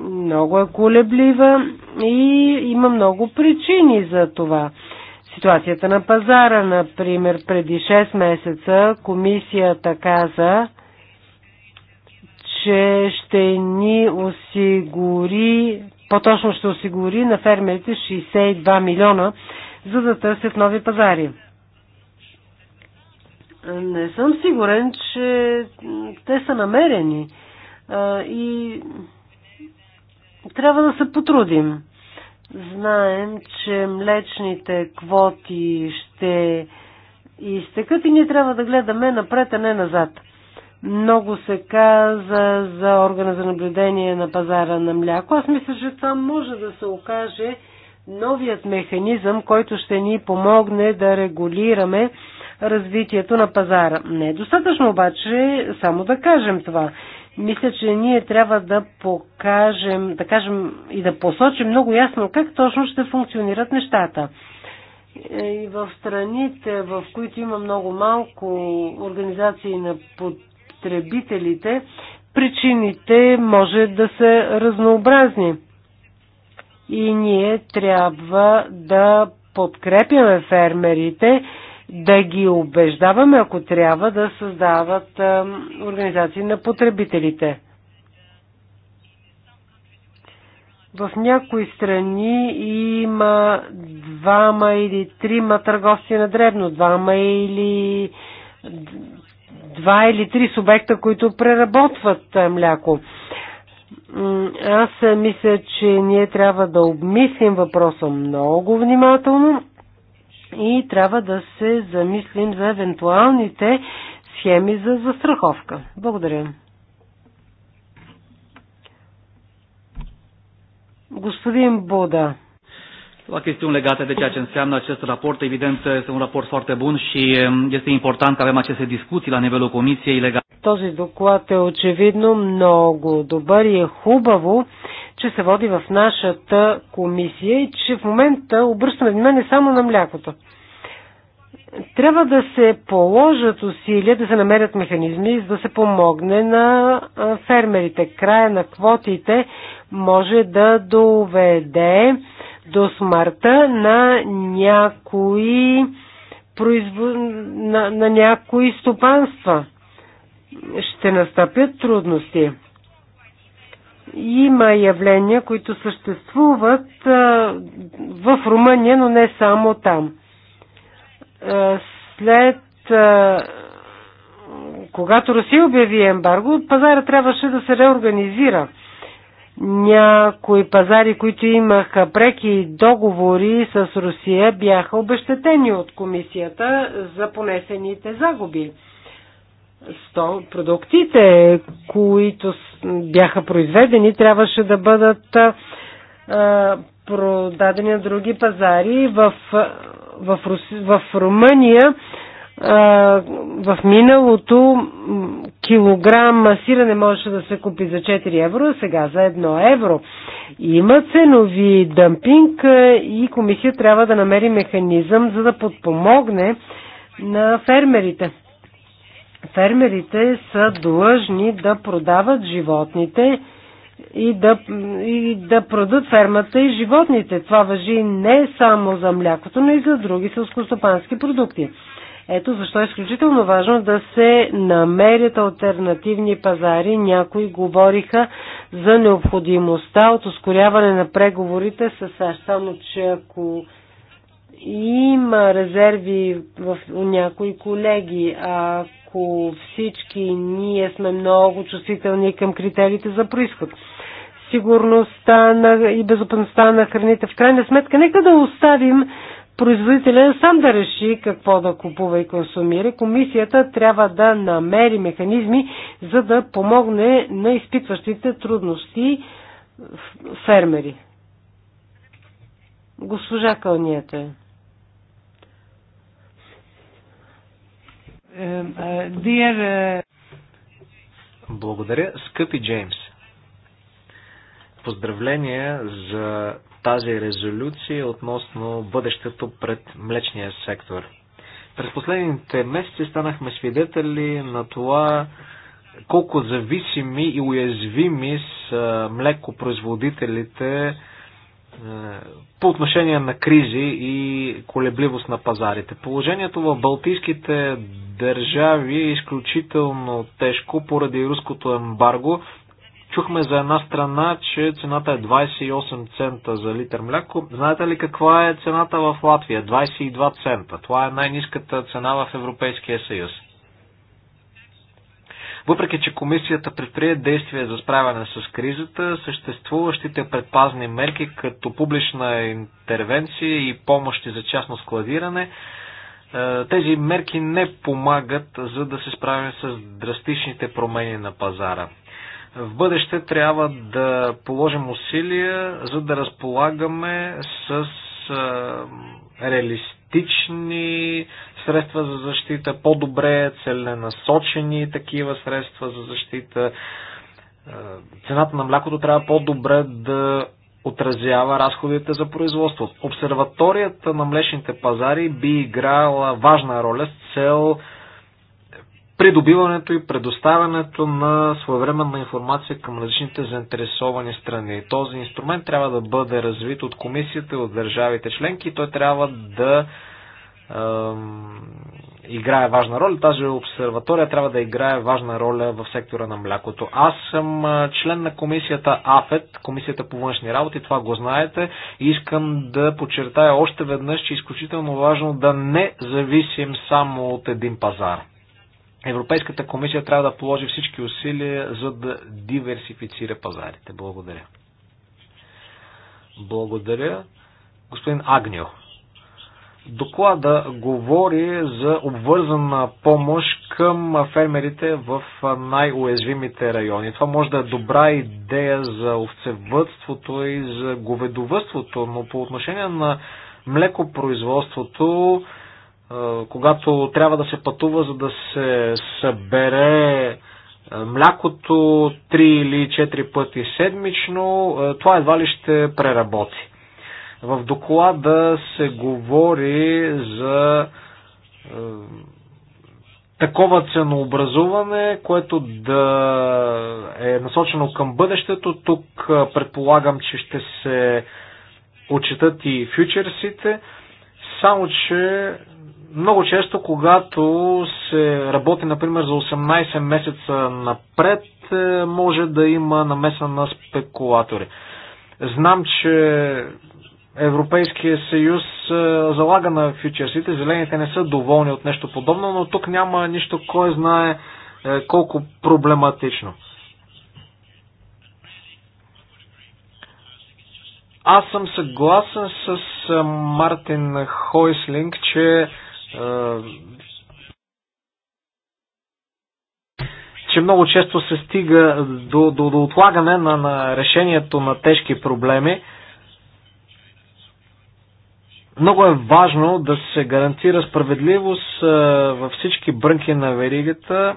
много е колеблива и има много причини за това ситуацията на пазара. Например, преди 6 месеца комисията каза, че ще ни осигури, по-точно ще осигури на фермерите 62 милиона, за да търсят нови пазари. Не съм сигурен, че те са намерени и трябва да се потрудим. Знаем, че млечните квоти ще изтекат и ние трябва да гледаме напред, а не назад. Много се каза за органа за наблюдение на пазара на мляко. Аз мисля, че това може да се окаже новият механизъм, който ще ни помогне да регулираме развитието на пазара. Не е достатъчно обаче само да кажем това. Мисля, че ние трябва да покажем, да кажем и да посочим много ясно как точно ще функционират нещата. Е, и в страните, в които има много малко организации на потребителите, причините може да са разнообразни. И ние трябва да подкрепяме фермерите, да ги убеждаваме, ако трябва, да създават организации на потребителите. В някои страни има двама или трима търговци на дребно, двама или два или три субекта, които преработват мляко. Аз мисля, че ние трябва да обмислим въпроса много внимателно и трябва да се замислим за евентуалните схеми за застраховка. Благодаря. Господин Буда. La chestiuni legate de ceea ce înseamnă acest raport, evident, este un raport foarte bun și este important că avem aceste discuții la nivelul Comisiei legate. Този доклад е очевидно много добър и е хубаво, че се води в нашата комисия и че в момента обръщаме внимание само на млякото. Трябва да се положат усилия да се намерят механизми, за да се помогне на фермерите. Края на квотите може да доведе до смъртта на някои, произво... на, на някои стопанства. Ще настъпят трудности. Има явления, които съществуват в Румъния, но не само там. След когато Русия обяви ембарго, пазара трябваше да се реорганизира. Някои пазари, които имаха преки договори с Русия, бяха обещетени от комисията за понесените загуби. 100 продуктите, които бяха произведени, трябваше да бъдат продадени на други пазари. В, в, в Румъния в миналото килограм сирене можеше да се купи за 4 евро, а сега за 1 евро. Има ценови дъмпинг и комисия трябва да намери механизъм, за да подпомогне на фермерите фермерите са длъжни да продават животните и да, и да продат фермата и животните. Това въжи не само за млякото, но и за други селскостопански продукти. Ето защо е изключително важно да се намерят альтернативни пазари. Някои говориха за необходимостта от ускоряване на преговорите с САЩ. Само, че ако има резерви в някои колеги, а ако всички ние сме много чувствителни към критериите за происход. Сигурността на, и безопасността на храните. В крайна сметка, нека да оставим производителя сам да реши какво да купува и консумира. Комисията трябва да намери механизми, за да помогне на изпитващите трудности фермери. Госпожа Кълнията. Dear... Uh, Благодаря, скъпи Джеймс. Поздравления за тази резолюция относно бъдещето пред млечния сектор. През последните месеци станахме свидетели на това колко зависими и уязвими са млекопроизводителите по отношение на кризи и колебливост на пазарите. Положението в балтийските държави е изключително тежко поради руското ембарго. Чухме за една страна, че цената е 28 цента за литър мляко. Знаете ли каква е цената в Латвия? 22 цента. Това е най-низката цена в Европейския съюз. Въпреки, че комисията предприе действия за справяне с кризата, съществуващите предпазни мерки като публична интервенция и помощи за частно складиране, е, тези мерки не помагат за да се справим с драстичните промени на пазара. В бъдеще трябва да положим усилия, за да разполагаме с е, реалистично автоматични средства за защита, по-добре целенасочени такива средства за защита. Е, цената на млякото трябва по-добре да отразява разходите за производство. Обсерваторията на млечните пазари би играла важна роля с цел придобиването и предоставянето на своевременна информация към различните заинтересовани страни. Този инструмент трябва да бъде развит от комисията и от държавите членки и той трябва да играе важна роля. Тази обсерватория трябва да играе важна роля в сектора на млякото. Аз съм член на комисията АФЕТ, комисията по външни работи, това го знаете. И искам да подчертая още веднъж, че е изключително важно да не зависим само от един пазар. Европейската комисия трябва да положи всички усилия, за да диверсифицира пазарите. Благодаря. Благодаря. Господин Агнио. Доклада говори за обвързана помощ към фермерите в най-уязвимите райони. Това може да е добра идея за овцевътството и за говедовътството, но по отношение на млекопроизводството когато трябва да се пътува, за да се събере млякото 3 или 4 пъти седмично, това едва ли ще преработи. В доклада се говори за такова ценообразуване, което да е насочено към бъдещето. Тук предполагам, че ще се отчитат и фьючерсите, само че много често, когато се работи, например, за 18 месеца напред, е, може да има намеса на спекулатори. Знам, че Европейския съюз е, залага на фьючерсите, зелените не са доволни от нещо подобно, но тук няма нищо, кой знае е, колко проблематично. Аз съм съгласен с Мартин Хойслинг, че че много често се стига до, до, до отлагане на, на решението на тежки проблеми. Много е важно да се гарантира справедливост във всички брънки на веригата.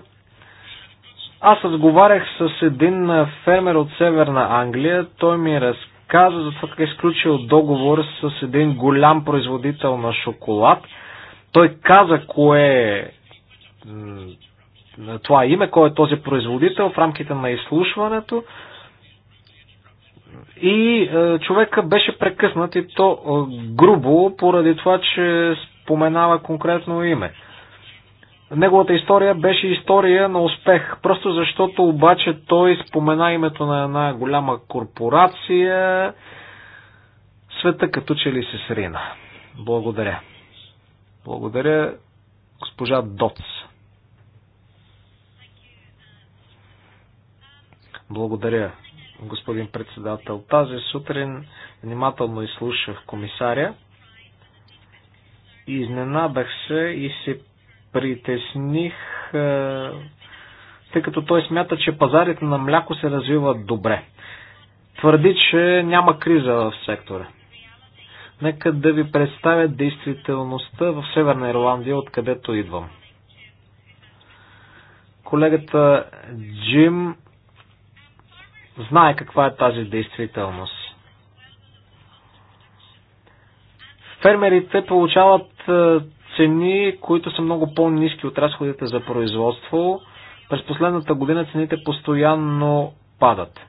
Аз разговарях с един фермер от Северна Англия. Той ми разказа за това как е изключил договор с един голям производител на шоколад – той каза кое е това име, кой е този производител в рамките на изслушването. И е, човека беше прекъснат и то е, грубо, поради това, че споменава конкретно име. Неговата история беше история на успех, просто защото обаче той спомена името на една голяма корпорация, света като че ли се срина. Благодаря. Благодаря, госпожа Доц. Благодаря, господин председател. Тази сутрин внимателно изслушах комисаря и изненадах се и се притесних, е, тъй като той смята, че пазарите на мляко се развиват добре. Твърди, че няма криза в сектора. Нека да ви представя действителността в Северна Ирландия, откъдето идвам. Колегата Джим знае каква е тази действителност. Фермерите получават е, цени, които са много по-низки от разходите за производство. През последната година цените постоянно падат.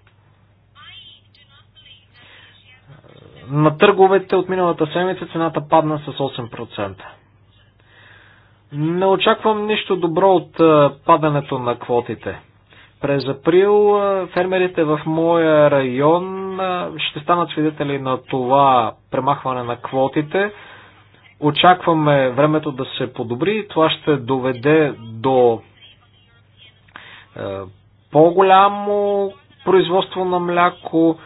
На търговете от миналата седмица цената падна с 8%. Не очаквам нищо добро от падането на квотите. През април фермерите в моя район ще станат свидетели на това премахване на квотите. Очакваме времето да се подобри. Това ще доведе до по-голямо производство на мляко,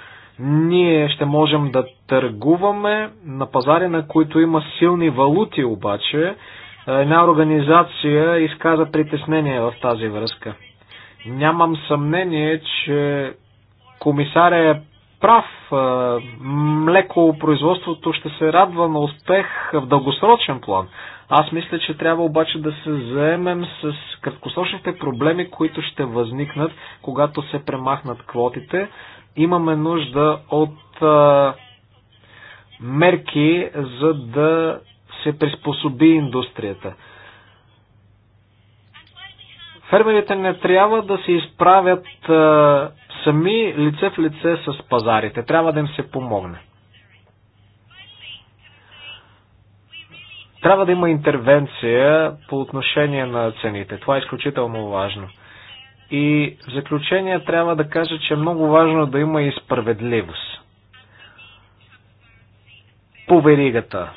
ние ще можем да търгуваме на пазари, на които има силни валути обаче. Една организация изказа притеснение в тази връзка. Нямам съмнение, че комисаря е прав. млеко производството ще се радва на успех в дългосрочен план. Аз мисля, че трябва обаче да се заемем с краткосрочните проблеми, които ще възникнат, когато се премахнат квотите. Имаме нужда от а, мерки, за да се приспособи индустрията. Фермерите не трябва да се изправят а, сами лице в лице с пазарите. Трябва да им се помогне. Трябва да има интервенция по отношение на цените. Това е изключително важно. И в заключение трябва да кажа, че е много важно да има и справедливост. По веригата.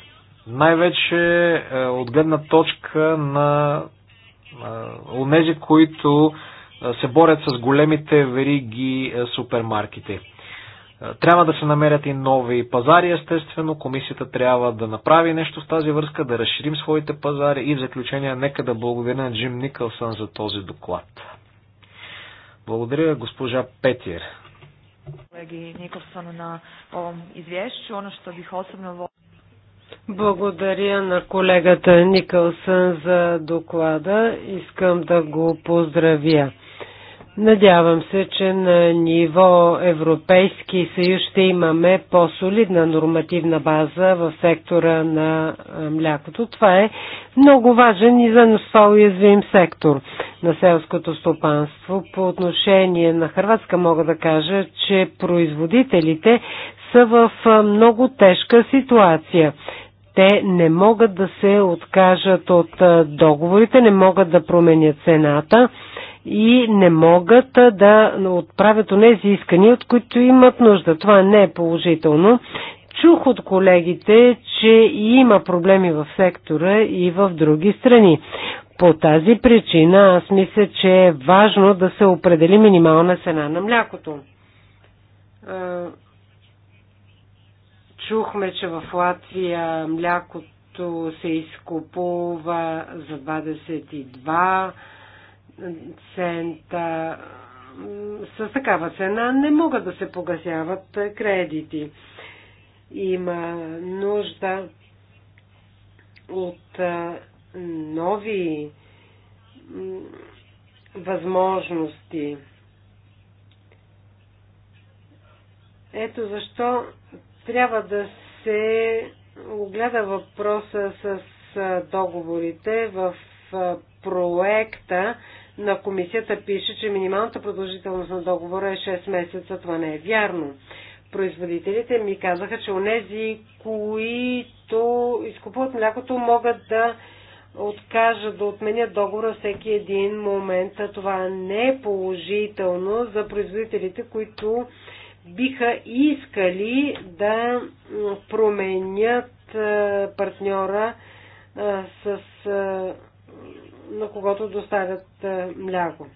Най-вече е, от гледна точка на е, онези, които е, се борят с големите вериги е, супермаркети. Е, трябва да се намерят и нови пазари, естествено. Комисията трябва да направи нещо в тази връзка, да разширим своите пазари и в заключение нека да благодаря на Джим Никълсън за този доклад. Благодаря, госпожа Петир. Колеги Николсон на овом извещу. Оно що бих особено благодаря на колегата Никълсън за доклада. Искам да го поздравя. Надявам се, че на ниво Европейски съюз ще имаме по-солидна нормативна база в сектора на млякото. Това е много важен и за нас уязвим сектор на селското стопанство. По отношение на Хрватска мога да кажа, че производителите са в много тежка ситуация те не могат да се откажат от договорите, не могат да променят цената и не могат да отправят онези искания, от които имат нужда. Това не е положително. Чух от колегите, че има проблеми в сектора и в други страни. По тази причина аз мисля, че е важно да се определи минимална цена на млякото. Чухме, че в Латвия млякото се изкупува за 22 цента с такава цена не могат да се погасяват кредити. Има нужда от нови възможности. Ето защо трябва да се огледа въпроса с договорите в проекта на комисията пише, че минималната продължителност на договора е 6 месеца. Това не е вярно. Производителите ми казаха, че онези, които изкупуват млякото, могат да откажат да отменят договора всеки един момент. Това не е положително за производителите, които биха искали да променят партньора с на когото доставят е, мляко.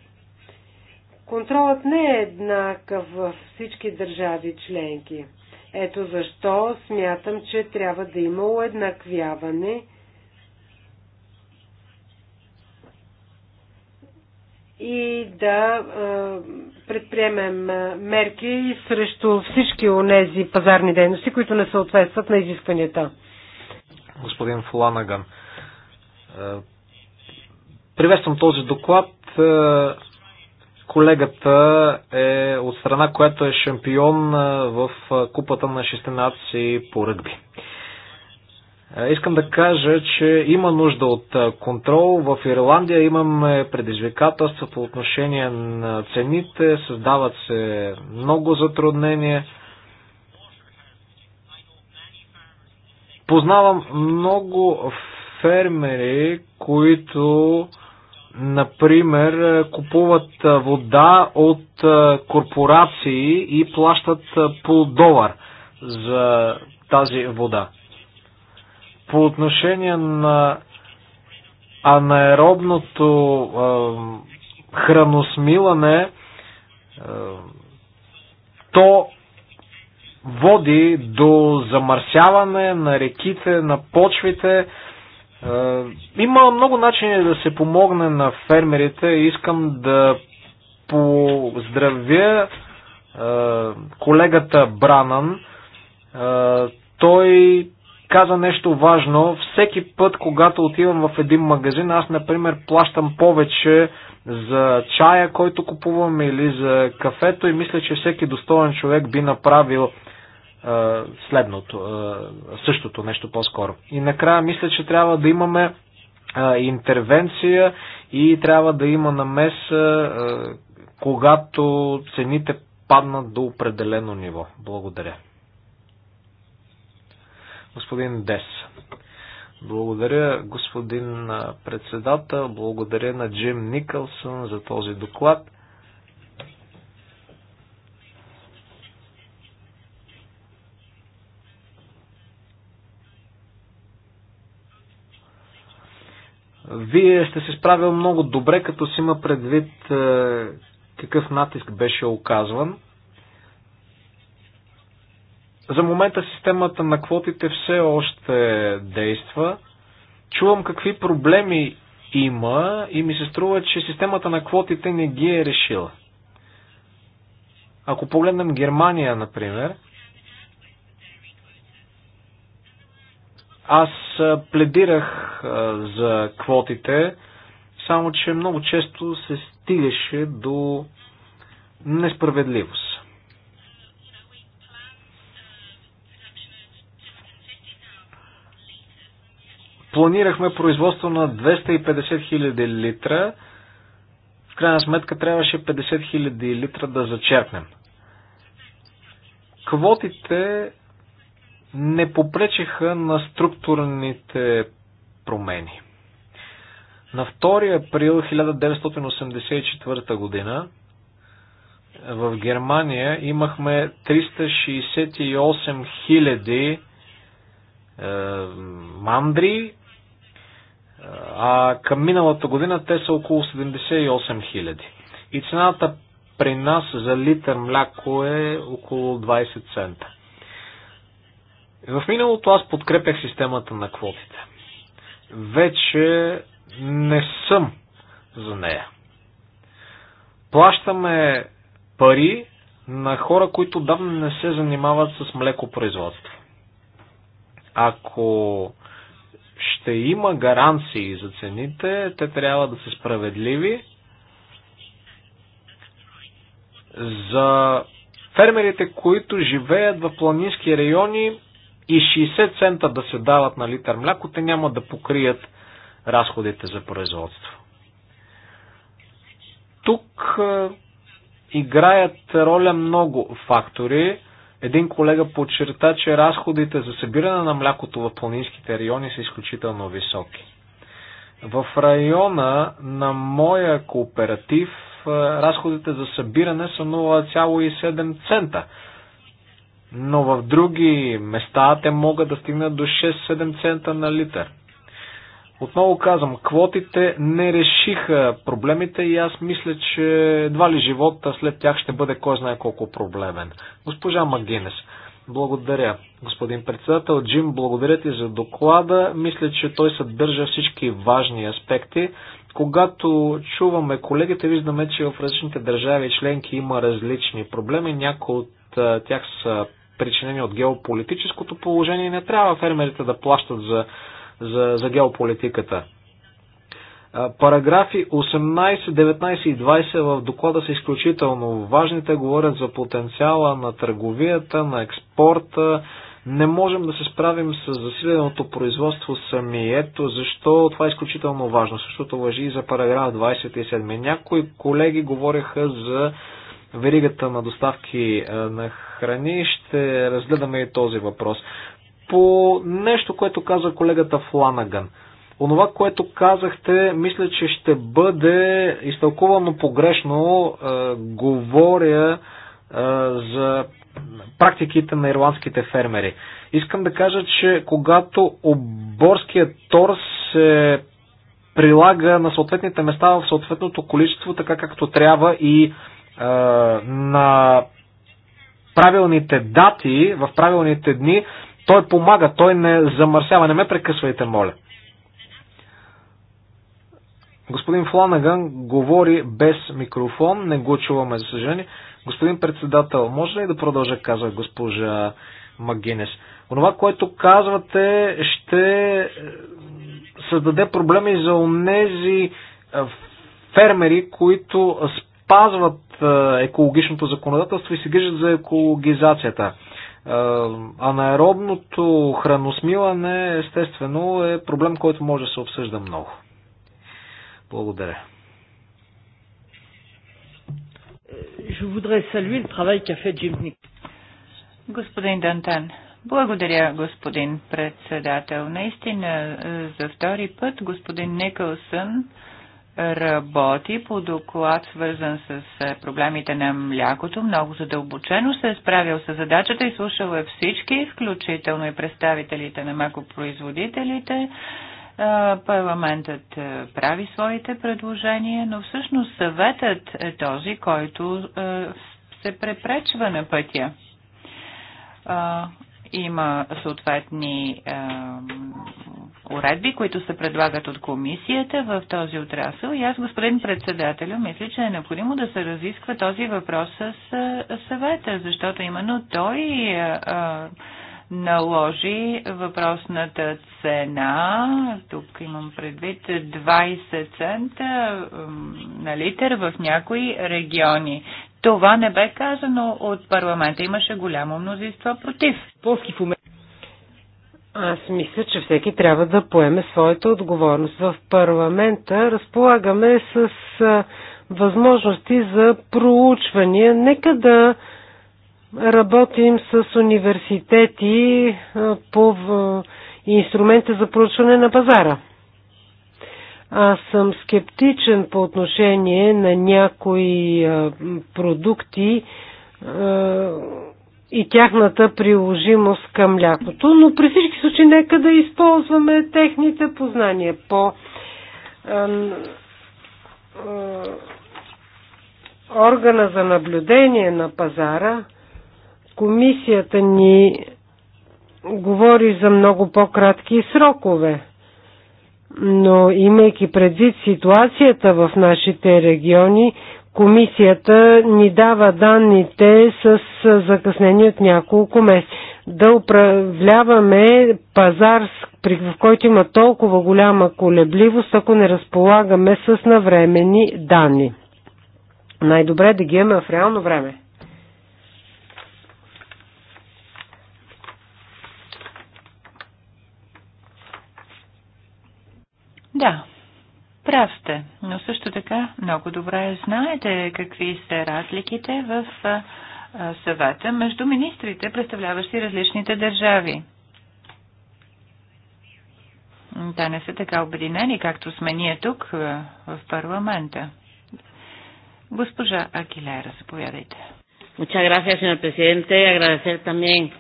Контролът не е еднакъв във всички държави членки. Ето защо смятам, че трябва да има уеднаквяване и да е, предприемем е, мерки срещу всички онези пазарни дейности, които не съответстват на изискванията. Господин Фуланаган, Приветствам този доклад. Е, колегата е от страна, която е шампион е, в е, купата на 16 по ръгби. Искам да кажа, че има нужда от контрол. В Ирландия имаме предизвикателства по отношение на цените, създават се много затруднения. Познавам много фермери, които например, е, купуват е, вода от е, корпорации и плащат по долар за тази вода. По отношение на анаеробното храносмилане, то води до замърсяване на реките, на почвите, има много начини да се помогне на фермерите. Искам да поздравя колегата Бранан. Той каза нещо важно. Всеки път, когато отивам в един магазин, аз, например, плащам повече за чая, който купувам или за кафето и мисля, че всеки достоен човек би направил следното, същото нещо по-скоро. И накрая мисля, че трябва да имаме интервенция и трябва да има намеса, когато цените паднат до определено ниво. Благодаря. Господин Дес. Благодаря, господин председател. Благодаря на Джим Никълсън за този доклад. Вие сте се справил много добре, като си има предвид е, какъв натиск беше оказван. За момента системата на квотите все още действа. Чувам какви проблеми има и ми се струва, че системата на квотите не ги е решила. Ако погледнем Германия, например, аз пледирах за квотите, само че много често се стигаше до несправедливост. Планирахме производство на 250 000 литра. В крайна сметка трябваше 50 000 литра да зачерпнем. Квотите не попречеха на структурните промени. На 2 април 1984 година в Германия имахме 368 хиляди е, мандри, е, а към миналата година те са около 78 хиляди. И цената при нас за литър мляко е около 20 цента. В миналото аз подкрепях системата на квотите. Вече не съм за нея. Плащаме пари на хора, които давно не се занимават с млекопроизводство. Ако ще има гаранции за цените, те трябва да са справедливи за фермерите, които живеят в планински райони, и 60 цента да се дават на литър мляко, те няма да покрият разходите за производство. Тук играят роля много фактори. Един колега подчерта, че разходите за събиране на млякото в планинските райони са изключително високи. В района на моя кооператив разходите за събиране са 0,7 цента но в други места те могат да стигнат до 6-7 цента на литър. Отново казвам, квотите не решиха проблемите и аз мисля, че едва ли живота след тях ще бъде кой знае колко проблемен. Госпожа Магинес, благодаря. Господин председател Джим, благодаря ти за доклада. Мисля, че той съдържа всички важни аспекти. Когато чуваме колегите, виждаме, че в различните държави и членки има различни проблеми. Някои от тях са причинени от геополитическото положение. Не трябва фермерите да плащат за, за, за геополитиката. Параграфи 18, 19 и 20 в доклада са изключително важни. Те говорят за потенциала на търговията, на експорта. Не можем да се справим с засиленото производство сами. Ето защо това е изключително важно. Същото въжи и за параграф 27. Някои колеги говореха за веригата на доставки на храни. Ще разгледаме и този въпрос. По нещо, което каза колегата Фланаган. Онова, което казахте, мисля, че ще бъде изтълкувано погрешно. Е, говоря е, за практиките на ирландските фермери. Искам да кажа, че когато оборският тор се прилага на съответните места в съответното количество, така както трябва и на правилните дати, в правилните дни, той помага, той не замърсява. Не ме прекъсвайте, моля. Господин Фланаган говори без микрофон, не го чуваме, за съжаление. Господин председател, може ли да продължа, казва госпожа Магинес? Онова, което казвате, ще е, създаде проблеми за онези е, фермери, които спазват е, екологичното законодателство и се грижат за екологизацията. А е, Анаеробното храносмилане, естествено, е проблем, който може да се обсъжда много. Благодаря. Господин Дантан, благодаря, господин председател. Наистина, е, за втори път господин Никълсън работи по доклад, свързан с е, проблемите на млякото. Много задълбочено се е справил с задачата и слушал е всички, включително и представителите на макопроизводителите. Е, парламентът е, прави своите предложения, но всъщност съветът е този, който се препречва на пътя има съответни е, уредби, които се предлагат от комисията в този отрасъл. И аз, господин председателю, мисля, че е необходимо да се разисква този въпрос с съвета, защото именно той е, е, наложи въпросната цена. Тук имам предвид 20 цента на литър в някои региони. Това не бе казано от парламента. Имаше голямо мнозинство против. Полски аз мисля, че всеки трябва да поеме своята отговорност. В парламента разполагаме с възможности за проучвания. Нека да работим с университети по инструмента за проучване на пазара. Аз съм скептичен по отношение на някои продукти и тяхната приложимост към млякото, но при всички случаи нека да използваме техните познания по органа за наблюдение на пазара, комисията ни говори за много по-кратки срокове но имайки предвид ситуацията в нашите региони, комисията ни дава данните с закъснение от няколко месеца. Да управляваме пазар, в който има толкова голяма колебливост, ако не разполагаме с навремени данни. Най-добре да ги имаме в реално време. Да, прав сте, но също така много добре знаете какви са разликите в съвета между министрите, представляващи различните държави. Да не са така обединени, както сме ние тук в парламента. Госпожа Акилера, заповядайте. Muchas gracias, señor presidente. Agradecer también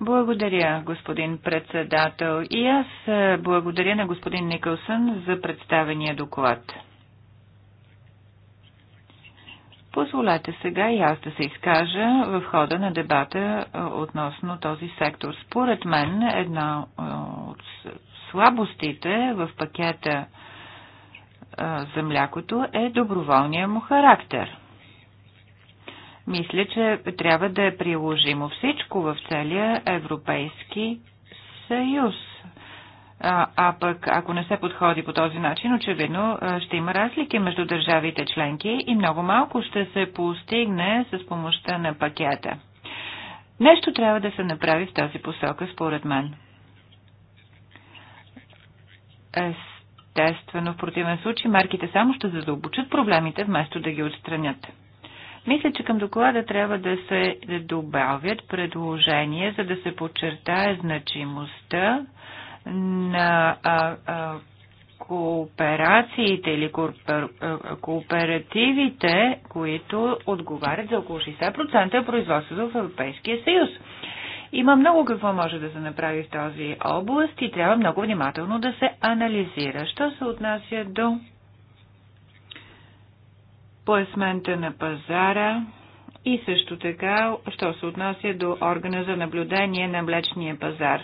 благодаря, господин председател. И аз е, благодаря на господин Никълсън за представения доклад. Позволете сега и аз да се изкажа в хода на дебата е, относно този сектор. Според мен една е, от слабостите в пакета за млякото е доброволния му характер – мисля, че трябва да е приложимо всичко в целия Европейски съюз. А, а пък, ако не се подходи по този начин, очевидно ще има разлики между държавите членки и много малко ще се постигне с помощта на пакета. Нещо трябва да се направи в тази посока, според мен. Естествено, в противен случай, марките само ще задълбочат проблемите, вместо да ги отстранят. Мисля, че към доклада трябва да се добавят предложения, за да се подчертае значимостта на а, а, кооперациите или кооперативите, които отговарят за около 60% производството в Европейския съюз. Има много какво може да се направи в този област и трябва много внимателно да се анализира. Що се отнася до поясмента на пазара и също така, що се отнася до органа за наблюдение на млечния пазар.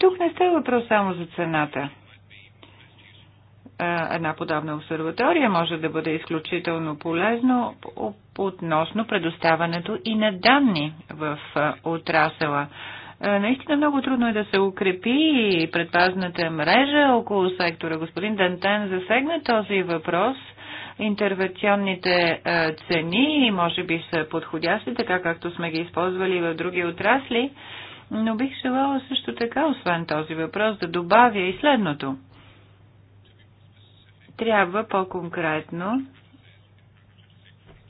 Тук не става въпрос само за цената. Една подобна обсерватория може да бъде изключително полезно относно предоставането и на данни в отрасъла. Е, наистина много трудно е да се укрепи предпазната мрежа около сектора. Господин Дантен засегна този въпрос – интервенционните е, цени може би са подходящи, така както сме ги използвали в други отрасли, но бих желала също така, освен този въпрос, да добавя и следното. Трябва по-конкретно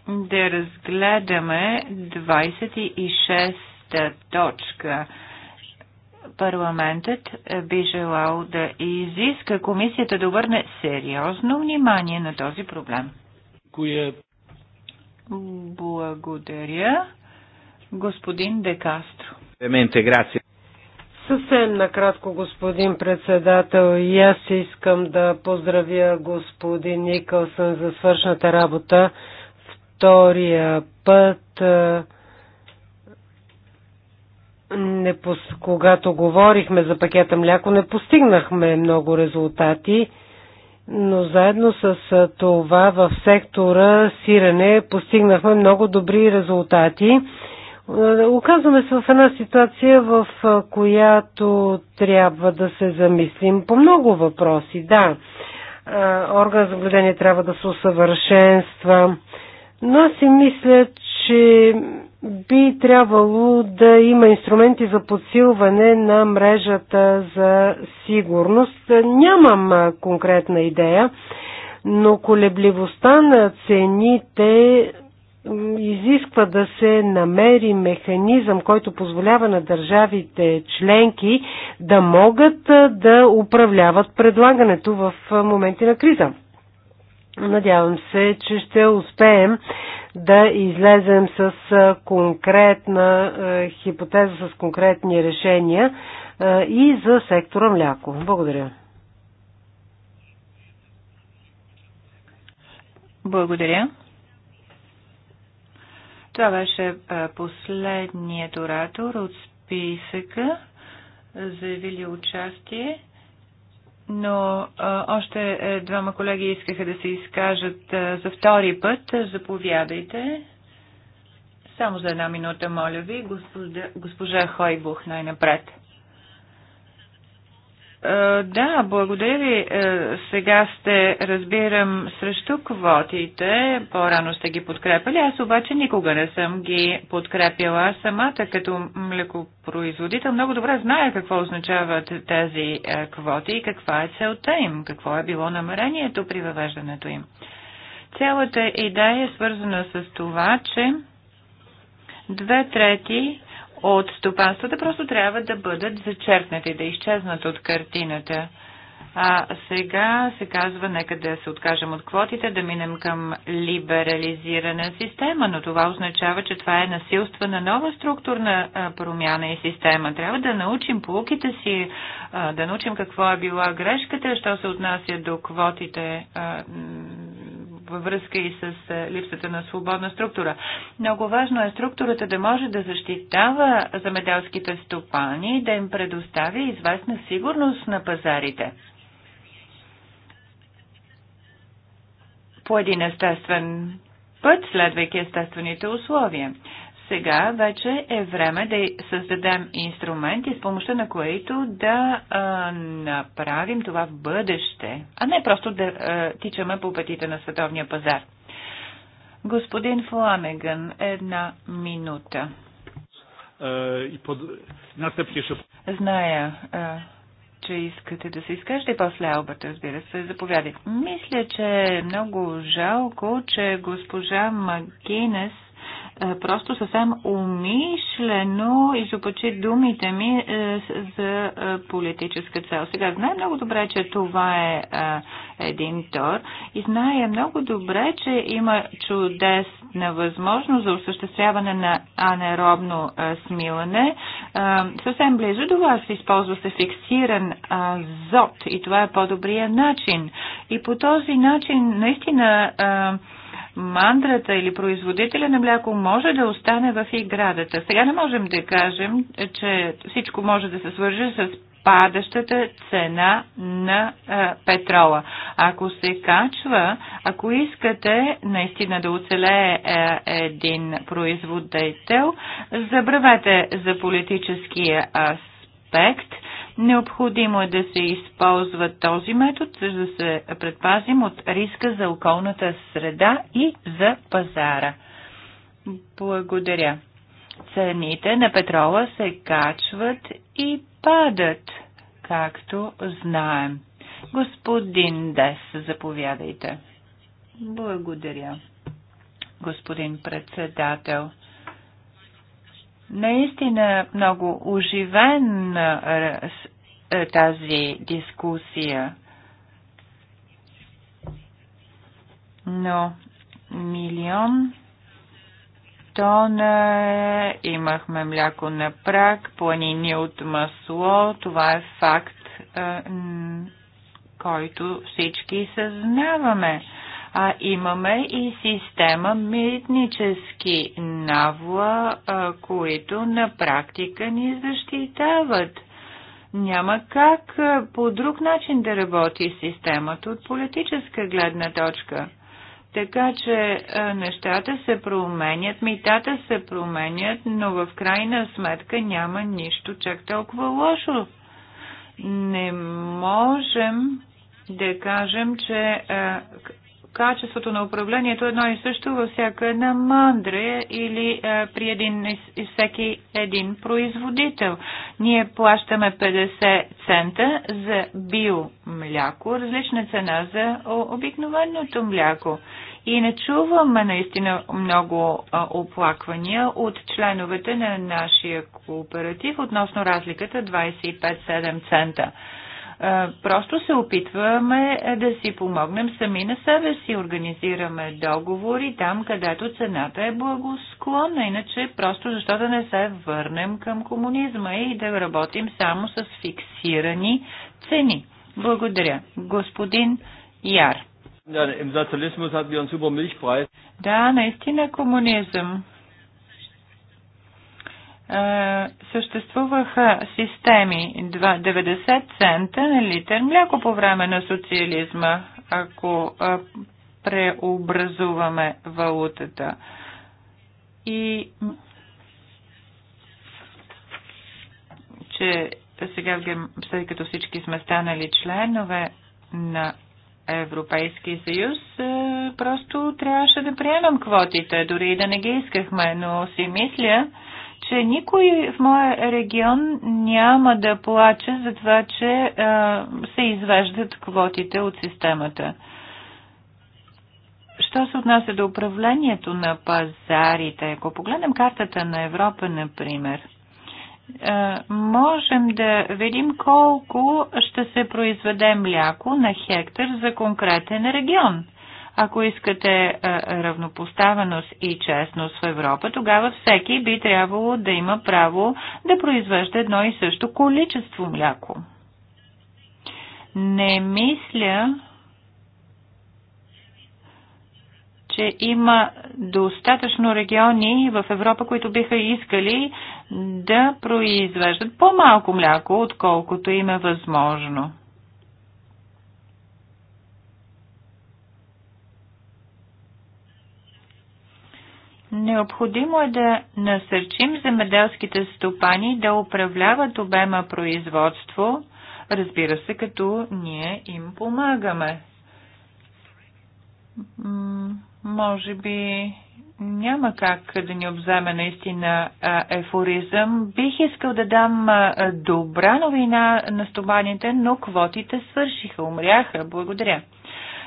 да разгледаме 26 шеста точка парламентът би желал да изиска комисията да обърне сериозно внимание на този проблем. Коя? Благодаря. Господин Декастро. грация. Съвсем накратко, господин председател, и аз искам да поздравя господин Никълсън за свършната работа. Втория път не пос... когато говорихме за пакета мляко, не постигнахме много резултати, но заедно с това в сектора сирене постигнахме много добри резултати. Оказваме се в една ситуация, в която трябва да се замислим по много въпроси. Да, орган за наблюдение трябва да се усъвършенства, но аз си мисля, че би трябвало да има инструменти за подсилване на мрежата за сигурност. Нямам конкретна идея, но колебливостта на цените изисква да се намери механизъм, който позволява на държавите членки да могат да управляват предлагането в моменти на криза. Надявам се, че ще успеем да излезем с конкретна хипотеза, с конкретни решения и за сектора мляко. Благодаря. Благодаря. Това беше последният оратор от списъка, заявили участие но а, още е, двама колеги искаха да се изкажат а, за втори път. Заповядайте. Само за една минута, моля ви, госпожа, госпожа Хойбух най-напред. Е, да, благодаря ви. Е, сега сте, разбирам, срещу квотите. По-рано сте ги подкрепили. Аз обаче никога не съм ги подкрепила. самата като млекопроизводител много добре зная какво означават тези е, квоти и каква е целта им, какво е било намерението при въвеждането им. Цялата идея е свързана с това, че две трети от стопанствата просто трябва да бъдат зачеркнати, да изчезнат от картината. А сега се казва, нека да се откажем от квотите, да минем към либерализирана система, но това означава, че това е насилствена нова структурна промяна и система. Трябва да научим полуките си, да научим какво е била грешката, що се отнася до квотите във връзка и с е, липсата на свободна структура. Много важно е структурата да може да защитава замеделските стопани и да им предостави известна сигурност на пазарите. По един естествен път, следвайки естествените условия. Сега вече е време да създадем инструменти, с помощта на които да а, направим това в бъдеще, а не просто да а, тичаме по пътите на световния пазар. Господин Фламеган, една минута. Е, Зная, а, че искате да се изкажете после албата, разбира се, заповядайте. Мисля, че е много жалко, че госпожа Магинес е, просто съвсем умишлено изопачи думите ми е, за е, политическа цел. Сега знае много добре, че това е един тор и знае много добре, че има чудесна възможност за осъществяване на анеробно смилане. Съвсем близо до вас използва се фиксиран азот и това е по-добрия начин. И по този начин наистина мандрата или производителя на мляко може да остане в иградата. Сега не можем да кажем, че всичко може да се свържи с падащата цена на а, петрола. Ако се качва, ако искате наистина да оцелее е, един производител, забравете за политическия аспект Необходимо е да се използва този метод, за да се предпазим от риска за околната среда и за пазара. Благодаря. Цените на петрола се качват и падат, както знаем. Господин Дес, заповядайте. Благодаря, господин председател. Наистина много оживен тази дискусия. Но милион тона е, имахме мляко на прак, планини от масло. Това е факт, който всички съзнаваме а имаме и система митнически навла, а, които на практика ни защитават. Няма как а, по друг начин да работи системата от политическа гледна точка. Така че а, нещата се променят, митата се променят, но в крайна сметка няма нищо чак толкова лошо. Не можем да кажем, че а, качеството на управлението е едно и също във всяка една мандра или е, при един и всеки един производител. Ние плащаме 50 цента за биомляко, различна цена за обикновеното мляко. И не чуваме наистина много оплаквания от членовете на нашия кооператив относно разликата 25-7 цента. Просто се опитваме да си помогнем сами на себе си. Организираме договори там, където цената е благосклонна. Иначе просто защо да не се върнем към комунизма и да работим само с фиксирани цени. Благодаря. Господин Яр. Да, наистина комунизъм е, съществуваха системи 90 цента на литър мляко по време на социализма, ако е, преобразуваме валутата. И че сега, след като всички сме станали членове на Европейски съюз, е, просто трябваше да приемам квотите, дори и да не ги искахме, но си мисля, че никой в моя регион няма да плаче за това, че а, се извеждат квотите от системата. Що се отнася до управлението на пазарите? Ако погледнем картата на Европа, например, можем да видим колко ще се произведе мляко на хектар за конкретен регион – ако искате е, равнопоставеност и честност в Европа, тогава всеки би трябвало да има право да произвежда едно и също количество мляко. Не мисля, че има достатъчно региони в Европа, които биха искали да произвеждат по-малко мляко, отколкото им е възможно. Необходимо е да насърчим земеделските стопани да управляват обема производство, разбира се, като ние им помагаме. може би няма как да ни обземе наистина ефоризъм. Бих искал да дам добра новина на стопаните, но квотите свършиха, умряха. Благодаря.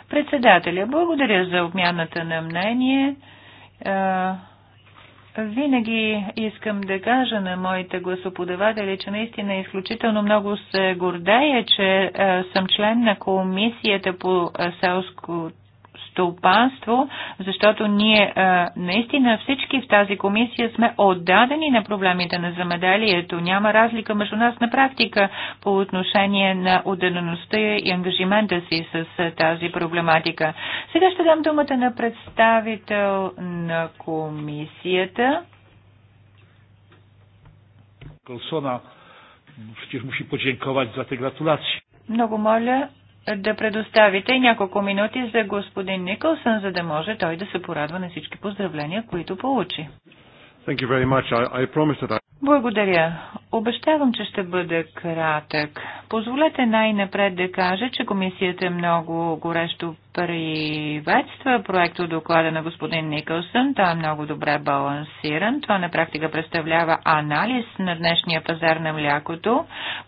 Председателя, благодаря за обмяната на мнение. Винаги искам да кажа на моите гласоподаватели, че наистина изключително много се гордея, че съм член на комисията по селско стопанство, защото ние а, наистина всички в тази комисия сме отдадени на проблемите на замеделието. Няма разлика между нас на практика по отношение на отдадеността и ангажимента си с тази проблематика. Сега ще дам думата на представител на комисията. Колсона му musi podziękować за те гратулации. Много моля да предоставите няколко минути за господин Николсън, за да може той да се порадва на всички поздравления, които получи. Thank you very much. I, I that I... Благодаря. Обещавам, че ще бъда кратък. Позволете най-напред да кажа, че комисията е много горещо приветства проекта доклада на господин Никълсън. Той е много добре балансиран. Това на практика представлява анализ на днешния пазар на млякото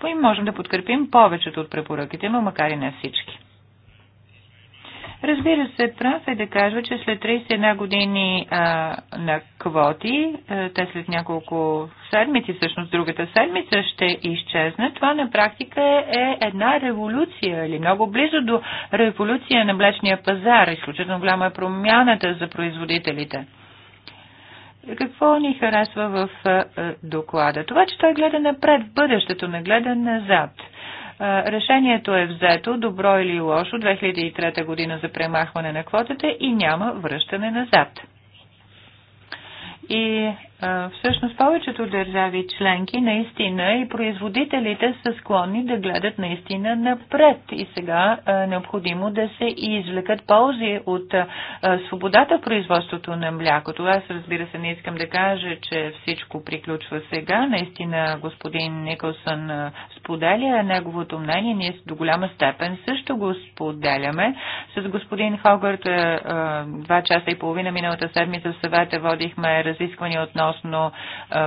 и можем да подкрепим повечето от препоръките му, макар и не всички. Разбира се, прав е да кажа, че след 31 години а, на квоти, а, те след няколко седмици, всъщност другата седмица ще изчезне. Това на практика е, е една революция или много близо до революция на млечния пазар. Изключително голяма е промяната за производителите. Какво ни харесва в а, доклада? Това, че той гледа напред в бъдещето, не гледа назад – Решението е взето, добро или лошо, 2003 година за премахване на квотата и няма връщане назад. И всъщност повечето държави членки наистина и производителите са склонни да гледат наистина напред и сега е необходимо да се извлекат ползи от свободата в производството на млякото. Аз разбира се не искам да кажа, че всичко приключва сега. Наистина господин Николсън споделя неговото мнение. Ние до голяма степен също го споделяме. С господин Хогарт два часа и половина миналата седмица в съвета водихме разисквания относно относно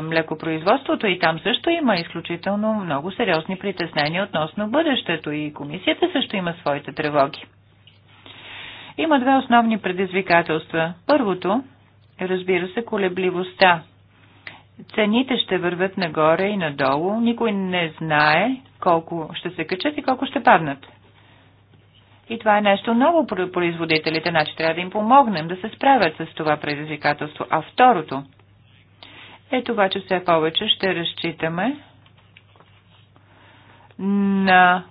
млекопроизводството и там също има изключително много сериозни притеснения относно бъдещето и комисията също има своите тревоги. Има две основни предизвикателства. Първото, разбира се, колебливостта. Цените ще вървят нагоре и надолу. Никой не знае колко ще се качат и колко ще паднат. И това е нещо ново производителите, значи трябва да им помогнем да се справят с това предизвикателство. А второто – е това, че все повече ще разчитаме на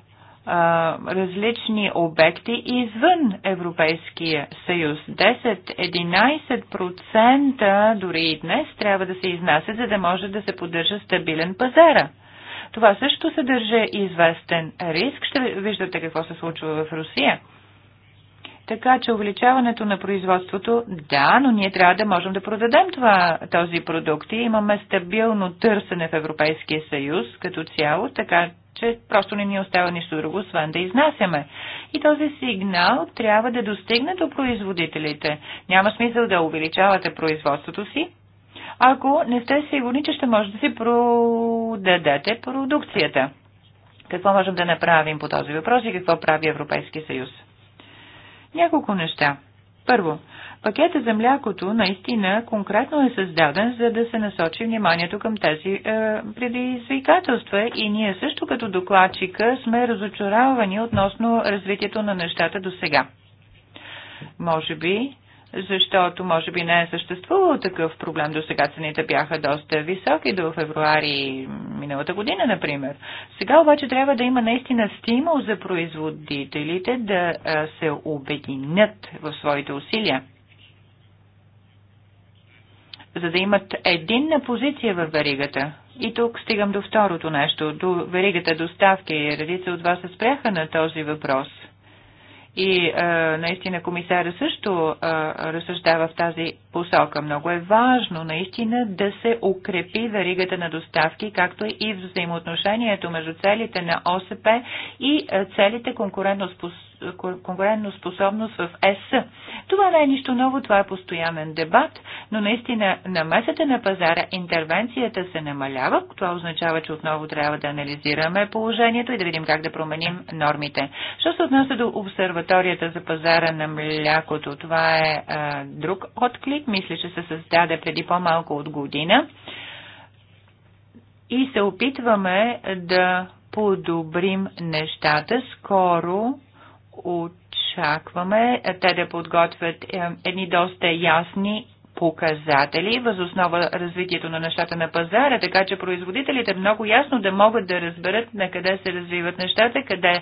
а, различни обекти извън Европейския съюз. 10-11% дори и днес трябва да се изнася, за да може да се поддържа стабилен пазара. Това също съдържа известен риск. Ще виждате какво се случва в Русия. Така че увеличаването на производството, да, но ние трябва да можем да продадем това, този продукт и имаме стабилно търсене в Европейския съюз като цяло, така че просто не ни остава нищо друго, освен да изнасяме. И този сигнал трябва да достигне до производителите. Няма смисъл да увеличавате производството си, ако не сте сигурни, че ще може да си продадете продукцията. Какво можем да направим по този въпрос и какво прави Европейски съюз? Няколко неща. Първо, пакета за млякото наистина конкретно е създаден, за да се насочи вниманието към тези е, предизвикателства и ние също като докладчика сме разочаровани относно развитието на нещата до сега. Може би защото може би не е съществувал такъв проблем. До сега цените бяха доста високи, до февруари миналата година, например. Сега обаче трябва да има наистина стимул за производителите да се обединят в своите усилия за да имат единна позиция в веригата. И тук стигам до второто нещо, до веригата доставки. Редица от вас се спряха на този въпрос – и а, е, наистина комисаря също а, е, разсъждава в тази посока. Много е важно наистина да се укрепи веригата на доставки, както и взаимоотношението между целите на ОСП и е, целите конкурентоспособност в ЕС. Това не е нищо ново, това е постоянен дебат, но наистина намесата на пазара, интервенцията се намалява. Това означава, че отново трябва да анализираме положението и да видим как да променим нормите. Що се отнася до обсерваторията за пазара на млякото, това е а, друг отклик. Мисля, че се създаде преди по-малко от година. И се опитваме да подобрим нещата. Скоро от очакваме е, те да подготвят е, едни доста ясни показатели възоснова развитието на нещата на пазара, така че производителите много ясно да могат да разберат на къде се развиват нещата, къде,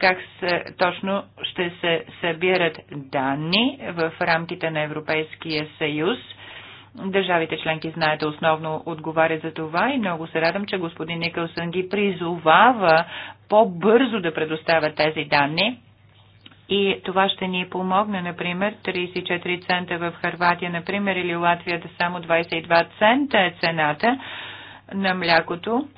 как се, точно ще се събират данни в рамките на Европейския съюз. Държавите членки, знаете, основно отговарят за това и много се радвам, че господин Никълсън ги призовава по-бързо да предоставят тези данни и това ще ни помогне, например, 34 цента в Харватия, например, или Латвия да само 22 цента е цената на млякото.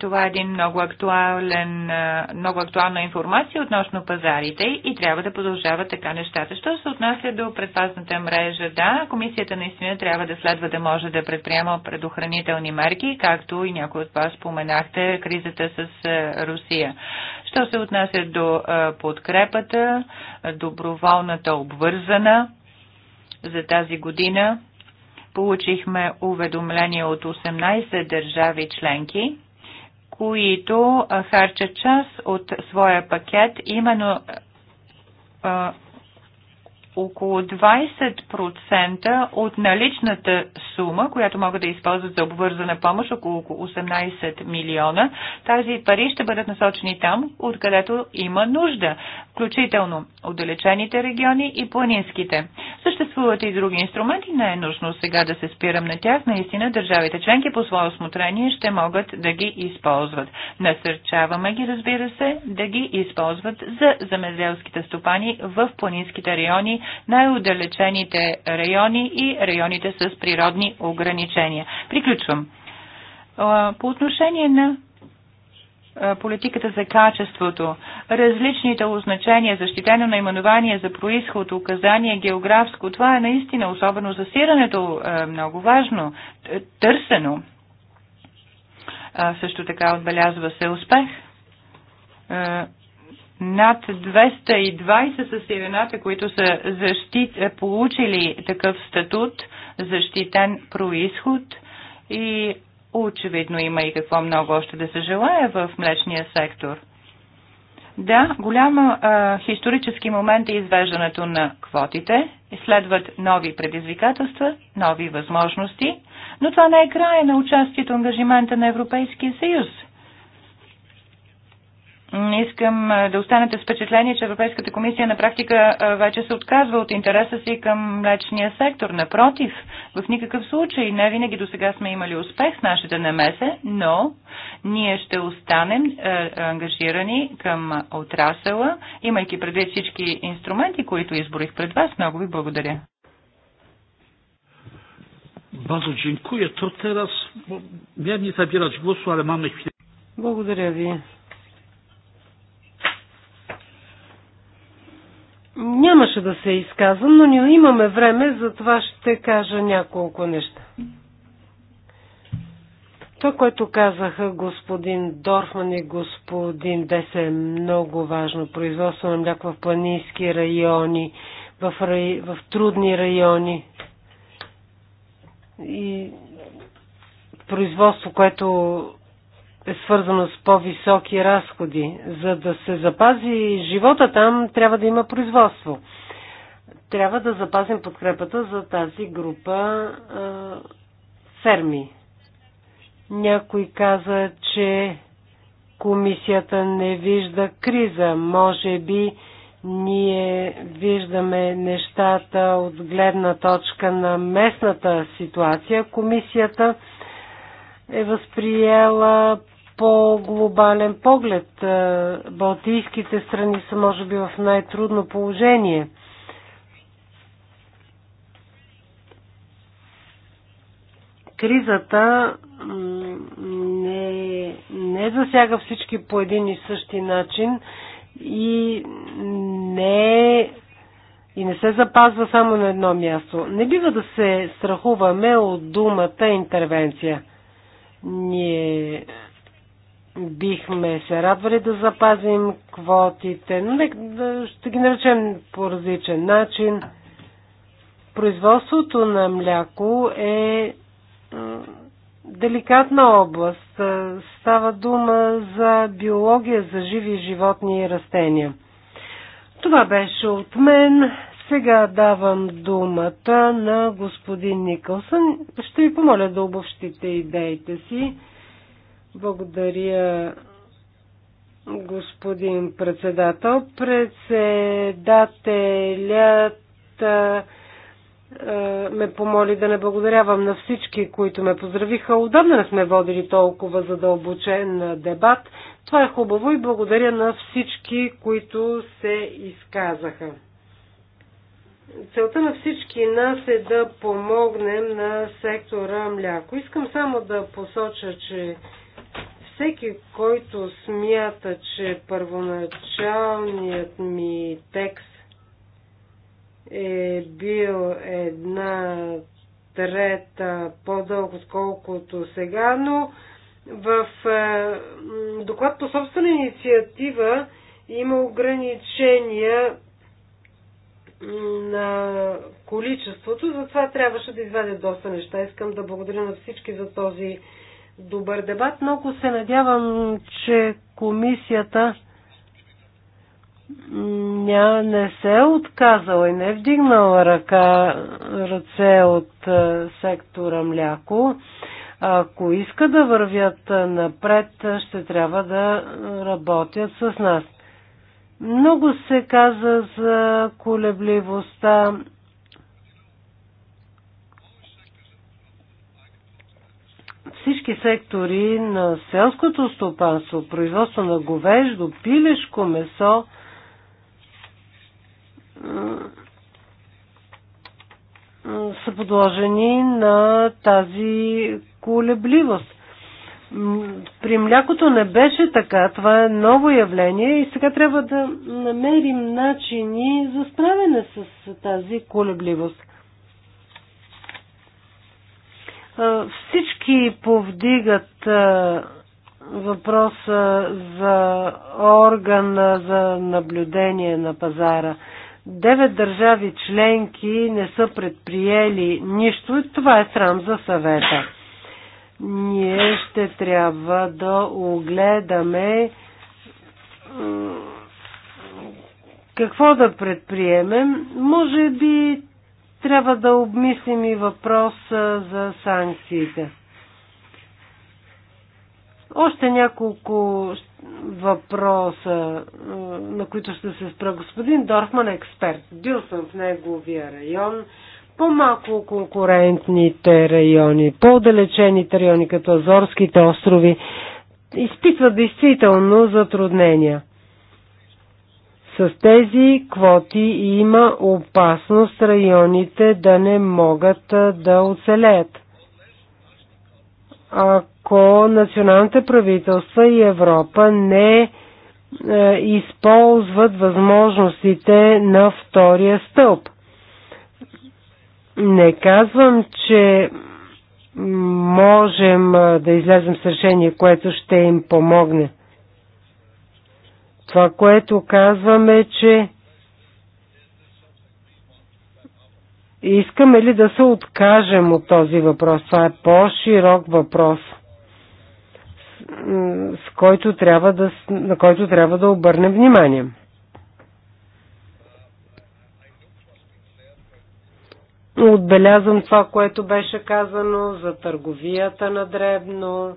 Това е един много, актуален, много актуална информация относно пазарите и трябва да продължава така нещата. Що се отнася до предпазната мрежа? Да, комисията наистина трябва да следва да може да предприема предохранителни мерки, както и някои от вас споменахте кризата с Русия. Що се отнася до подкрепата, доброволната обвързана за тази година, получихме уведомление от 18 държави членки които харчат част от своя пакет именно около 20% от наличната сума, която могат да използват за обвързана помощ, около 18 милиона. Тази пари ще бъдат насочени там, откъдето има нужда, включително отдалечените региони и планинските. Съществуват и други инструменти, не е нужно сега да се спирам на тях. Наистина държавите членки по свое осмотрение ще могат да ги използват. Насърчаваме ги, разбира се, да ги използват за земеделските стопани в планинските райони най-отдалечените райони и районите с природни ограничения. Приключвам. По отношение на политиката за качеството, различните означения, защитено наименование за происход, указание, географско, това е наистина, особено засирането, много важно, търсено. Също така отбелязва се успех над 220 са сирената, които са защит, е, получили такъв статут, защитен происход и очевидно има и какво много още да се желая в млечния сектор. Да, голям е, исторически момент е извеждането на квотите. Следват нови предизвикателства, нови възможности, но това не е края на участието ангажимента на Европейския съюз – искам да останете с впечатление, че Европейската комисия на практика вече се отказва от интереса си към млечния сектор. Напротив, в никакъв случай не винаги до сега сме имали успех с нашите намесе, но ние ще останем е, ангажирани към отрасъла, имайки предвид всички инструменти, които изборих пред вас. Много ви благодаря. Bardzo dziękuję. To teraz, miałem nie zabierać głosu, ale mamy chwilę. Благодаря ви. Нямаше да се изказвам, но ние имаме време, затова ще кажа няколко неща. Това, което казаха господин Дорфман и господин Десе е много важно. Производство на мляко в планински райони, в, рай... в трудни райони и производство, което е свързано с по-високи разходи. За да се запази живота там, трябва да има производство. Трябва да запазим подкрепата за тази група а, ферми. Някой каза, че комисията не вижда криза. Може би ние виждаме нещата от гледна точка на местната ситуация. Комисията е възприела по-глобален поглед. Е, Балтийските страни са може би в най-трудно положение. Кризата не, не засяга всички по един и същи начин и не и не се запазва само на едно място. Не бива да се страхуваме от думата интервенция. Ние Бихме се радвали да запазим квотите, но нека да, ще ги наречем по различен начин. Производството на мляко е, е деликатна област. Е, става дума за биология, за живи животни и растения. Това беше от мен. Сега давам думата на господин Никълсън. Ще ви помоля да обобщите идеите си. Благодаря, господин председател. Председателят ме помоли да не благодарявам на всички, които ме поздравиха. Отдавна не сме водили толкова задълбочен дебат. Това е хубаво и благодаря на всички, които се изказаха. Целта на всички нас е да помогнем на сектора мляко. Искам само да посоча, че всеки, който смята, че първоначалният ми текст е бил една трета по-дълго, отколкото сега, но в е, доклад по собствена инициатива има ограничения на количеството, затова трябваше да извадя доста неща. Искам да благодаря на всички за този добър дебат. Много се надявам, че комисията ня, не се е отказала и не е вдигнала ръка, ръце от е, сектора мляко. Ако иска да вървят е, напред, е, ще трябва да работят с нас. Много се каза за колебливостта всички сектори на селското стопанство, производство на говеждо, пилешко месо, са подложени на тази колебливост. При млякото не беше така. Това е ново явление и сега трябва да намерим начини за справяне с тази колебливост. Всички повдигат въпроса за орган за наблюдение на пазара. Девет държави членки не са предприели нищо и това е срам за съвета. Ние ще трябва да огледаме какво да предприемем. Може би трябва да обмислим и въпроса за санкциите. Още няколко въпроса, на които ще се спра. Господин Дорфман експерт. Бил съм в неговия район. По-малко конкурентните райони, по-далечените райони, като Азорските острови, изпитват действително затруднения. С тези квоти има опасност районите да не могат да оцелеят. Ако националните правителства и Европа не е, използват възможностите на втория стълб. Не казвам, че можем да излезем с решение, което ще им помогне – това, което казваме, че искаме ли да се откажем от този въпрос? Това е по-широк въпрос, с който трябва да, на който трябва да обърнем внимание. Отбелязвам това, което беше казано за търговията на дребно,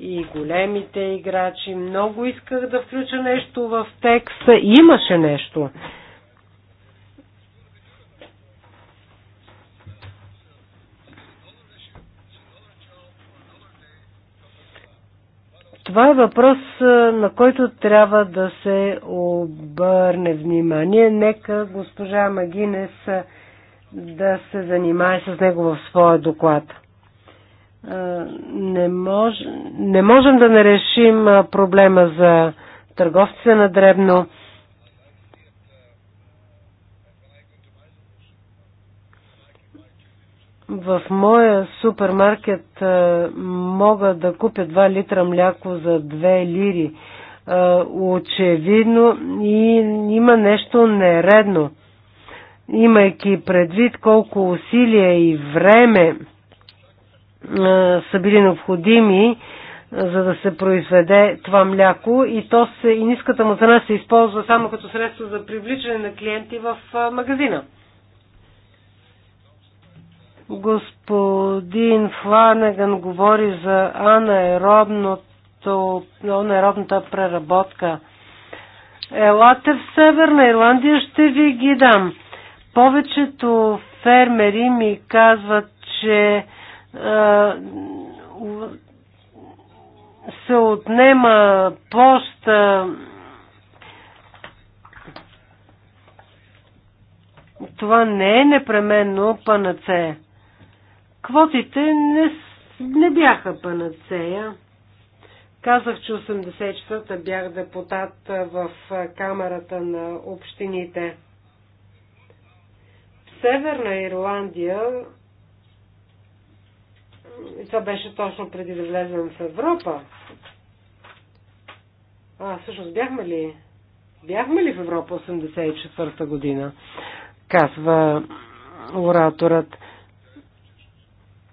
и големите играчи. Много исках да включа нещо в текста. Имаше нещо. Това е въпрос, на който трябва да се обърне внимание. Нека госпожа Магинес да се занимае с него в своя доклад. Е, не, мож, не можем да не решим е, проблема за търговците на дребно. В моя супермаркет е, мога да купя 2 литра мляко за 2 лири. Очевидно и има нещо нередно. Имайки предвид колко усилия и време са били необходими, за да се произведе това мляко и, то се, и ниската му цена се използва само като средство за привличане на клиенти в магазина. Господин Фланеган говори за анаеробната преработка. Елате в Северна Ирландия, ще ви ги дам. Повечето фермери ми казват, че е, се отнема пост е, това не е непременно панацея. Квотите не, не бяха панацея. Казах, че 84-та бях депутат в Камерата на общините. В Северна Ирландия това беше точно преди да влезем в Европа. А, всъщност бяхме ли? Бяхме ли в Европа 84-та година? Казва ораторът.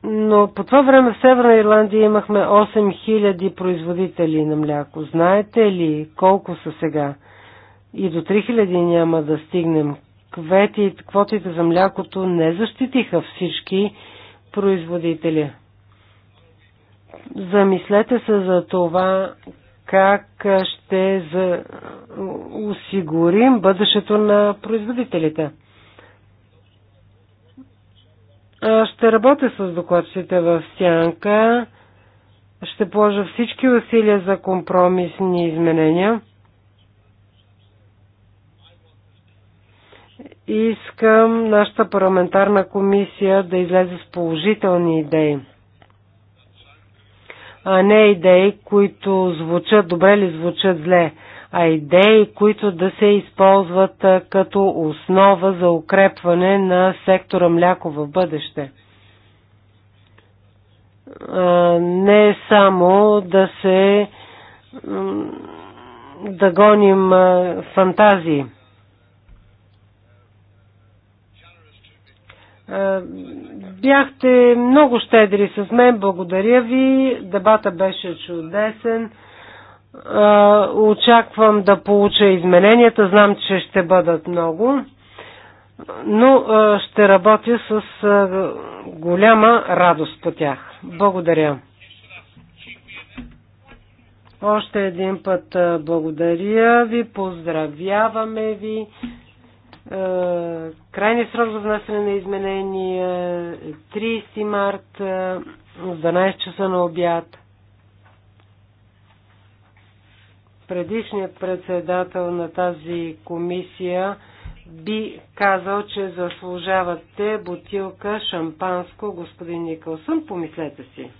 Но по това време в Северна Ирландия имахме 8000 производители на мляко. Знаете ли колко са сега? И до 3000 няма да стигнем. Квети, квотите за млякото не защитиха всички производители. Замислете се за това как ще за... осигурим бъдещето на производителите. Ще работя с докладците в сянка. Ще положа всички усилия за компромисни изменения. Искам нашата парламентарна комисия да излезе с положителни идеи а не идеи, които звучат добре или звучат зле, а идеи, които да се използват като основа за укрепване на сектора мляко в бъдеще. Не само да се да гоним фантазии. Е, бяхте много щедри с мен, благодаря ви. Дебата беше чудесен. Е, очаквам да получа измененията, знам, че ще бъдат много, но е, ще работя с голяма радост по тях. Благодаря. Още един път благодаря ви, поздравяваме ви. Е, крайният срок за внасяне на изменения е 30 март е, в 12 часа на обяд. Предишният председател на тази комисия би казал, че заслужавате бутилка шампанско, господин Никълсън. Помислете си. Е,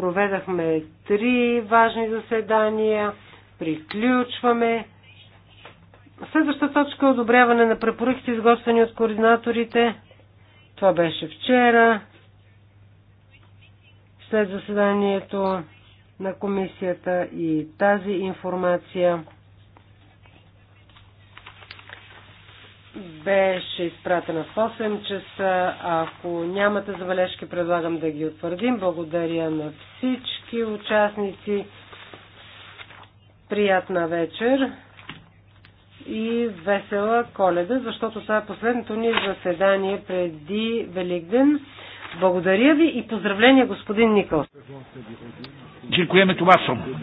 Проведахме три важни заседания. Приключваме. Следваща точка е одобряване на препоръките, изготвени от координаторите. Това беше вчера. След заседанието на комисията и тази информация. беше изпратена в 8 часа. Ако нямате забележки, предлагам да ги утвърдим. Благодаря на всички участници. Приятна вечер и весела коледа, защото това е последното ни заседание преди Великден. Благодаря ви и поздравления, господин Никол. Чиркуеме това съм.